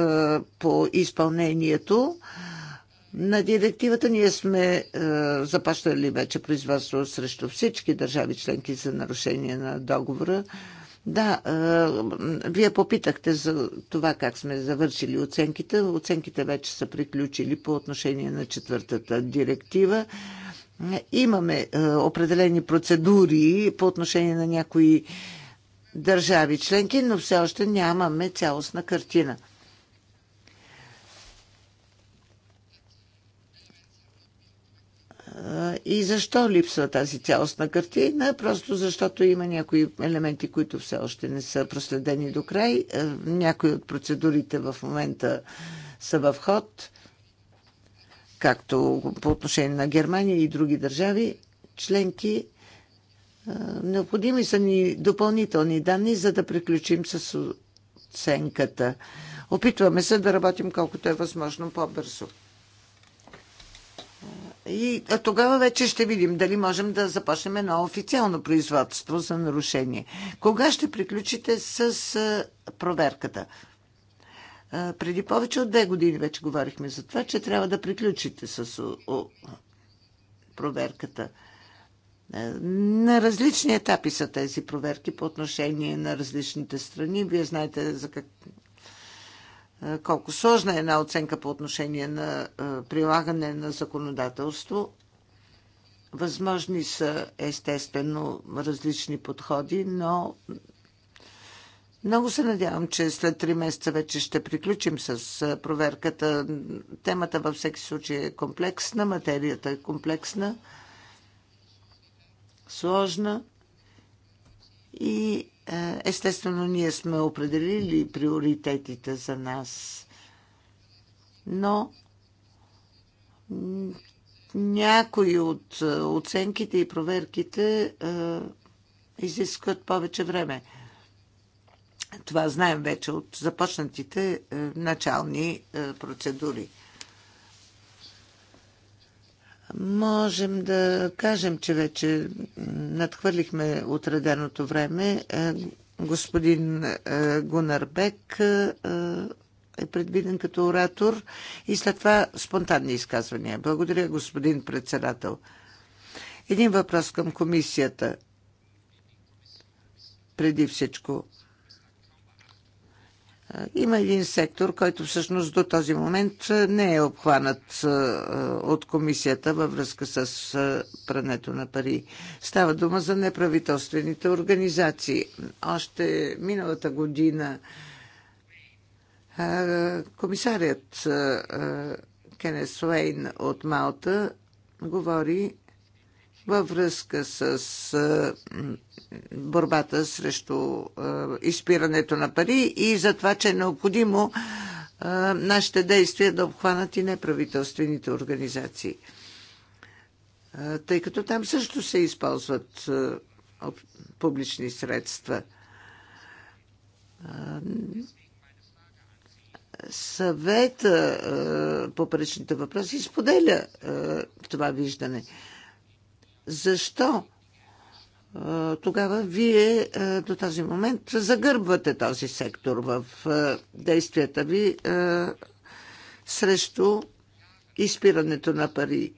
по изпълнението на директивата. Ние сме е, започнали вече производство срещу всички държави членки за нарушение на договора. Да, вие попитахте за това как сме завършили оценките. Оценките вече са приключили по отношение на четвъртата директива. Имаме е, определени процедури по отношение на някои държави членки, но все още нямаме цялостна картина. Е, и защо липсва тази цялостна картина? Просто защото има някои елементи, които все още не са проследени до край. Е, някои от процедурите в момента са в ход както по отношение на Германия и други държави членки. Необходими са ни допълнителни данни, за да приключим с оценката. Опитваме се да работим колкото е възможно по-бързо. И тогава вече ще видим дали можем да започнем едно официално производство за нарушение. Кога ще приключите с проверката? Преди повече от две години вече говорихме за това, че трябва да приключите с проверката. На различни етапи са тези проверки по отношение на различните страни. Вие знаете за как... колко сложна е една оценка по отношение на прилагане на законодателство. Възможни са естествено различни подходи, но много се надявам, че след 3 месеца вече ще приключим с проверката. Темата във всеки случай е комплексна, материята е комплексна, сложна и естествено ние сме определили приоритетите за нас. Но някои от оценките и проверките изискват повече време. Това знаем вече от започнатите е, начални е, процедури. Можем да кажем, че вече надхвърлихме отреденото време. Е, господин Гунарбек е предвиден като оратор и след това спонтанни изказвания. Благодаря, господин председател. Един въпрос към комисията. Преди всичко. Има един сектор, който всъщност до този момент не е обхванат от комисията във връзка с прането на пари. Става дума за неправителствените организации. Още миналата година комисарият Кенес Уейн от Малта говори във връзка с борбата срещу изпирането на пари и за това, че е необходимо нашите действия да обхванат и неправителствените организации. Тъй като там също се използват публични средства. Съвета по паричните въпроси споделя това виждане защо тогава вие до този момент загърбвате този сектор в действията ви срещу изпирането на пари.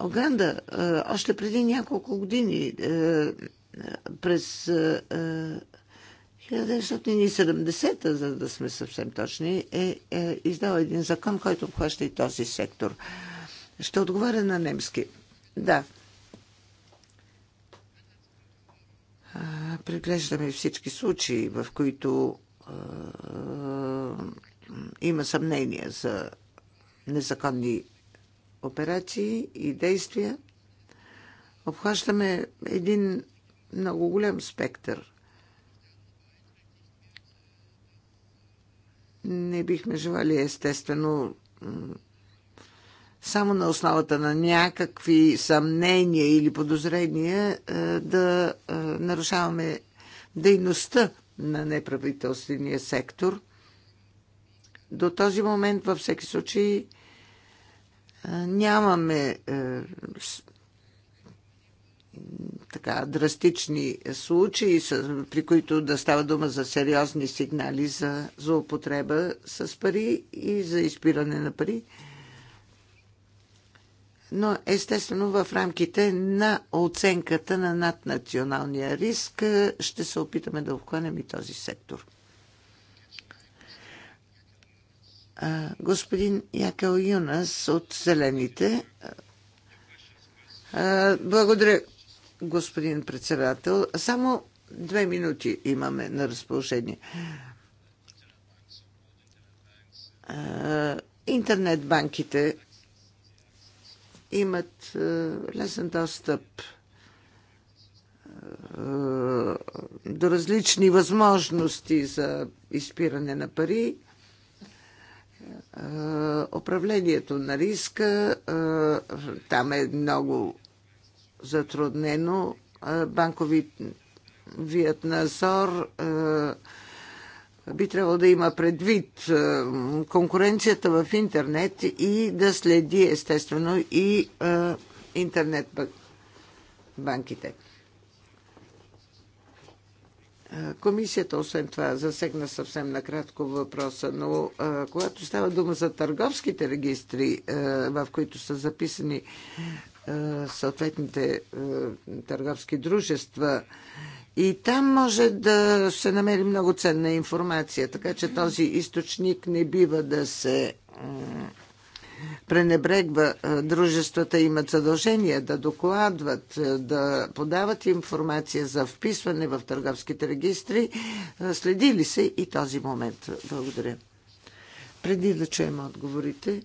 Оганда, още преди няколко години, през 1970-та, за да сме съвсем точни, е, е издал един закон, който обхваща и този сектор. Ще отговаря на немски. Да. Преглеждаме всички случаи, в които а, има съмнение за незаконни операции и действия. Обхващаме един много голям спектър. Не бихме желали, естествено, само на основата на някакви съмнения или подозрения е, да е, нарушаваме дейността на неправителствения сектор. До този момент във всеки случай е, нямаме така драстични случаи, при които да става дума за сериозни сигнали за злоупотреба с пари и за изпиране на пари но естествено в рамките на оценката на наднационалния риск е, ще се опитаме да обхванем и този сектор. Господин Якел Юнас от Зелените. Благодаря, господин председател. Само две минути имаме на разположение. Интернет банките имат е, лесен достъп е, до различни възможности за изпиране на пари, е, управлението на риска там е много затруднено. Банковият надзор би трябвало да има предвид е, конкуренцията в интернет и да следи естествено и е, интернет банките. Е, комисията, освен това, засегна съвсем накратко въпроса, но когато става дума за търговските регистри, в които са записани съответните търговски дружества и там може да се намери много ценна информация, така че този източник не бива да се пренебрегва. Дружествата имат задължение да докладват, да подават информация за вписване в търговските регистри. Следи ли се и този момент? Благодаря. Преди да чуем отговорите,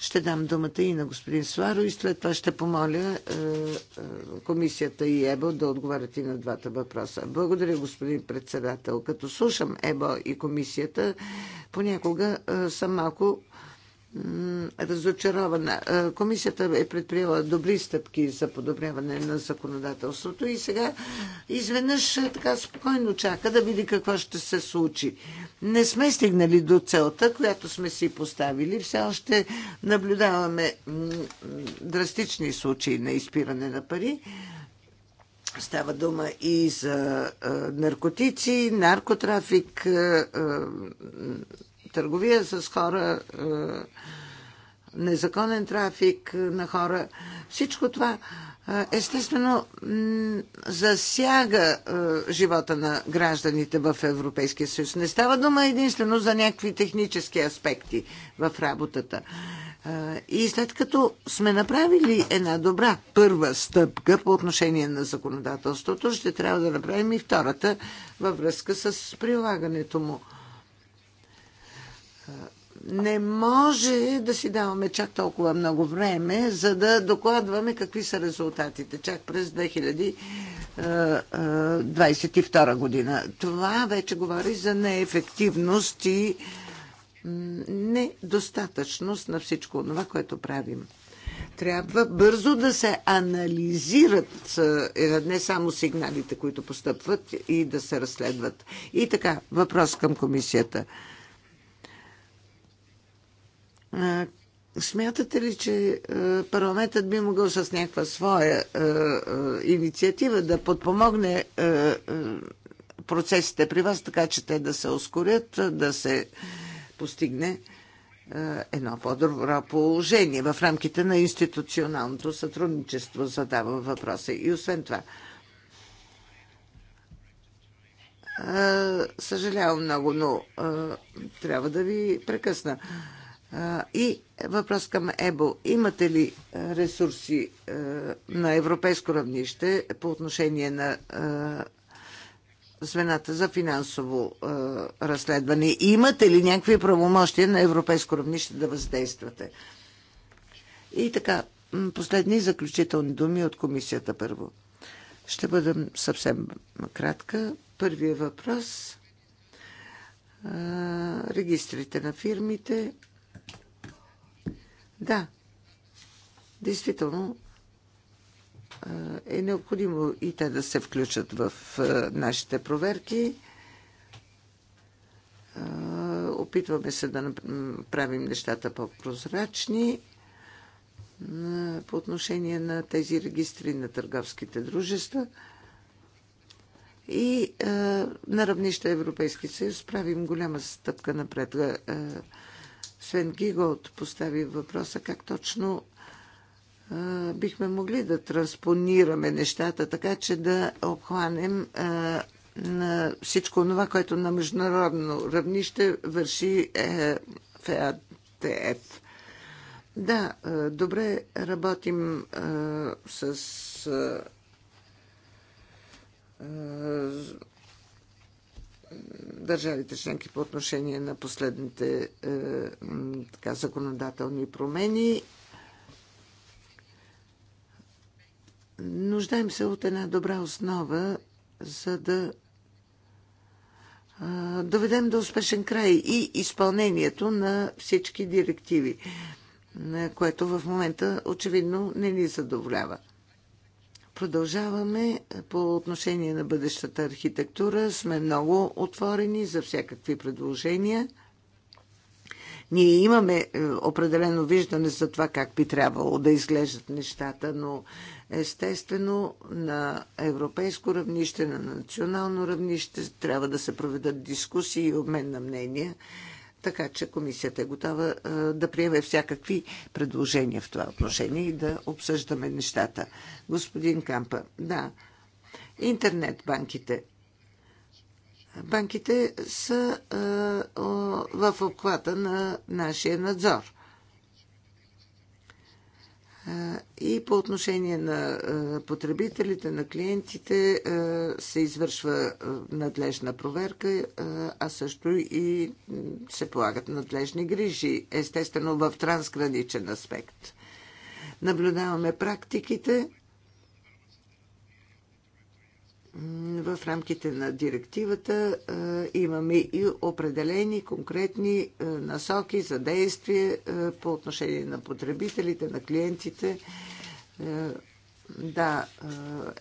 ще дам думата и на господин Суаро и след това ще помоля е, е, комисията и ЕБО да отговарят и на двата въпроса. Благодаря, господин председател. Като слушам ЕБО и комисията, понякога е, съм малко разочарована. Комисията е предприела добри стъпки за подобряване на законодателството и сега изведнъж така спокойно чака да види какво ще се случи. Не сме стигнали до целта, която сме си поставили. Все още наблюдаваме драстични случаи на изпиране на пари. Става дума и за наркотици, наркотрафик, търговия с хора, е, незаконен трафик на хора. Всичко това е, естествено засяга е, живота на гражданите в Европейския съюз. Не става дума единствено за някакви технически аспекти в работата. И след като сме направили една добра първа стъпка по отношение на законодателството, ще трябва да направим и втората във връзка с прилагането му не може да си даваме чак толкова много време, за да докладваме какви са резултатите чак през 2022 година. Това вече говори за неефективност и недостатъчност на всичко това, което правим. Трябва бързо да се анализират е, не само сигналите, които постъпват и да се разследват. И така, въпрос към комисията. Смятате ли, че парламентът би могъл с някаква своя инициатива да подпомогне процесите при вас, така че те да се ускорят, да се постигне едно по-добро положение в рамките на институционалното сътрудничество, задавам въпроса. И освен това, съжалявам много, но трябва да ви прекъсна. И въпрос към ЕБО. Имате ли ресурси на европейско равнище по отношение на звената за финансово разследване? Имате ли някакви правомощия на европейско равнище да въздействате? И така, последни заключителни думи от комисията първо. Ще бъдам съвсем кратка. Първият въпрос регистрите на фирмите, да, действително е необходимо и те да се включат в е, нашите проверки. Е, опитваме се да правим нещата по-прозрачни е, по отношение на тези регистри на търговските дружества. И на равнище Европейски съюз правим голяма стъпка напред. Свен Гиголд постави въпроса как точно а, бихме могли да транспонираме нещата, така че да обхванем а, на всичко това, което на международно равнище върши е, ФАТФ. Да, а, добре работим а, с държавите членки по отношение на последните е, така, законодателни промени. Нуждаем се от една добра основа, за да е, доведем до успешен край и изпълнението на всички директиви, е, което в момента очевидно не ни задоволява. Продължаваме по отношение на бъдещата архитектура. Сме много отворени за всякакви предложения. Ние имаме е, определено виждане за това как би трябвало да изглеждат нещата, но естествено на европейско равнище, на национално равнище трябва да се проведат дискусии и обмен на мнения така че комисията е готова да приеме всякакви предложения в това отношение и да обсъждаме нещата. Господин Кампа, да. Интернет банките. Банките са в обхвата на нашия надзор. И по отношение на потребителите, на клиентите се извършва надлежна проверка, а също и се полагат надлежни грижи, естествено в трансграничен аспект. Наблюдаваме практиките в рамките на директивата е, имаме и определени конкретни е, насоки за действие е, по отношение на потребителите, на клиентите. Да,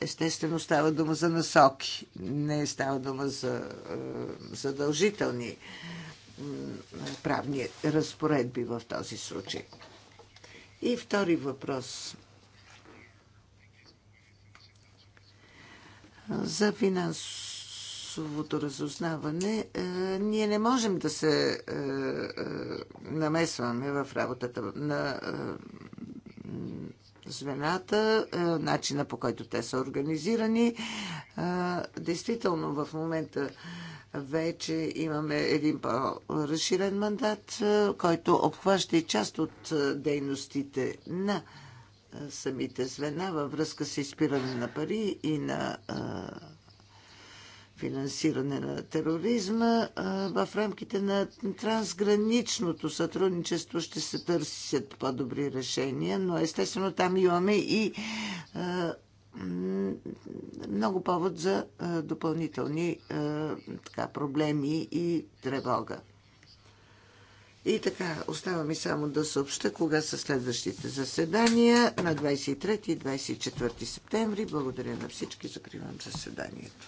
естествено става дума за насоки, не става дума за задължителни правни разпоредби в този случай. И втори въпрос. за финансовото разузнаване, е, ние не можем да се е, е, намесваме в работата на звената, начина по който те са организирани. Действително в момента вече имаме един по-разширен мандат, който обхваща и част от дейностите на самите звена във връзка с изпиране на пари и на финансиране на тероризма. В рамките на трансграничното сътрудничество ще се търсят по-добри решения, но естествено там имаме и много повод за допълнителни така, проблеми и тревога. И така, остава ми само да съобща кога са следващите заседания на 23 и 24 септември. Благодаря на всички. Закривам заседанието.